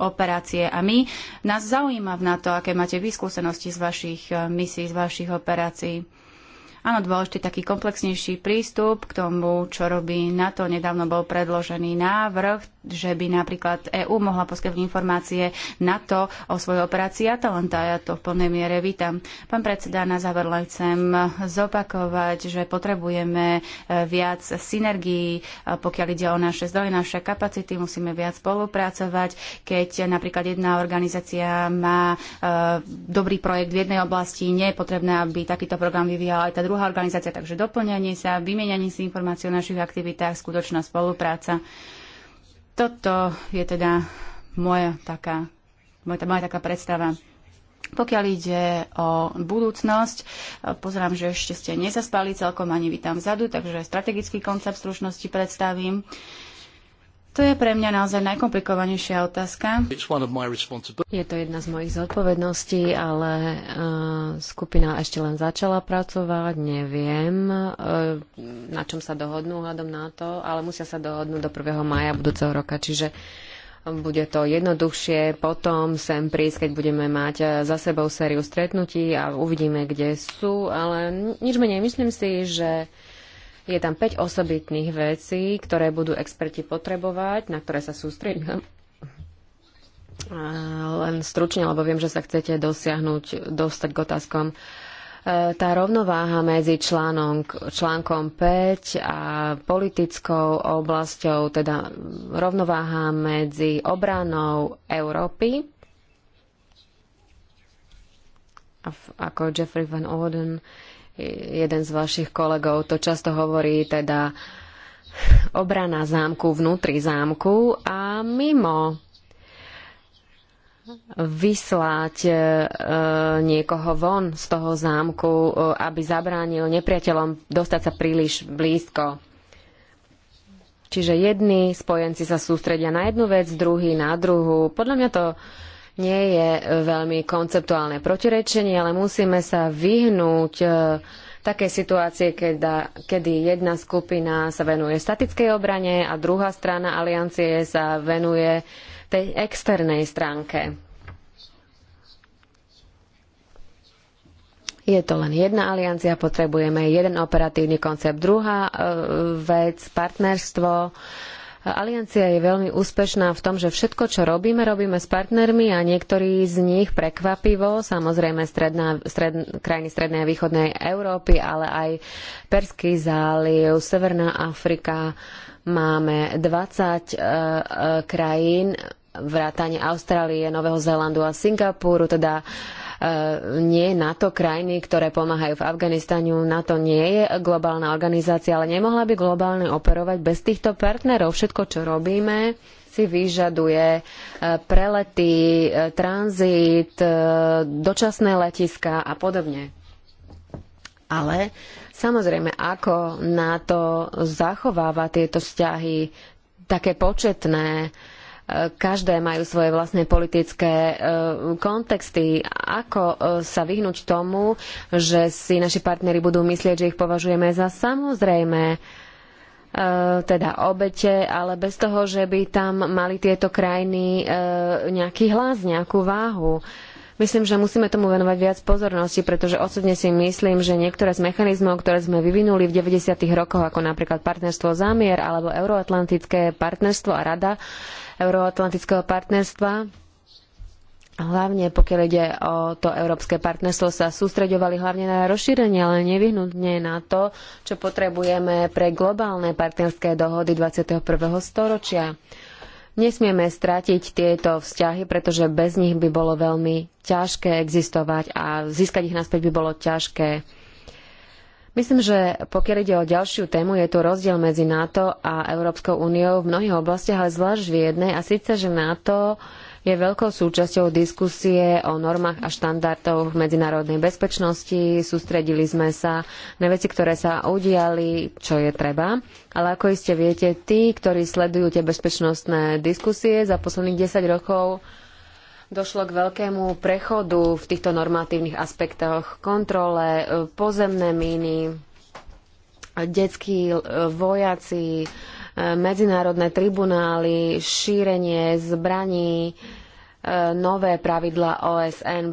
operácie. A my, nás zaujíma v NATO, aké máte vy skúsenosti z vašich e, misií, z vašich operácií. Áno, dôležitý taký komplexnejší prístup k tomu, čo robí NATO. Nedávno bol predložený návrh, že by napríklad EÚ mohla poskytnúť informácie NATO o svojej operácii Atalanta. Ja to v plnej miere vítam. Pán predseda, na záver len chcem zopakovať, že potrebujeme e, viac synergií, e, pokiaľ ide o naše zdroje, naše kapacity, musíme viac spolupracovať. Keď napríklad jedna organizácia má e, dobrý projekt v jednej oblasti, nie je potrebné, aby takýto program vyvíjala aj tá druhá druhá organizácia, takže doplňanie sa, vymieňanie si informácií o našich aktivitách, skutočná spolupráca. Toto je teda moja taká, moja, moja taká predstava. Pokiaľ ide o budúcnosť, pozerám, že ešte ste nezaspali celkom ani vy tam vzadu, takže strategický koncept stručnosti predstavím. Uh, to je pre mňa naozaj najkomplikovanejšia otázka. Je to jedna z mojich zodpovedností, ale uh, skupina ešte len začala pracovať, neviem, uh, na čom sa dohodnú hľadom na to, ale musia sa dohodnúť do 1. maja budúceho roka, čiže bude to jednoduchšie potom sem prísť, keď budeme mať eh, za sebou sériu stretnutí a uvidíme, kde sú, ale nič menej, myslím si, že je tam 5 osobitných vecí, ktoré budú experti potrebovať, na ktoré sa sústredím. Len stručne, lebo viem, že sa chcete dosiahnuť, dostať k otázkom. E, tá rovnováha medzi článok, článkom 5 a politickou oblasťou, teda rovnováha medzi obranou Európy, ako Jeffrey Van Orden jeden z vašich kolegov to často hovorí, teda obrana zámku vnútri zámku a mimo vyslať e, niekoho von z toho zámku, e, aby zabránil nepriateľom dostať sa príliš blízko. Čiže jedni spojenci sa sústredia na jednu vec, druhý na druhú. Podľa mňa to nie je e, veľmi konceptuálne protirečenie, ale musíme sa vyhnúť e, takej situácie, keda, kedy jedna skupina sa venuje statickej obrane a druhá strana aliancie sa venuje tej externej stránke. Je to len jedna aliancia, potrebujeme jeden operatívny koncept. Druhá e, vec, partnerstvo. E, Aliancia je veľmi úspešná v tom, že všetko, čo robíme, robíme s partnermi a niektorí z nich prekvapivo, samozrejme stredná, stred, krajiny strednej a východnej Európy, ale aj Perský záliv, Severná Afrika. Máme 20 uh, uh, krajín vrátane Austrálie, Nového Zélandu a Singapuru, teda Eh, nie NATO krajiny, ktoré pomáhajú v Afganistanu. NATO nie je globálna organizácia, ale nemohla by globálne operovať bez týchto partnerov. Všetko, čo robíme, si vyžaduje eh, prelety, eh, tranzit, dočasné letiská a podobne. Ale samozrejme, ako NATO zachováva tieto vzťahy také početné, uh, Každé majú svoje vlastné politické e, kontexty. Ako e, sa vyhnúť tomu, že si naši partneri budú myslieť, že ich považujeme za samozrejme e, teda obete, ale bez toho, že by tam mali tieto krajiny nejaký hlas, nejakú váhu. Myslím, že musíme tomu venovať viac pozornosti, pretože osobne si myslím, že niektoré z mechanizmov, ktoré sme vyvinuli v 90. rokoch, ako napríklad partnerstvo zámier alebo euroatlantické partnerstvo a rada euroatlantického partnerstva, hlavne pokiaľ ide o to európske partnerstvo, sa sústreďovali hlavne na rozšírenie, ale nevyhnutne na to, čo potrebujeme pre globálne partnerské dohody 21. storočia. Nesmieme stratiť tieto vzťahy, pretože bez nich by bolo veľmi ťažké existovať a získať ich naspäť by bolo ťažké. Myslím, že pokiaľ ide o ďalšiu tému, je tu rozdiel medzi NATO a Európskou úniou v mnohých oblastiach, ale zvlášť v jednej, a síce, že NATO je veľkou súčasťou diskusie o normách a štandardoch medzinárodnej bezpečnosti. Sústredili sme sa na veci, ktoré sa udiali, čo je treba. Ale ako iste viete, tí, ktorí sledujú tie bezpečnostné diskusie za posledných 10 rokov, došlo k veľkému prechodu v týchto normatívnych aspektoch kontrole, eh, pozemné míny, eh, detskí eh, vojaci, medzinárodné tribunály, šírenie zbraní, e, nové pravidla OSN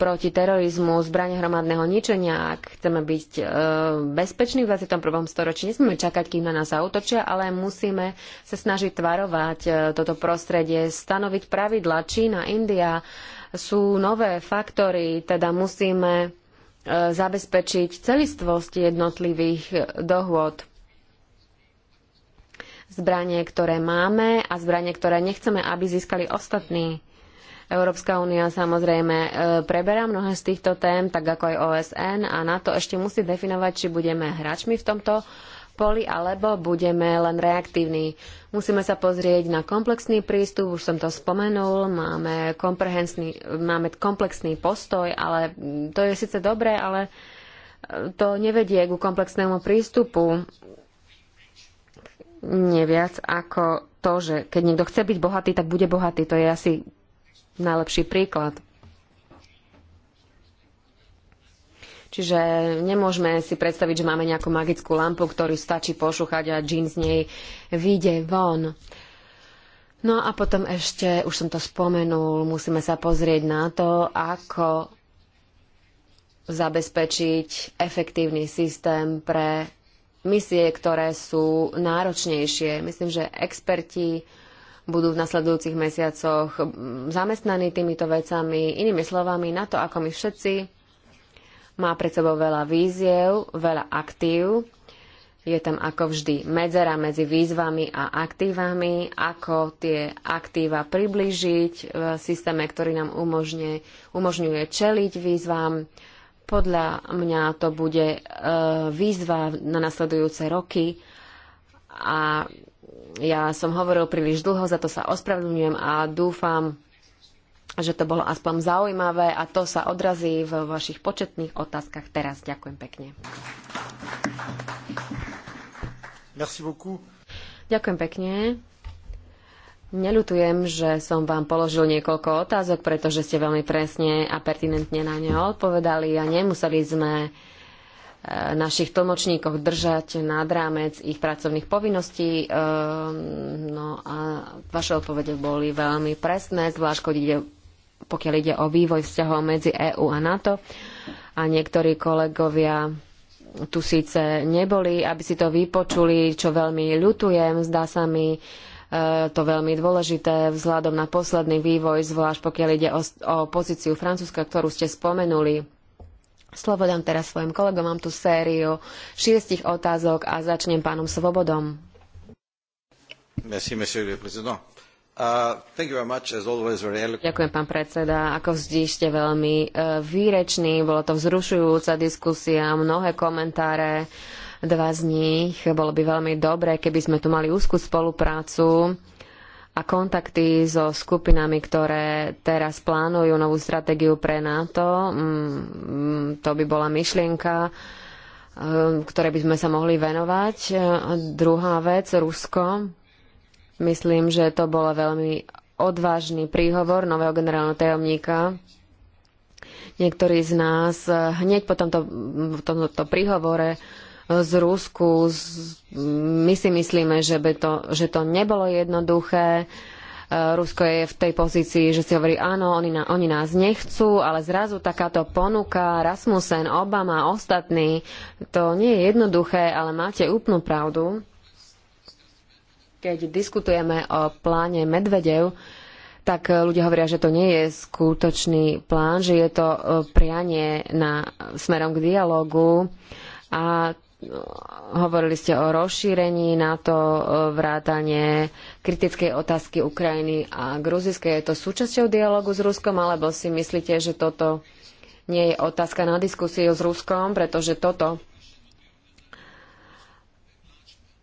proti terorizmu, zbranie hromadného ničenia, ak chceme byť e, bezpeční v 21. storočí. Nesmieme čakať, kým na nás zautočia, ale musíme sa snažiť tvarovať e, toto prostredie, stanoviť pravidla. Čína, India sú nové faktory, teda musíme zabezpečiť celistvosť jednotlivých dohôd zbranie, ktoré máme a zbranie, ktoré nechceme, aby získali ostatní. Európska únia samozrejme e, preberá mnohé z týchto tém, tak ako aj OSN a na to ešte musí definovať, či budeme hráčmi v tomto poli alebo budeme len reaktívni. Musíme sa pozrieť na komplexný prístup, už som to spomenul, máme, máme komplexný postoj, ale to je síce dobré, ale to nevedie ku komplexnému prístupu nie viac ako to, že keď niekto chce byť bohatý, tak bude bohatý. To je asi najlepší príklad. Čiže nemôžeme si predstaviť, že máme nejakú magickú lampu, ktorú stačí pošúchať a džín z nej vyjde von. No a potom ešte, už som to spomenul, musíme sa pozrieť na to, ako zabezpečiť efektívny systém pre misie, ktoré sú náročnejšie. Myslím, že experti budú v nasledujúcich mesiacoch zamestnaní týmito vecami. Inými slovami, na to, ako my všetci, má pred sebou veľa víziev, veľa aktív. Je tam ako vždy medzera medzi výzvami a aktívami, ako tie aktíva priblížiť v systéme, ktorý nám umožňuje, umožňuje čeliť výzvam, podľa mňa to bude e, výzva na nasledujúce roky a ja som hovoril príliš dlho, za to sa ospravedlňujem a dúfam, že to bolo aspoň zaujímavé a to sa odrazí v vašich početných otázkach teraz. Ďakujem pekne. Merci beaucoup. Ďakujem pekne. Neľutujem, že som vám položil niekoľko otázok, pretože ste veľmi presne a pertinentne na ne odpovedali a nemuseli sme e, našich tlmočníkov držať nad rámec ich pracovných povinností. E, no a vaše odpovede boli veľmi presné, zvlášť pokiaľ ide o vývoj vzťahov medzi EÚ a NATO. A niektorí kolegovia tu síce neboli, aby si to vypočuli, čo veľmi ľutujem. Zdá sa mi, E, to veľmi dôležité vzhľadom na posledný vývoj, zvlášť pokiaľ ide o, o pozíciu Francúzska, ktorú ste spomenuli. Slovo dám teraz svojim kolegom, mám tu sériu šiestich otázok a začnem pánom Svobodom. Merci, monsieur le président. Uh, much, always, Ďakujem, pán predseda. Ako vždy ste veľmi uh, výreční, bolo to vzrušujúca diskusia, mnohé komentáre. Uh, dva z nich. Bolo by veľmi dobré, keby sme tu mali úzkú spoluprácu a kontakty so skupinami, ktoré teraz plánujú novú stratégiu pre NATO. Mm, mm, to by bola myšlienka, e, ktoré by sme sa mohli venovať. A e, druhá vec, Rusko. Myslím, že to bolo veľmi odvážny príhovor nového generálneho tajomníka. Niektorí z nás e, hneď po tomto, po tomto príhovore z Rusku. My si myslíme, že, by to, že to nebolo jednoduché. E, Rusko je v tej pozícii, že si hovorí, áno, oni, na, oni nás nechcú, ale zrazu takáto ponuka, Rasmussen, Obama, ostatní, to nie je jednoduché, ale máte úplnú pravdu. Keď diskutujeme o pláne Medvedev, tak e, ľudia hovoria, že to nie je skutočný plán, že je to e, prianie na, smerom k dialogu a Hovorili ste o rozšírení NATO, e, vrátanie kritickej otázky Ukrajiny a Gruzijskej. Je to súčasťou dialogu s Ruskom, alebo si myslíte, že toto nie je otázka na diskusiu s Ruskom, pretože toto,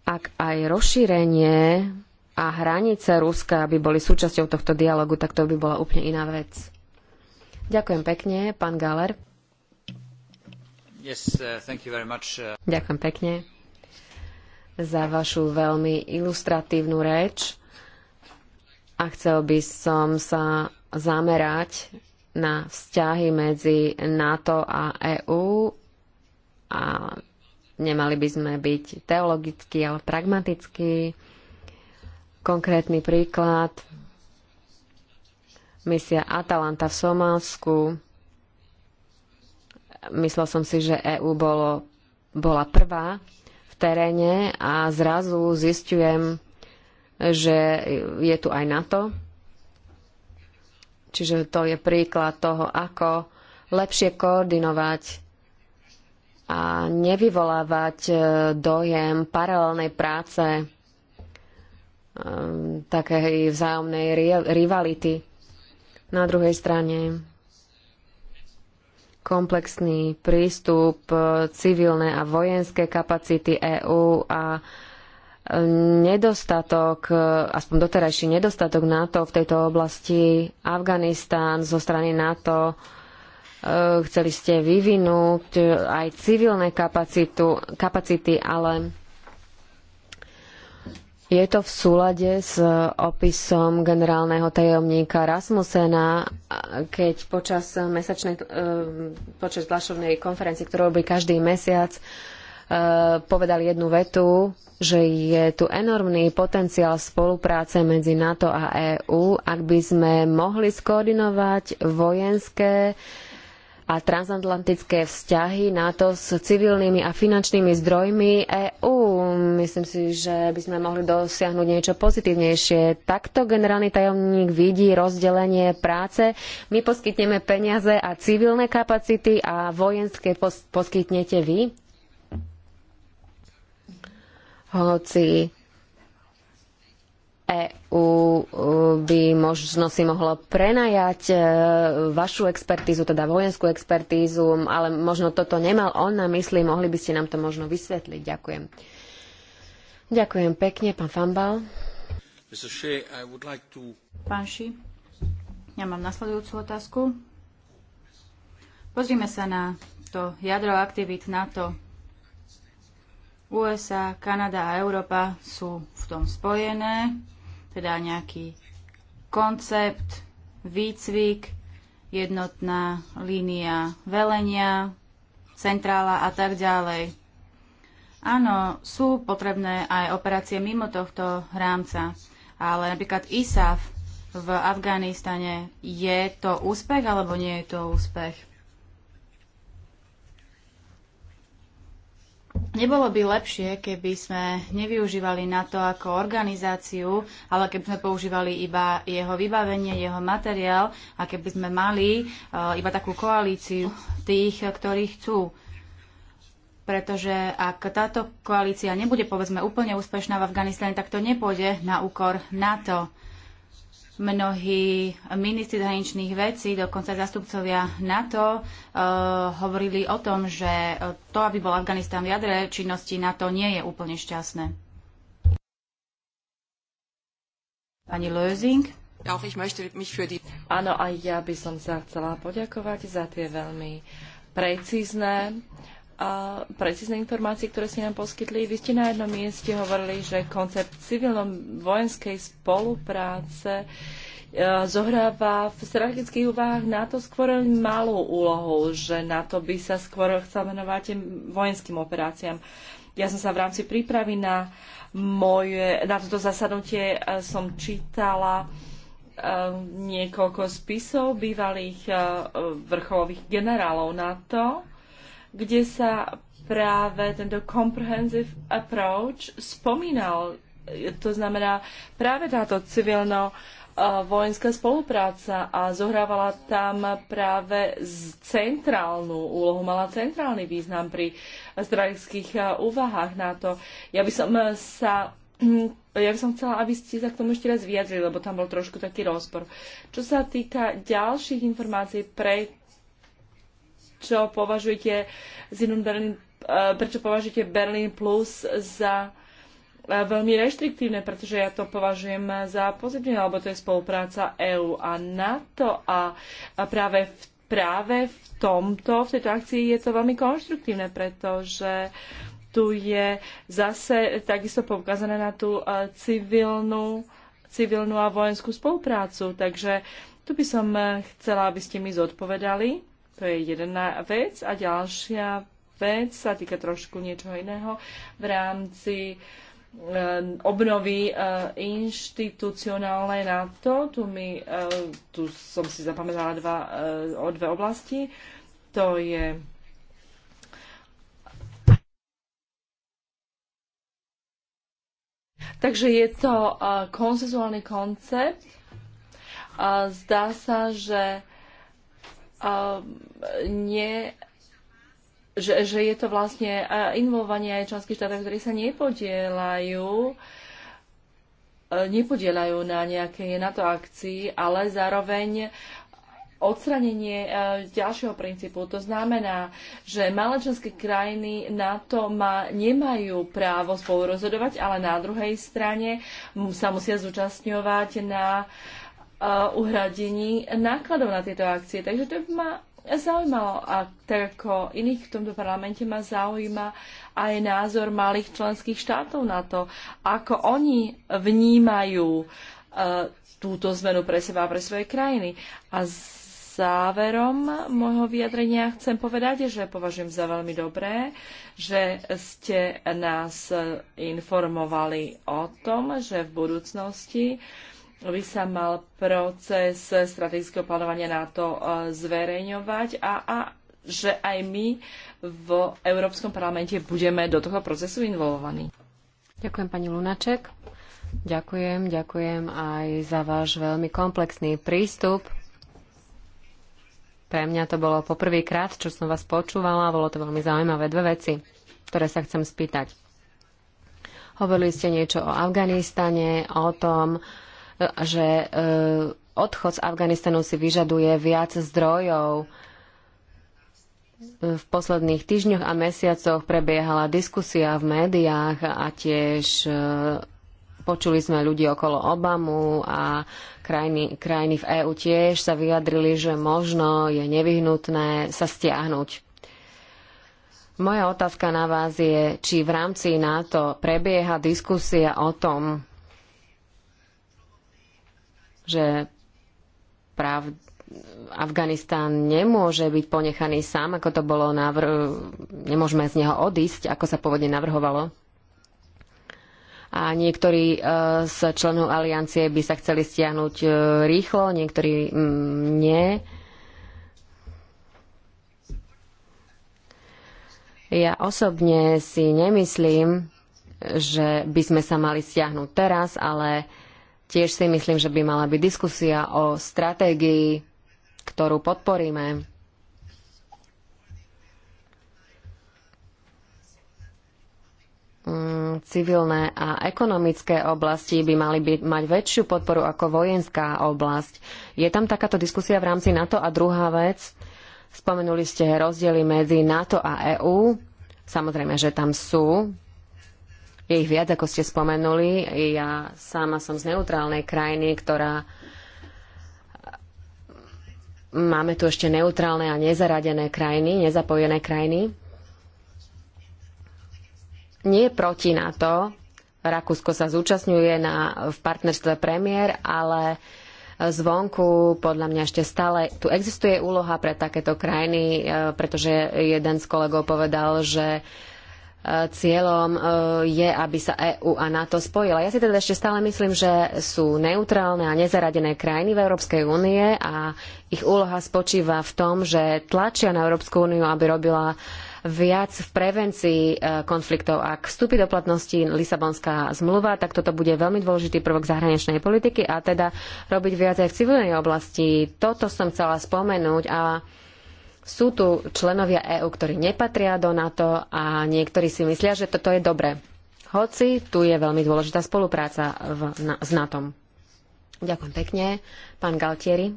ak aj rozšírenie a hranice Ruska by boli súčasťou tohto dialogu, tak to by bola úplne iná vec. Ďakujem pekne, pán Galer. Yes, uh, uh, Ďakujem pekne za vašu veľmi ilustratívnu reč a chcel by som sa zamerať na vzťahy medzi NATO a EÚ a nemali by sme byť teologickí, ale pragmatickí. Konkrétny príklad. Misia Atalanta v Somálsku Myslel som si, že EÚ bolo, bola prvá v teréne a zrazu zistujem, že je tu aj NATO. Čiže to je príklad toho, ako lepšie koordinovať a nevyvolávať e, dojem paralelnej práce, e, takej vzájomnej rivality. Na druhej strane komplexný prístup, e, civilné a vojenské kapacity EÚ a e, nedostatok, e, aspoň doterajší nedostatok NATO v tejto oblasti, Afganistán zo strany NATO, chceli ste vyvinúť aj civilné kapacitu, kapacity, ale je to v súlade s eh, opisom generálneho tajomníka Rasmusena, eh, keď počas mesačnej, eh, počas tlašovnej konferencie, ktorú robí každý mesiac, povedal jednu vetu, že je tu enormný potenciál spolupráce medzi NATO a EÚ, ak by sme mohli skoordinovať vojenské a transatlantické vzťahy NATO s civilnými a finančnými zdrojmi EÚ. Myslím si, že by sme mohli dosiahnuť niečo pozitívnejšie. Takto generálny tajomník vidí rozdelenie práce. My poskytneme peniaze a civilné kapacity a vojenské pos poskytnete vy? Hoci EÚ EÚ e, by možno si mohlo prenajať e, vašu expertízu, teda vojenskú expertízu, ale možno toto nemal on na mysli, mohli by ste nám to možno vysvetliť. Ďakujem. Ďakujem pekne, pán Fambal. Pán Ši, ja mám nasledujúcu otázku. Pozrime sa na to jadro aktivít NATO. USA, Kanada a Európa sú v tom spojené teda nejaký koncept, výcvik, jednotná línia velenia, centrála a tak ďalej. Áno, sú potrebné aj operácie mimo tohto rámca, ale napríklad ISAF v Afganistane, je to úspech alebo nie je to úspech? Nebolo by lepšie, keby sme nevyužívali NATO ako organizáciu, ale keby sme používali iba jeho vybavenie, jeho materiál a keby sme mali eh, iba takú koalíciu tých, ktorí chcú. Pretože ak táto koalícia nebude, povedzme, úplne úspešná v Afganistane, tak to nepôjde na úkor NATO mnohí ministri zahraničných vecí, dokonca zastupcovia NATO, uh, hovorili o tom, že eh, to, aby bol Afganistán v jadre činnosti NATO, nie je úplne šťastné. Pani Lösing. Áno, aj ja by som sa chcela poďakovať za tie veľmi precízne precízne informácie, ktoré ste nám poskytli. Vy ste na jednom mieste hovorili, že koncept civilno-vojenskej spolupráce e, zohráva v strategických úvahách NATO skôr malú úlohu, že NATO by sa skôr chcel venovať vojenským operáciám. Ja som sa v rámci prípravy na, moje, na toto zasadnutie e, som čítala e, niekoľko spisov bývalých vrcholových generálov NATO, kde sa práve tento comprehensive approach spomínal. To znamená, práve táto civilno uh, vojenská spolupráca a zohrávala tam práve centrálnu úlohu, mala centrálny význam pri strategických uh, úvahách na to. Ja by som uh, sa mm, ja by som chcela, aby ste sa k tomu ešte raz vyjadrili, lebo tam bol trošku taký rozpor. Čo sa týka ďalších informácií pre prečo považujete Zinun Berlin, eh, prečo považujete Berlin Plus za eh, veľmi reštriktívne, pretože ja to považujem za pozitívne, alebo to je spolupráca EÚ a NATO a práve v práve v tomto, v tejto akcii je to veľmi konštruktívne, pretože tu je zase takisto poukázané na tú eh, civilnú, civilnú a vojenskú spoluprácu. Takže tu by som chcela, aby ste mi zodpovedali to je jedna vec. A ďalšia vec sa týka trošku niečoho iného. V rámci eh, obnovy eh, inštitucionálne to. Tu, mi, eh, tu som si zapamätala dva, o dve oblasti. To je Takže je to konsenzuálny koncept. Zdá sa, že nie, že, že je to vlastne involvanie aj členských štátov, ktorí sa nepodielajú e, nepodielajú na nejakej NATO akcii, ale zároveň odstranenie e, ďalšieho princípu. To znamená, že malé členské krajiny na to má, nemajú právo spolurozhodovať, ale na druhej strane sa musia zúčastňovať na uh, uhradení nákladov na tieto akcie. Takže to by ma zaujímalo, a tak ako iných v tomto parlamente ma zaujíma aj názor malých členských štátov na to, ako oni vnímajú túto zmenu pre seba a pre svoje krajiny. A záverom môjho vyjadrenia chcem povedať, že považujem za veľmi dobré, že ste nás informovali o tom, že v budúcnosti uh, by sa mal proces strategického plánovania to e, zverejňovať a, a že aj my v Európskom parlamente budeme do toho procesu involovaní. Ďakujem pani Lunaček. Ďakujem, ďakujem aj za váš veľmi komplexný prístup. Pre mňa to bolo poprvýkrát, čo som vás počúvala, bolo to veľmi zaujímavé dve veci, ktoré sa chcem spýtať. Hovorili ste niečo o Afganistane, o tom, že e, odchod z Afganistanu si vyžaduje viac zdrojov. V posledných týždňoch a mesiacoch prebiehala diskusia v médiách a tiež e, počuli sme ľudí okolo Obamu a krajiny, krajiny v EÚ tiež sa vyjadrili, že možno je nevyhnutné sa stiahnuť. Moja otázka na vás je, či v rámci NATO prebieha diskusia o tom, že prav... Afganistán nemôže byť ponechaný sám, ako to bolo navr... nemôžeme z neho odísť, ako sa pôvodne navrhovalo. A niektorí e, z členov aliancie by sa chceli stiahnuť e, rýchlo, niektorí mm, nie. Ja osobne si nemyslím, že by sme sa mali stiahnuť teraz, ale Tiež si myslím, že by mala byť diskusia o stratégii, ktorú podporíme. Mm, civilné a ekonomické oblasti by mali byť, mať väčšiu podporu ako vojenská oblasť. Je tam takáto diskusia v rámci NATO? A druhá vec, spomenuli ste rozdiely medzi NATO a EÚ. Samozrejme, že tam sú. Je ich viac, ako ste spomenuli. Ja sama som z neutrálnej krajiny, ktorá máme tu ešte neutrálne a nezaradené krajiny, nezapojené krajiny. Nie proti na to, Rakúsko sa zúčastňuje na, v partnerstve premiér, ale zvonku podľa mňa ešte stále tu existuje úloha pre takéto krajiny, e, pretože jeden z kolegov povedal, že cieľom e, je, aby sa EÚ a NATO spojila. Ja si teda ešte stále myslím, že sú neutrálne a nezaradené krajiny v Európskej únie a ich úloha spočíva v tom, že tlačia na Európsku úniu, aby robila viac v prevencii e, konfliktov. Ak vstúpi do platnosti Lisabonská zmluva, tak toto bude veľmi dôležitý prvok zahraničnej politiky a teda robiť viac aj v civilnej oblasti. Toto som chcela spomenúť a sú tu členovia EÚ, ktorí nepatria do NATO a niektorí si myslia, že toto je dobré. Hoci tu je veľmi dôležitá spolupráca v, na, s NATO. Ďakujem pekne. Pán Galtieri.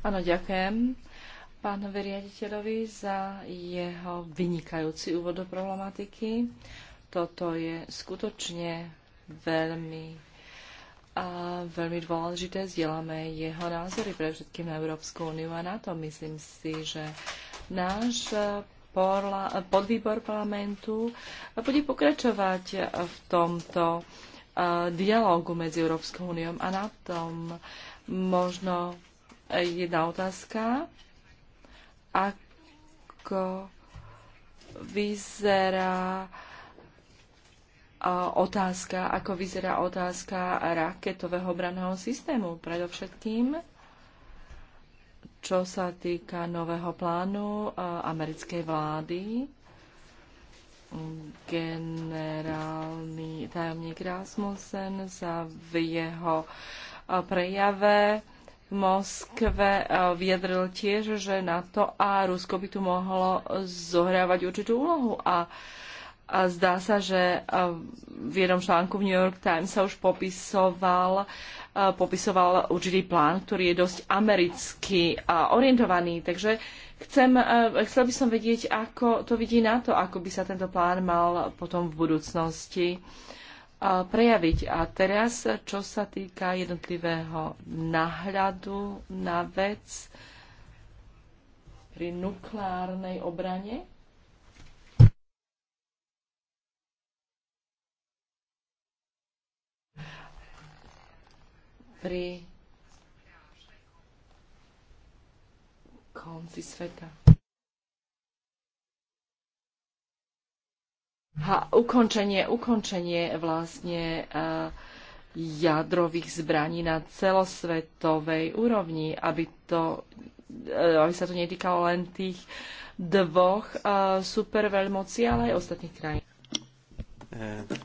Áno, ďakujem pánovi riaditeľovi za jeho vynikajúci úvod do problematiky. Toto je skutočne veľmi a veľmi dôležité, zdieľame jeho názory pre všetkým na Európsku úniu a na to myslím si, že náš podvýbor parlamentu bude pokračovať v tomto e, dialogu medzi Európskou úniou a na tom možno jedna otázka, ako vyzerá uh, otázka, ako vyzerá otázka raketového obranného systému. Predovšetkým, čo sa týka nového plánu americkej vlády, generálny tajomník Rasmussen sa v jeho prejave v Moskve vyjadril tiež, že NATO a Rusko by tu mohlo zohrávať určitú úlohu a a zdá sa, že v jednom článku v New York Times sa už popisoval, popisoval určitý plán, ktorý je dosť americky orientovaný. Takže chcem, chcel by som vedieť, ako to vidí na to, ako by sa tento plán mal potom v budúcnosti prejaviť. A teraz, čo sa týka jednotlivého náhľadu na vec pri nukleárnej obrane, pri konci sveta. A ukončenie, ukončenie vlastne e, jadrových zbraní na celosvetovej úrovni, aby, to, e, aby sa to netýkalo len tých dvoch e, superveľmocí, ale aj ostatných krajín.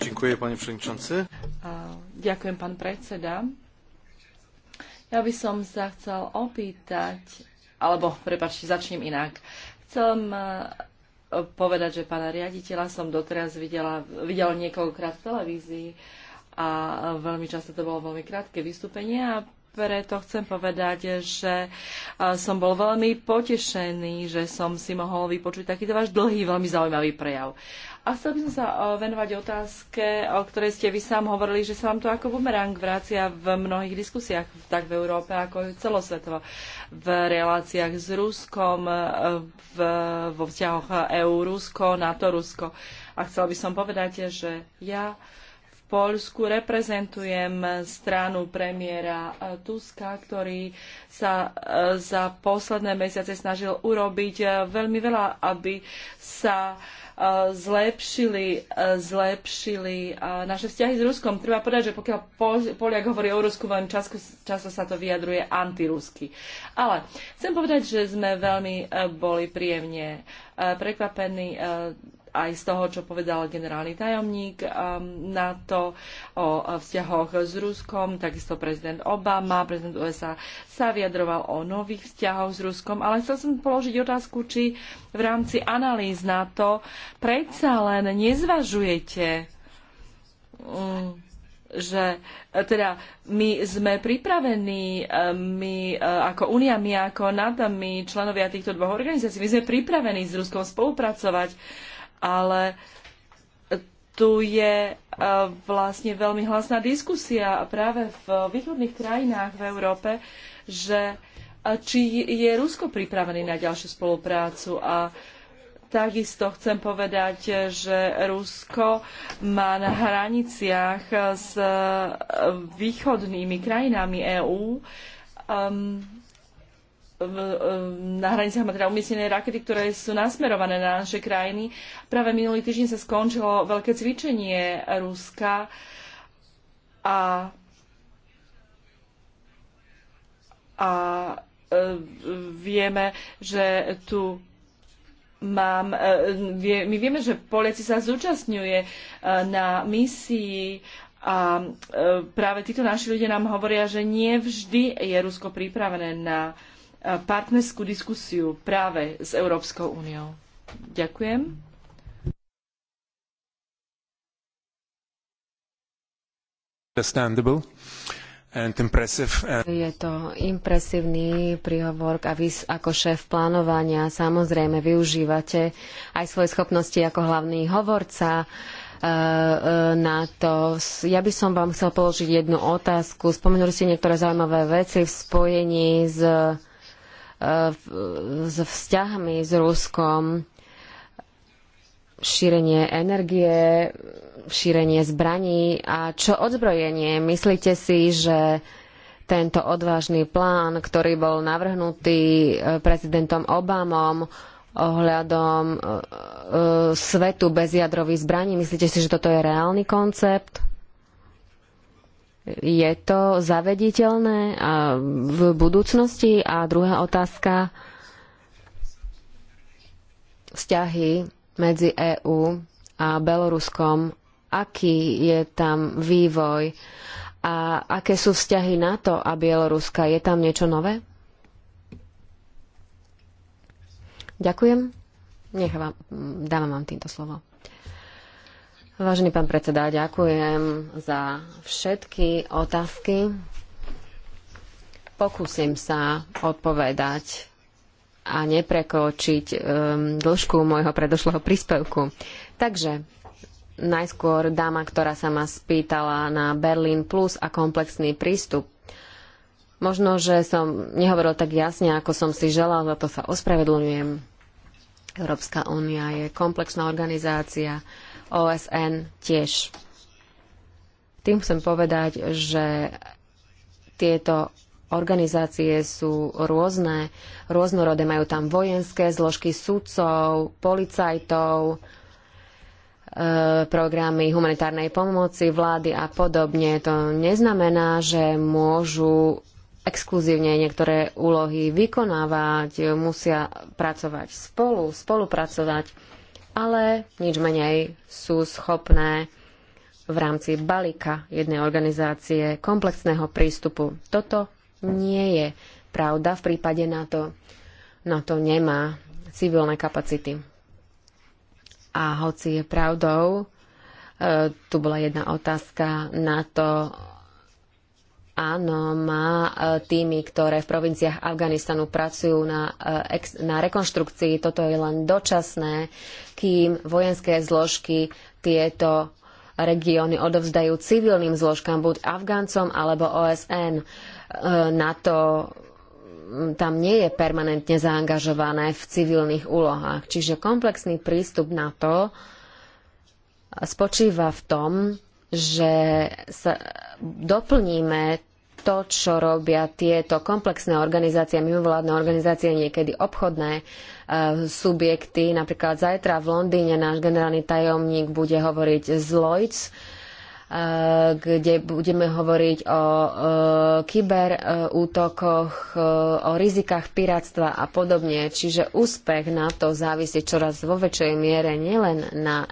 Ďakujem, pani predsedajúci. Ďakujem, pán predseda. Ja by som sa chcel opýtať, alebo prepačte, začnem inak. Chcem eh, povedať, že pána riaditeľa som doteraz videla, videla niekoľkokrát v televízii a veľmi často to bolo veľmi krátke vystúpenie a preto chcem povedať, že eh, som bol veľmi potešený, že som si mohol vypočuť takýto váš dlhý, veľmi zaujímavý prejav. A chcel by som sa eh, venovať otázke, o ktorej ste vy sám hovorili, že sa vám to ako bumerang vracia v mnohých diskusiách, tak v Európe, ako aj celosvetovo. V reláciách s Ruskom, eh, v, vo vzťahoch EU-Rusko, NATO-Rusko. A chcel by som povedať, že ja v Poľsku reprezentujem stranu premiéra eh, Tuska, ktorý sa za posledné mesiace snažil urobiť veľmi veľa, aby sa zlepšili, zlepšili naše vzťahy s Ruskom. Treba povedať, že pokiaľ Poliak hovorí o Rusku, len často, často sa to vyjadruje antirusky. Ale chcem povedať, že sme veľmi e, boli príjemne e, prekvapení e, aj z toho, čo povedal generálny tajomník um, na to, o vzťahoch s Ruskom, takisto prezident Obama, prezident USA sa vyjadroval o nových vzťahoch s Ruskom, ale chcel som položiť otázku, či v rámci analýz na to predsa len nezvažujete um, že teda my sme pripravení, um, my uh, ako Únia, my ako NATO, my členovia týchto dvoch organizácií, my sme pripravení s Ruskom spolupracovať ale tu je e, vlastne veľmi hlasná diskusia práve v východných krajinách v Európe, že e, či je Rusko pripravené na ďalšiu spoluprácu a Takisto chcem povedať, že Rusko má na hraniciach s e, východnými krajinami EÚ um, v ehm, na hraniciach má teda umiestnené rakety, ktoré sú nasmerované na naše krajiny. Práve minulý týždeň sa skončilo veľké cvičenie Ruska a, a ehm, vieme, že tu mám, ehm, my vieme, že Poliaci sa zúčastňuje na misii a práve títo naši ľudia nám hovoria, že nie vždy je Rusko pripravené na partnerskú diskusiu práve s Európskou úniou. Ďakujem. Uh, Je to impresívny príhovor a vy ako šéf plánovania samozrejme využívate aj svoje schopnosti ako hlavný hovorca uh, uh, na to. Ja by som vám chcel položiť jednu otázku. Spomenuli ste niektoré zaujímavé veci v spojení s s vzťahmi s Ruskom, šírenie energie, šírenie zbraní a čo odzbrojenie? Myslíte si, že tento odvážny plán, ktorý bol navrhnutý eh, prezidentom Obamom ohľadom eh, eh, svetu bez jadrových zbraní, myslíte si, že toto je reálny koncept? Je to zavediteľné v budúcnosti? A druhá otázka, vzťahy medzi EÚ a Beloruskom, aký je tam vývoj a aké sú vzťahy NATO a Bieloruska? Je tam niečo nové? Ďakujem. Nech vám, dávam vám týmto slovo. Vážený pán predseda, ďakujem za všetky otázky. Pokúsim sa odpovedať a neprekočiť um, dĺžku môjho predošlého príspevku. Takže najskôr dáma, ktorá sa ma spýtala na Berlin Plus a komplexný prístup. Možno, že som nehovoril tak jasne, ako som si želal, za to sa ospravedlňujem. Európska únia je komplexná organizácia, OSN tiež. Tým chcem povedať, že tieto organizácie sú rôzne, rôznorodé. Majú tam vojenské zložky sudcov, policajtov, e, programy humanitárnej pomoci, vlády a podobne. To neznamená, že môžu exkluzívne niektoré úlohy vykonávať, musia pracovať spolu, spolupracovať ale nič menej sú schopné v rámci balíka jednej organizácie komplexného prístupu. Toto nie je pravda v prípade na to, na to nemá civilné kapacity. A hoci je pravdou, e, tu bola jedna otázka na to, áno, má e, týmy, ktoré v provinciách Afganistanu pracujú na, e, na rekonštrukcii. Toto je len dočasné, kým vojenské zložky tieto regióny odovzdajú civilným zložkám, buď Afgáncom alebo OSN. E, NATO tam nie je permanentne zaangažované v civilných úlohách. Čiže komplexný prístup na to spočíva v tom, že sa doplníme to, čo robia tieto komplexné organizácie, mimovládne organizácie, niekedy obchodné e, subjekty. Napríklad zajtra v Londýne náš generálny tajomník bude hovoriť z Lloyds, e, kde budeme hovoriť o e, kyberútokoch, e, e, o rizikách piráctva a podobne. Čiže úspech na to závisí čoraz vo väčšej miere nielen na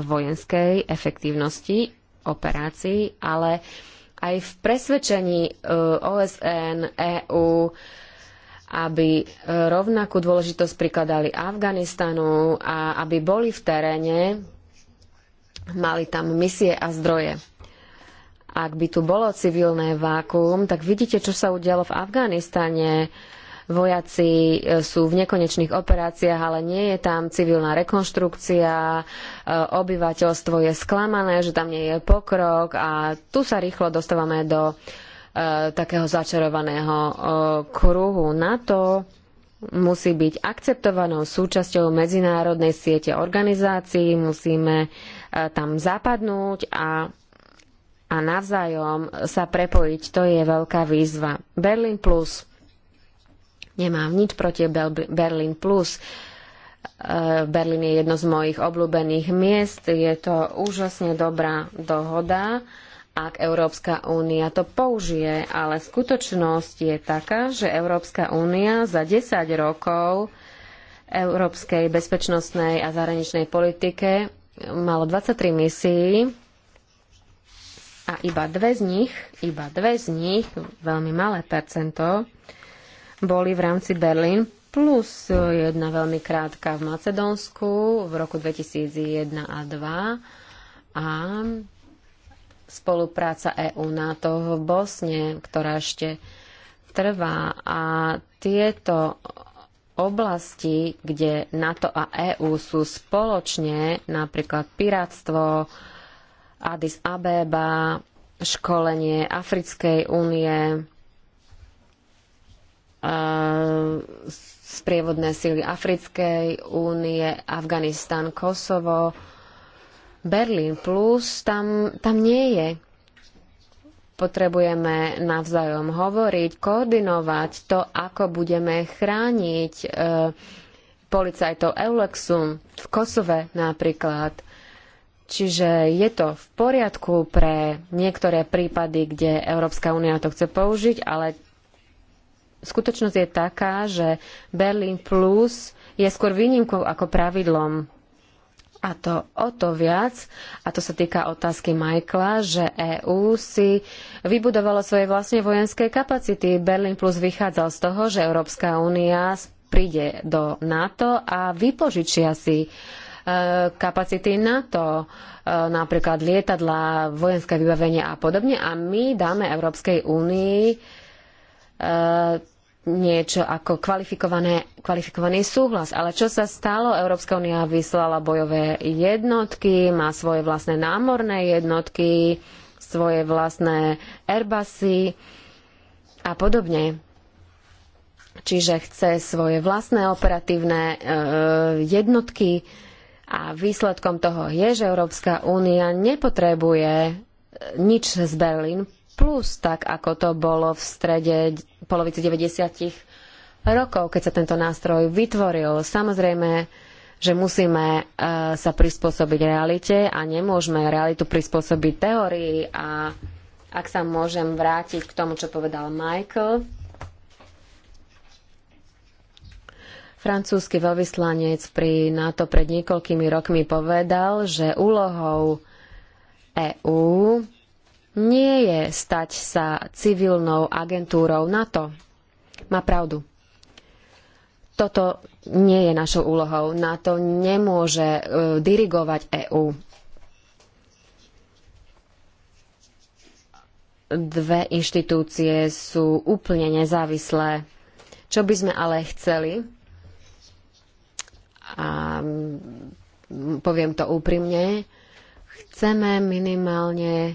vojenskej efektívnosti operácií, ale aj v presvedčení e, OSN, EÚ, aby e, rovnakú dôležitosť prikladali Afganistanu a aby boli v teréne, mali tam misie a zdroje. Ak by tu bolo civilné vákuum, tak vidíte, čo sa udialo v Afganistane vojaci e, sú v nekonečných operáciách, ale nie je tam civilná rekonštrukcia, e, obyvateľstvo je sklamané, že tam nie je pokrok a tu sa rýchlo dostávame do e, takého začarovaného kruhu. NATO musí byť akceptovanou súčasťou medzinárodnej siete organizácií, musíme tam zapadnúť a, a navzájom sa prepojiť. To je veľká výzva. Berlin Plus Nemám nič proti Berlin Plus. E, Berlín je jedno z mojich obľúbených miest. Je to úžasne dobrá dohoda, ak Európska únia to použije, ale skutočnosť je taká, že Európska únia za 10 rokov európskej bezpečnostnej a zahraničnej politike malo 23 misií a iba dve z nich, iba dve z nich, veľmi malé percento, boli v rámci Berlín plus e, jedna veľmi krátka v Macedónsku v roku 2001 a 2 a spolupráca EU-NATO v Bosne, ktorá ešte trvá a tieto oblasti, kde NATO a EÚ sú spoločne, napríklad piráctvo, Addis Abeba, školenie Africkej únie, sprievodné síly Africkej únie, Afganistan, Kosovo, Berlín plus, tam, tam nie je. Potrebujeme navzájom hovoriť, koordinovať to, ako budeme chrániť e, policajtov Eulexu v Kosove napríklad. Čiže je to v poriadku pre niektoré prípady, kde Európska únia to chce použiť, ale skutočnosť je taká, že Berlin Plus je skôr výnimkou ako pravidlom. A to o to viac, a to sa týka otázky Michaela, že EÚ si vybudovalo svoje vlastne vojenské kapacity. Berlin Plus vychádzal z toho, že Európska únia príde do NATO a vypožičia si e, kapacity NATO, e, napríklad lietadla, vojenské vybavenie a podobne. A my dáme Európskej únii e, niečo ako kvalifikovaný súhlas. Ale čo sa stalo? Európska únia vyslala bojové jednotky, má svoje vlastné námorné jednotky, svoje vlastné Airbusy a podobne. Čiže chce svoje vlastné operatívne e, jednotky a výsledkom toho je, že Európska únia nepotrebuje nič z Berlín plus, tak ako to bolo v strede polovice 90. rokov, keď sa tento nástroj vytvoril. Samozrejme, že musíme e, sa prispôsobiť realite a nemôžeme realitu prispôsobiť teórii a ak sa môžem vrátiť k tomu, čo povedal Michael, Francúzsky veľvyslanec pri NATO pred niekoľkými rokmi povedal, že úlohou EÚ nie je stať sa civilnou agentúrou NATO. Má pravdu. Toto nie je našou úlohou. NATO nemôže e, dirigovať EÚ. Dve inštitúcie sú úplne nezávislé. Čo by sme ale chceli, a poviem to úprimne, chceme minimálne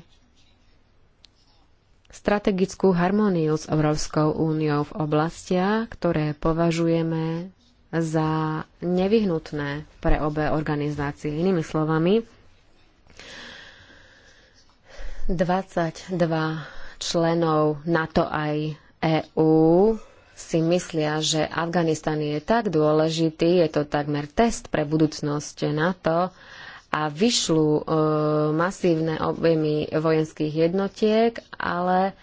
strategickú harmóniu s Európskou úniou v oblastiach, ktoré považujeme za nevyhnutné pre obe organizácie. Inými slovami, 22 členov NATO aj EÚ si myslia, že Afganistan je tak dôležitý, je to takmer test pre budúcnosť NATO, a vyšľú e, masívne objemy vojenských jednotiek, ale e,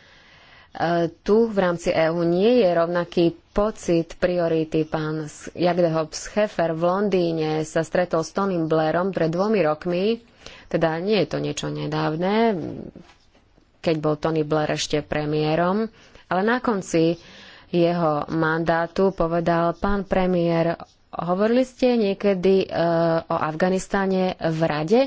tu v rámci EÚ nie je rovnaký pocit priority. Pán Jagdehop Scheffer v Londýne sa stretol s Tonym Blairom pred dvomi rokmi, teda nie je to niečo nedávne, keď bol Tony Blair ešte premiérom, ale na konci jeho mandátu povedal, pán premiér, Hovorili ste niekedy e, o Afganistáne v Rade?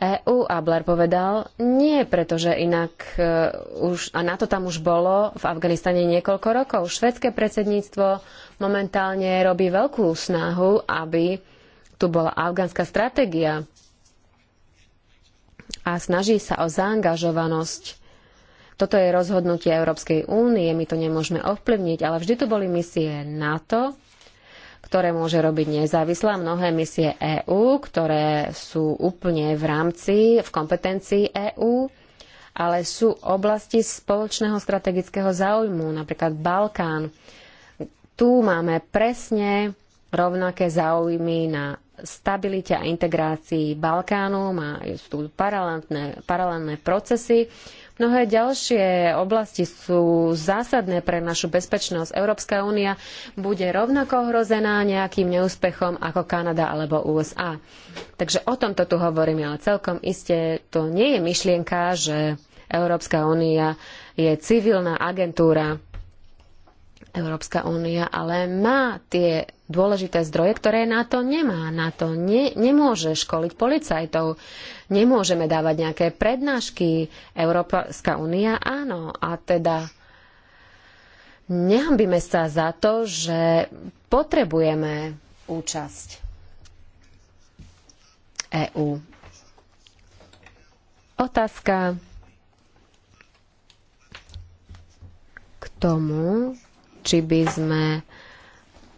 EÚ a Blair povedal, nie, pretože inak e, už, a NATO tam už bolo v Afganistane niekoľko rokov. Švedské predsedníctvo momentálne robí veľkú snahu, aby tu bola afgánska stratégia a snaží sa o zaangažovanosť. Toto je rozhodnutie Európskej únie, my to nemôžeme ovplyvniť, ale vždy tu boli misie NATO, ktoré môže robiť nezávislá. Mnohé misie EÚ, ktoré sú úplne v rámci, v kompetencii EÚ, ale sú oblasti spoločného strategického záujmu, napríklad Balkán. Tu máme presne rovnaké záujmy na stabilite a integrácii Balkánu, má, sú tu paralelné, paralelné procesy. Mnohé ďalšie oblasti sú zásadné pre našu bezpečnosť. Európska únia bude rovnako ohrozená nejakým neúspechom ako Kanada alebo USA. Takže o tomto tu hovorím, ale celkom iste to nie je myšlienka, že Európska únia je civilná agentúra Európska únia ale má tie dôležité zdroje, ktoré na to nemá. Na to ne, nemôže školiť policajtov. Nemôžeme dávať nejaké prednášky. Európska únia áno. A teda nehambíme sa za to, že potrebujeme účasť EÚ. Otázka k tomu, či by sme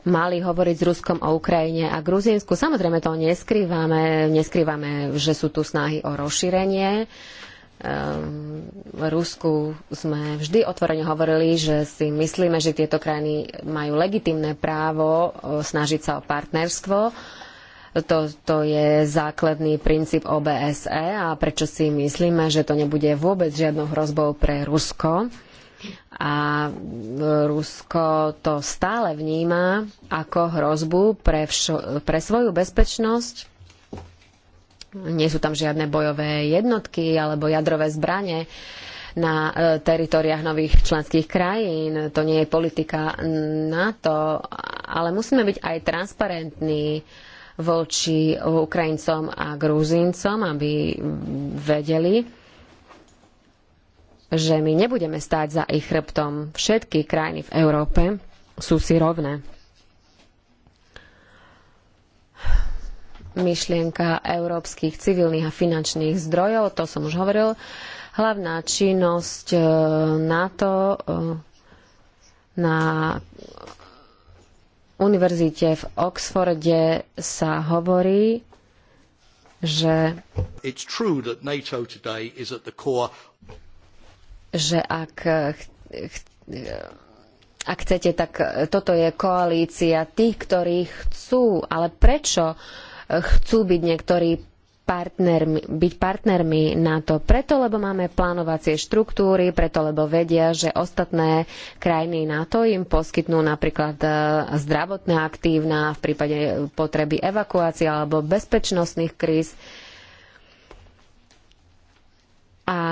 mali hovoriť s Ruskom o Ukrajine a Gruzínsku. Samozrejme to neskrývame, neskrývame, že sú tu snahy o rozšírenie. Ehm, v Rusku sme vždy otvorene hovorili, že si myslíme, že tieto krajiny majú legitimné právo e, snažiť sa o partnerstvo. To, to je základný princíp OBSE a prečo si myslíme, že to nebude vôbec žiadnou hrozbou pre Rusko. A e, Rusko to stále vníma ako hrozbu pre, všo, pre svoju bezpečnosť. Nie sú tam žiadne bojové jednotky alebo jadrové zbranie na e, teritoriách nových členských krajín. To nie je politika NATO, ale musíme byť aj transparentní voči Ukrajincom a Gruzíncom, aby vedeli, že my nebudeme stáť za ich chrbtom. Všetky krajiny v Európe sú si rovné. myšlienka európskych civilných a finančných zdrojov, to som už hovoril. Hlavná činnosť e, NATO e, na univerzite v Oxforde sa hovorí, že It's true that NATO today is at the core že ak, eh, eh, ak chcete, tak eh, toto je koalícia tých, ktorí chcú, ale prečo chcú byť niektorí partnermi, byť partnermi na to Preto, lebo máme plánovacie štruktúry, preto, lebo vedia, že ostatné krajiny na to im poskytnú napríklad zdravotné aktívna v prípade potreby evakuácie alebo bezpečnostných kríz.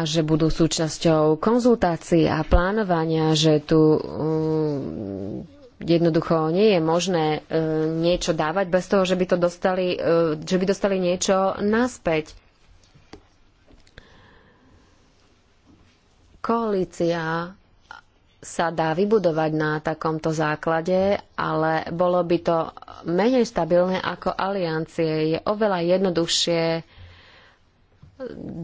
a že budú súčasťou konzultácií a plánovania, že tu um, jednoducho nie je možné uh, niečo dávať bez toho, že by, to dostali, uh, že by dostali niečo naspäť. Koalícia sa dá vybudovať na takomto základe, ale bolo by to menej stabilné ako aliancie. Je oveľa jednoduchšie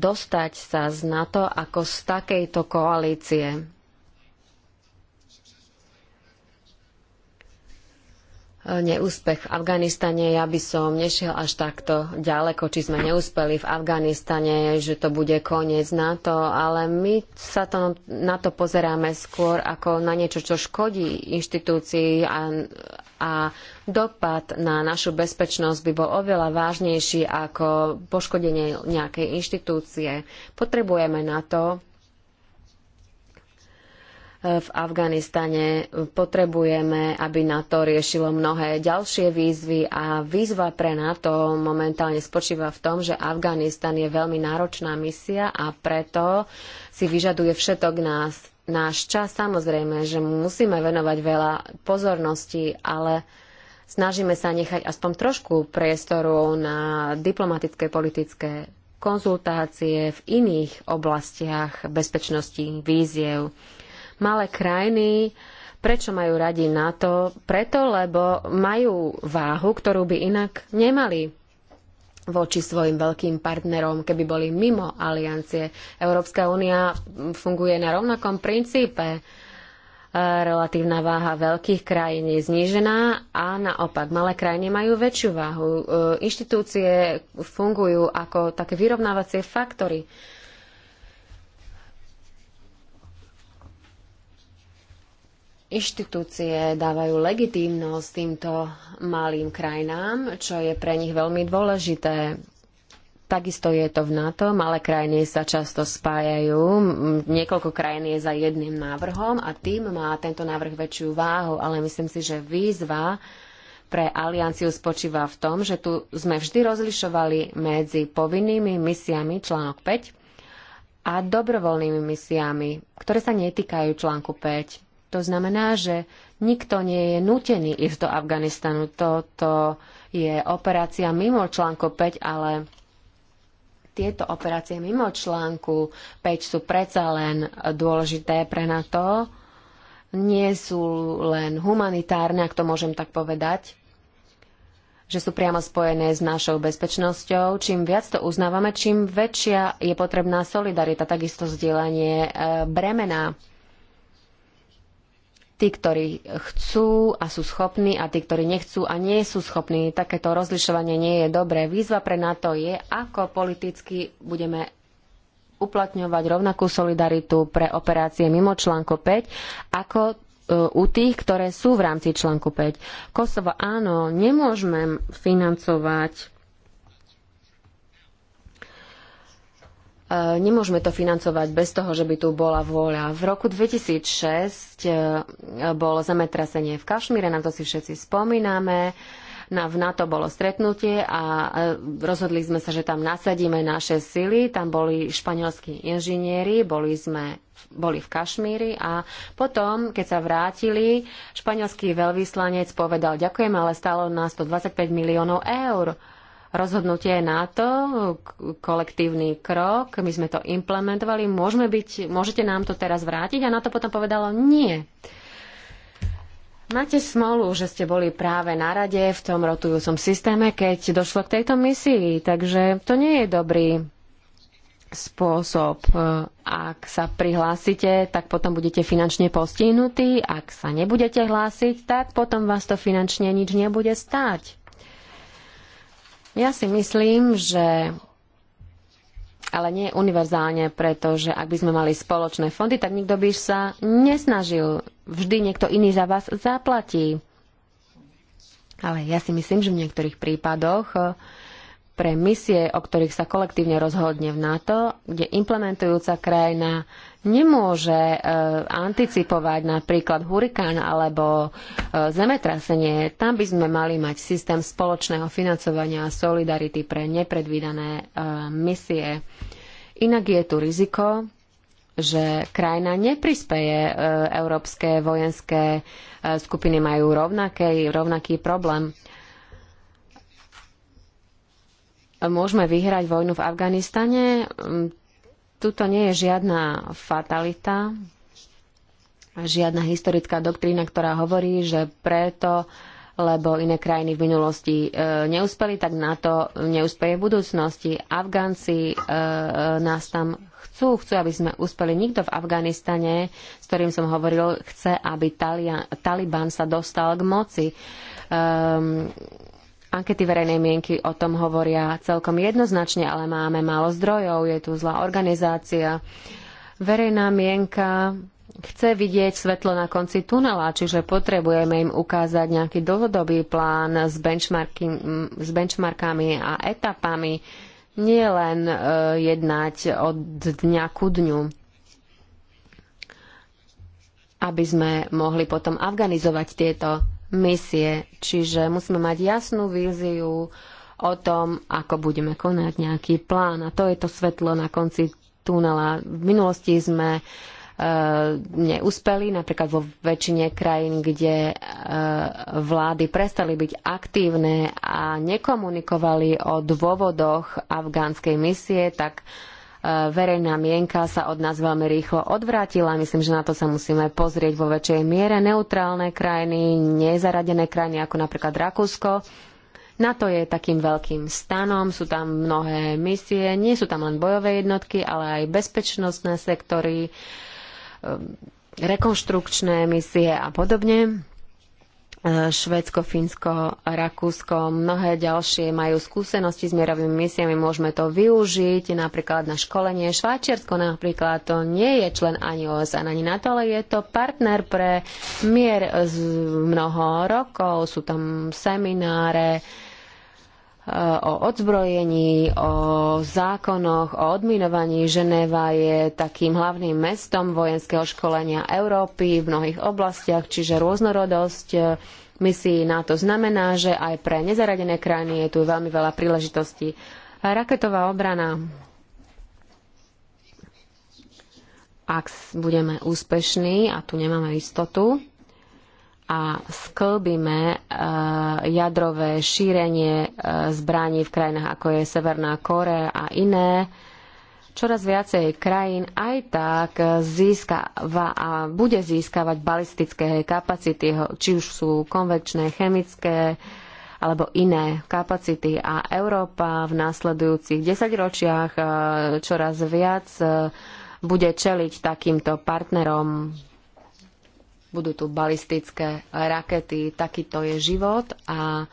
dostať sa z NATO ako z takejto koalície. neúspech v Afganistane. Ja by som nešiel až takto ďaleko, či sme neúspeli v Afganistane, že to bude koniec NATO, ale my sa to, na to pozeráme skôr ako na niečo, čo škodí inštitúcii a, a dopad na našu bezpečnosť by bol oveľa vážnejší ako poškodenie nejakej inštitúcie. Potrebujeme na to v Afganistane. Potrebujeme, aby NATO riešilo mnohé ďalšie výzvy a výzva pre NATO momentálne spočíva v tom, že Afganistan je veľmi náročná misia a preto si vyžaduje všetok nás. Náš čas samozrejme, že musíme venovať veľa pozornosti, ale snažíme sa nechať aspoň trošku priestoru na diplomatické, politické konzultácie v iných oblastiach bezpečnosti, víziev. Malé krajiny Prečo majú radi NATO? Preto, lebo majú váhu, ktorú by inak nemali voči svojim veľkým partnerom, keby boli mimo aliancie. Európska únia funguje na rovnakom princípe. E, relatívna váha veľkých krajín je znížená a naopak malé krajiny majú väčšiu váhu. E, inštitúcie fungujú ako také vyrovnávacie faktory. inštitúcie dávajú legitímnosť týmto malým krajinám, čo je pre nich veľmi dôležité. Takisto je to v NATO, malé krajiny sa často spájajú, niekoľko krajín je za jedným návrhom a tým má tento návrh väčšiu váhu, ale myslím si, že výzva pre alianciu spočíva v tom, že tu sme vždy rozlišovali medzi povinnými misiami článok 5 a dobrovoľnými misiami, ktoré sa netýkajú článku 5 to znamená, že nikto nie je nutený ísť do Afganistanu. Toto je operácia mimo článku 5, ale tieto operácie mimo článku 5 sú predsa len dôležité pre NATO. Nie sú len humanitárne, ak to môžem tak povedať že sú priamo spojené s našou bezpečnosťou. Čím viac to uznávame, čím väčšia je potrebná solidarita, takisto zdieľanie eh, bremena tí, ktorí chcú a sú schopní a tí, ktorí nechcú a nie sú schopní. Takéto rozlišovanie nie je dobré. Výzva pre NATO je, ako politicky budeme uplatňovať rovnakú solidaritu pre operácie mimo článku 5, ako e, u tých, ktoré sú v rámci článku 5. Kosovo áno, nemôžeme financovať E, nemôžeme to financovať bez toho, že by tu bola vôľa. V roku 2006 e, bolo zemetrasenie v Kašmíre, na to si všetci spomíname. Na, v NATO bolo stretnutie a e, rozhodli sme sa, že tam nasadíme naše sily. Tam boli španielskí inžinieri, boli sme boli v Kašmíri a potom, keď sa vrátili, španielský veľvyslanec povedal, ďakujem, ale stalo nás to 25 miliónov eur rozhodnutie NATO, kolektívny krok, my sme to implementovali, môžeme byť, môžete nám to teraz vrátiť a NATO potom povedalo nie. Máte smolu, že ste boli práve na rade v tom rotujúcom systéme, keď došlo k tejto misii, takže to nie je dobrý spôsob. Ak sa prihlásite, tak potom budete finančne postihnutí, ak sa nebudete hlásiť, tak potom vás to finančne nič nebude stáť. Ja si myslím, že ale nie univerzálne, pretože ak by sme mali spoločné fondy, tak nikto by sa nesnažil. Vždy niekto iný za vás zaplatí. Ale ja si myslím, že v niektorých prípadoch eh, pre misie, o ktorých sa kolektívne rozhodne v NATO, kde implementujúca krajina nemôže e, anticipovať napríklad hurikán alebo e, zemetrasenie. Tam by sme mali mať systém spoločného financovania a solidarity pre nepredvídané e, misie. Inak je tu riziko, že krajina neprispeje, európske vojenské skupiny majú rovnaký, rovnaký problém. Môžeme vyhrať vojnu v Afganistane? Tuto nie je žiadna fatalita, žiadna historická doktrína, ktorá hovorí, že preto, lebo iné krajiny v minulosti e, neúspeli, tak na to neúspeje v budúcnosti. Afgánci e, nás tam chcú, chcú, aby sme uspeli. Nikto v Afganistane, s ktorým som hovoril, chce, aby Talia, Taliban sa dostal k moci. E, Ankety verejnej mienky o tom hovoria celkom jednoznačne, ale máme málo zdrojov, je tu zlá organizácia. Verejná mienka chce vidieť svetlo na konci tunela, čiže potrebujeme im ukázať nejaký dlhodobý plán s, s benchmarkami a etapami, nie len e, jednať od dňa ku dňu aby sme mohli potom afganizovať tieto misie. Čiže musíme mať jasnú víziu o tom, ako budeme konať nejaký plán. A to je to svetlo na konci tunela. V minulosti sme e, neúspeli, napríklad vo väčšine krajín, kde e, vlády prestali byť aktívne a nekomunikovali o dôvodoch afgánskej misie, tak E, verejná mienka sa od nás veľmi rýchlo odvrátila. Myslím, že na to sa musíme pozrieť vo väčšej miere. Neutrálne krajiny, nezaradené krajiny ako napríklad Rakúsko. NATO je takým veľkým stanom, sú tam mnohé misie, nie sú tam len bojové jednotky, ale aj bezpečnostné sektory, e, rekonštrukčné misie a podobne. E, Švedsko, Fínsko, Rakúsko, mnohé ďalšie majú skúsenosti s mierovými misiami, môžeme to využiť napríklad na školenie. Švajčiarsko napríklad to nie je člen ani OSN, ani NATO, ale je to partner pre mier z mnoho rokov. Sú tam semináre, o odzbrojení, o zákonoch, o odminovaní. Ženéva je takým hlavným mestom vojenského školenia Európy v mnohých oblastiach, čiže rôznorodosť e, misií NATO znamená, že aj pre nezaradené krajiny je tu veľmi veľa príležitostí. Raketová obrana. Ak budeme úspešní, a tu nemáme istotu, a sklbíme e, jadrové šírenie e, zbraní v krajinách ako je Severná Korea a iné, čoraz viacej krajín aj tak získava a bude získavať balistické kapacity, či už sú konvekčné, chemické alebo iné kapacity. A Európa v následujúcich desaťročiach e, čoraz viac bude čeliť takýmto partnerom budú tu balistické rakety, takýto je život a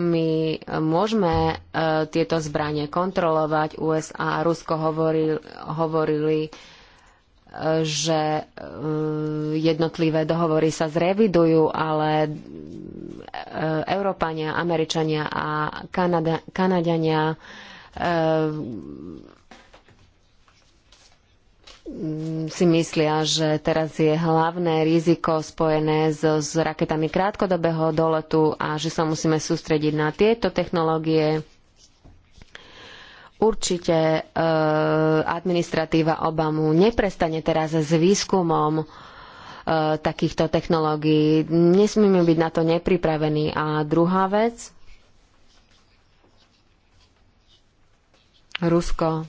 my môžeme e, tieto zbranie kontrolovať. USA a Rusko hovoril, hovorili, e, že e, jednotlivé dohovory sa zrevidujú, ale e, Európania, Američania a Kanada, Kanadiania e, Mm, si myslia, že teraz je hlavné riziko spojené s raketami krátkodobého doletu a že sa musíme sústrediť na tieto technológie. Určite e, administratíva Obamu neprestane teraz s výskumom e, takýchto technológií. Nesmíme byť na to nepripravení. A druhá vec. Rusko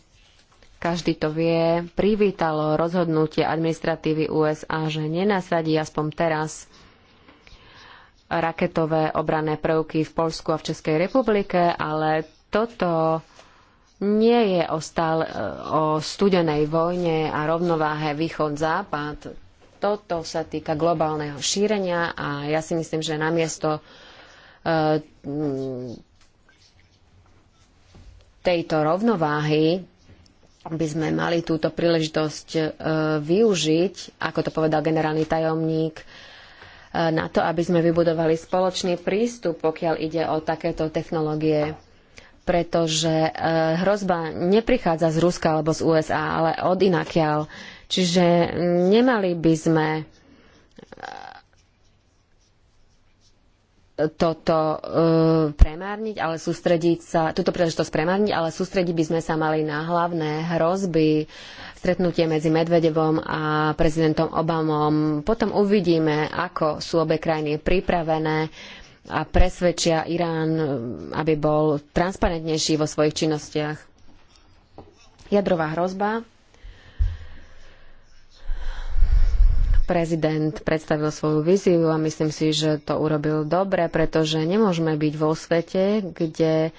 každý to vie, privítalo rozhodnutie administratívy USA, že nenasadí aspoň teraz raketové obrané prvky v Polsku a v Českej republike, ale toto nie je o, stále, o studenej vojne a rovnováhe východ-západ. Toto sa týka globálneho šírenia a ja si myslím, že namiesto e, tejto rovnováhy by sme mali túto príležitosť e, využiť, ako to povedal generálny tajomník, e, na to, aby sme vybudovali spoločný prístup, pokiaľ ide o takéto technológie pretože e, hrozba neprichádza z Ruska alebo z USA, ale od inakiaľ. Čiže nemali by sme toto eh, premárniť, ale sústrediť sa, túto príležitosť premárniť, ale sústrediť by sme sa mali na hlavné hrozby, stretnutie medzi Medvedevom a prezidentom Obamom. Potom uvidíme, ako sú obe krajiny pripravené a presvedčia Irán, eh, aby bol transparentnejší vo svojich činnostiach. Jadrová hrozba. prezident predstavil svoju viziu a myslím si, že to urobil dobre, pretože nemôžeme byť vo svete, kde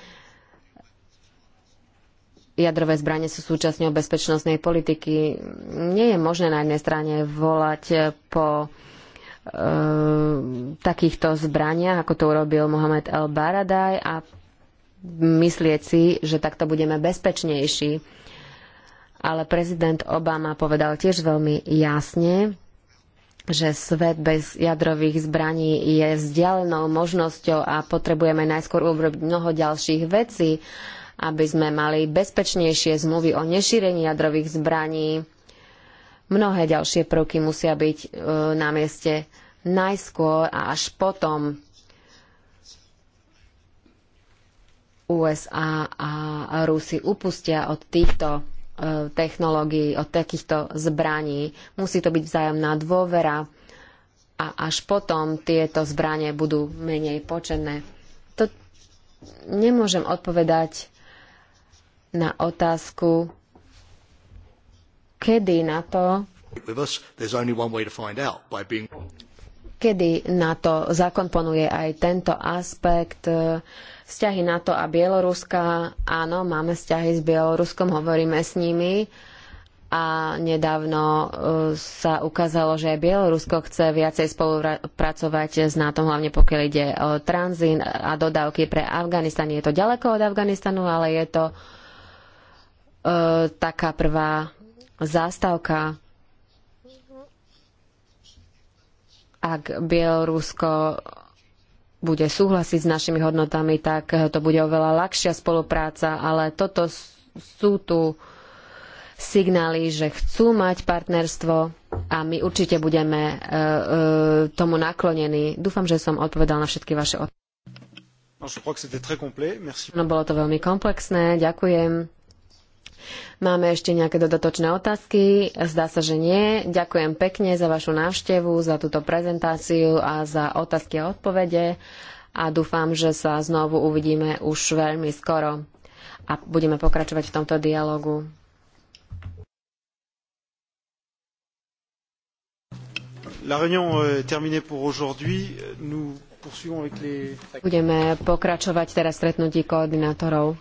jadrové zbranie sú súčasťou bezpečnostnej politiky. Nie je možné na jednej strane volať po e, takýchto zbraniach, ako to urobil Mohamed El Baradaj a myslieť si, že takto budeme bezpečnejší. Ale prezident Obama povedal tiež veľmi jasne, že svet bez jadrových zbraní je vzdialenou možnosťou a potrebujeme najskôr urobiť mnoho ďalších vecí, aby sme mali bezpečnejšie zmluvy o nešírení jadrových zbraní. Mnohé ďalšie prvky musia byť e, na mieste najskôr a až potom USA a Rusi upustia od týchto Eh, technológií, od takýchto zbraní. Musí to byť vzájomná dôvera a až potom tieto zbranie budú menej početné. To nemôžem odpovedať na otázku, kedy na to kedy na to zakomponuje aj tento aspekt eh, Vzťahy NATO a Bieloruska, áno, máme vzťahy s Bieloruskom, hovoríme s nimi a nedávno e, sa ukázalo, že Bielorusko chce viacej spolupracovať s NATO, hlavne pokiaľ ide o tranzín a dodávky pre Afganistan. Je to ďaleko od Afganistanu, ale je to e, taká prvá zástavka. Ak Bielorusko bude súhlasiť s našimi hodnotami, tak eh, to bude oveľa ľahšia spolupráca, ale toto sú tu signály, že chcú mať partnerstvo a my určite budeme eh, eh, tomu naklonení. Dúfam, že som odpovedal na všetky vaše otázky. No, bolo to veľmi komplexné, ďakujem. Máme ešte nejaké dodatočné otázky? Zdá sa, že nie. Ďakujem pekne za vašu návštevu, za túto prezentáciu a za otázky a odpovede a dúfam, že sa znovu uvidíme už veľmi skoro a budeme pokračovať v tomto dialogu. La réunion euh, terminée pour aujourd'hui. Nous poursuivons avec les... Budeme pokračovať teraz stretnutí koordinátorov.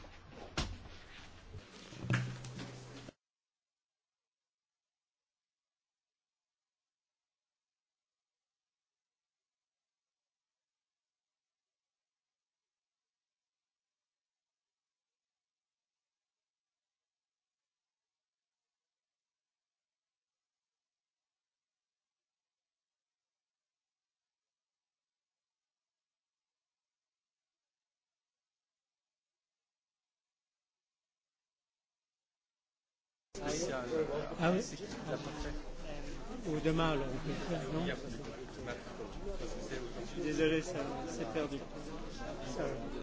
spécial. Ah oui Ou demain, alors, on peut faire, non Désolé, ça, c'est perdu. Ça,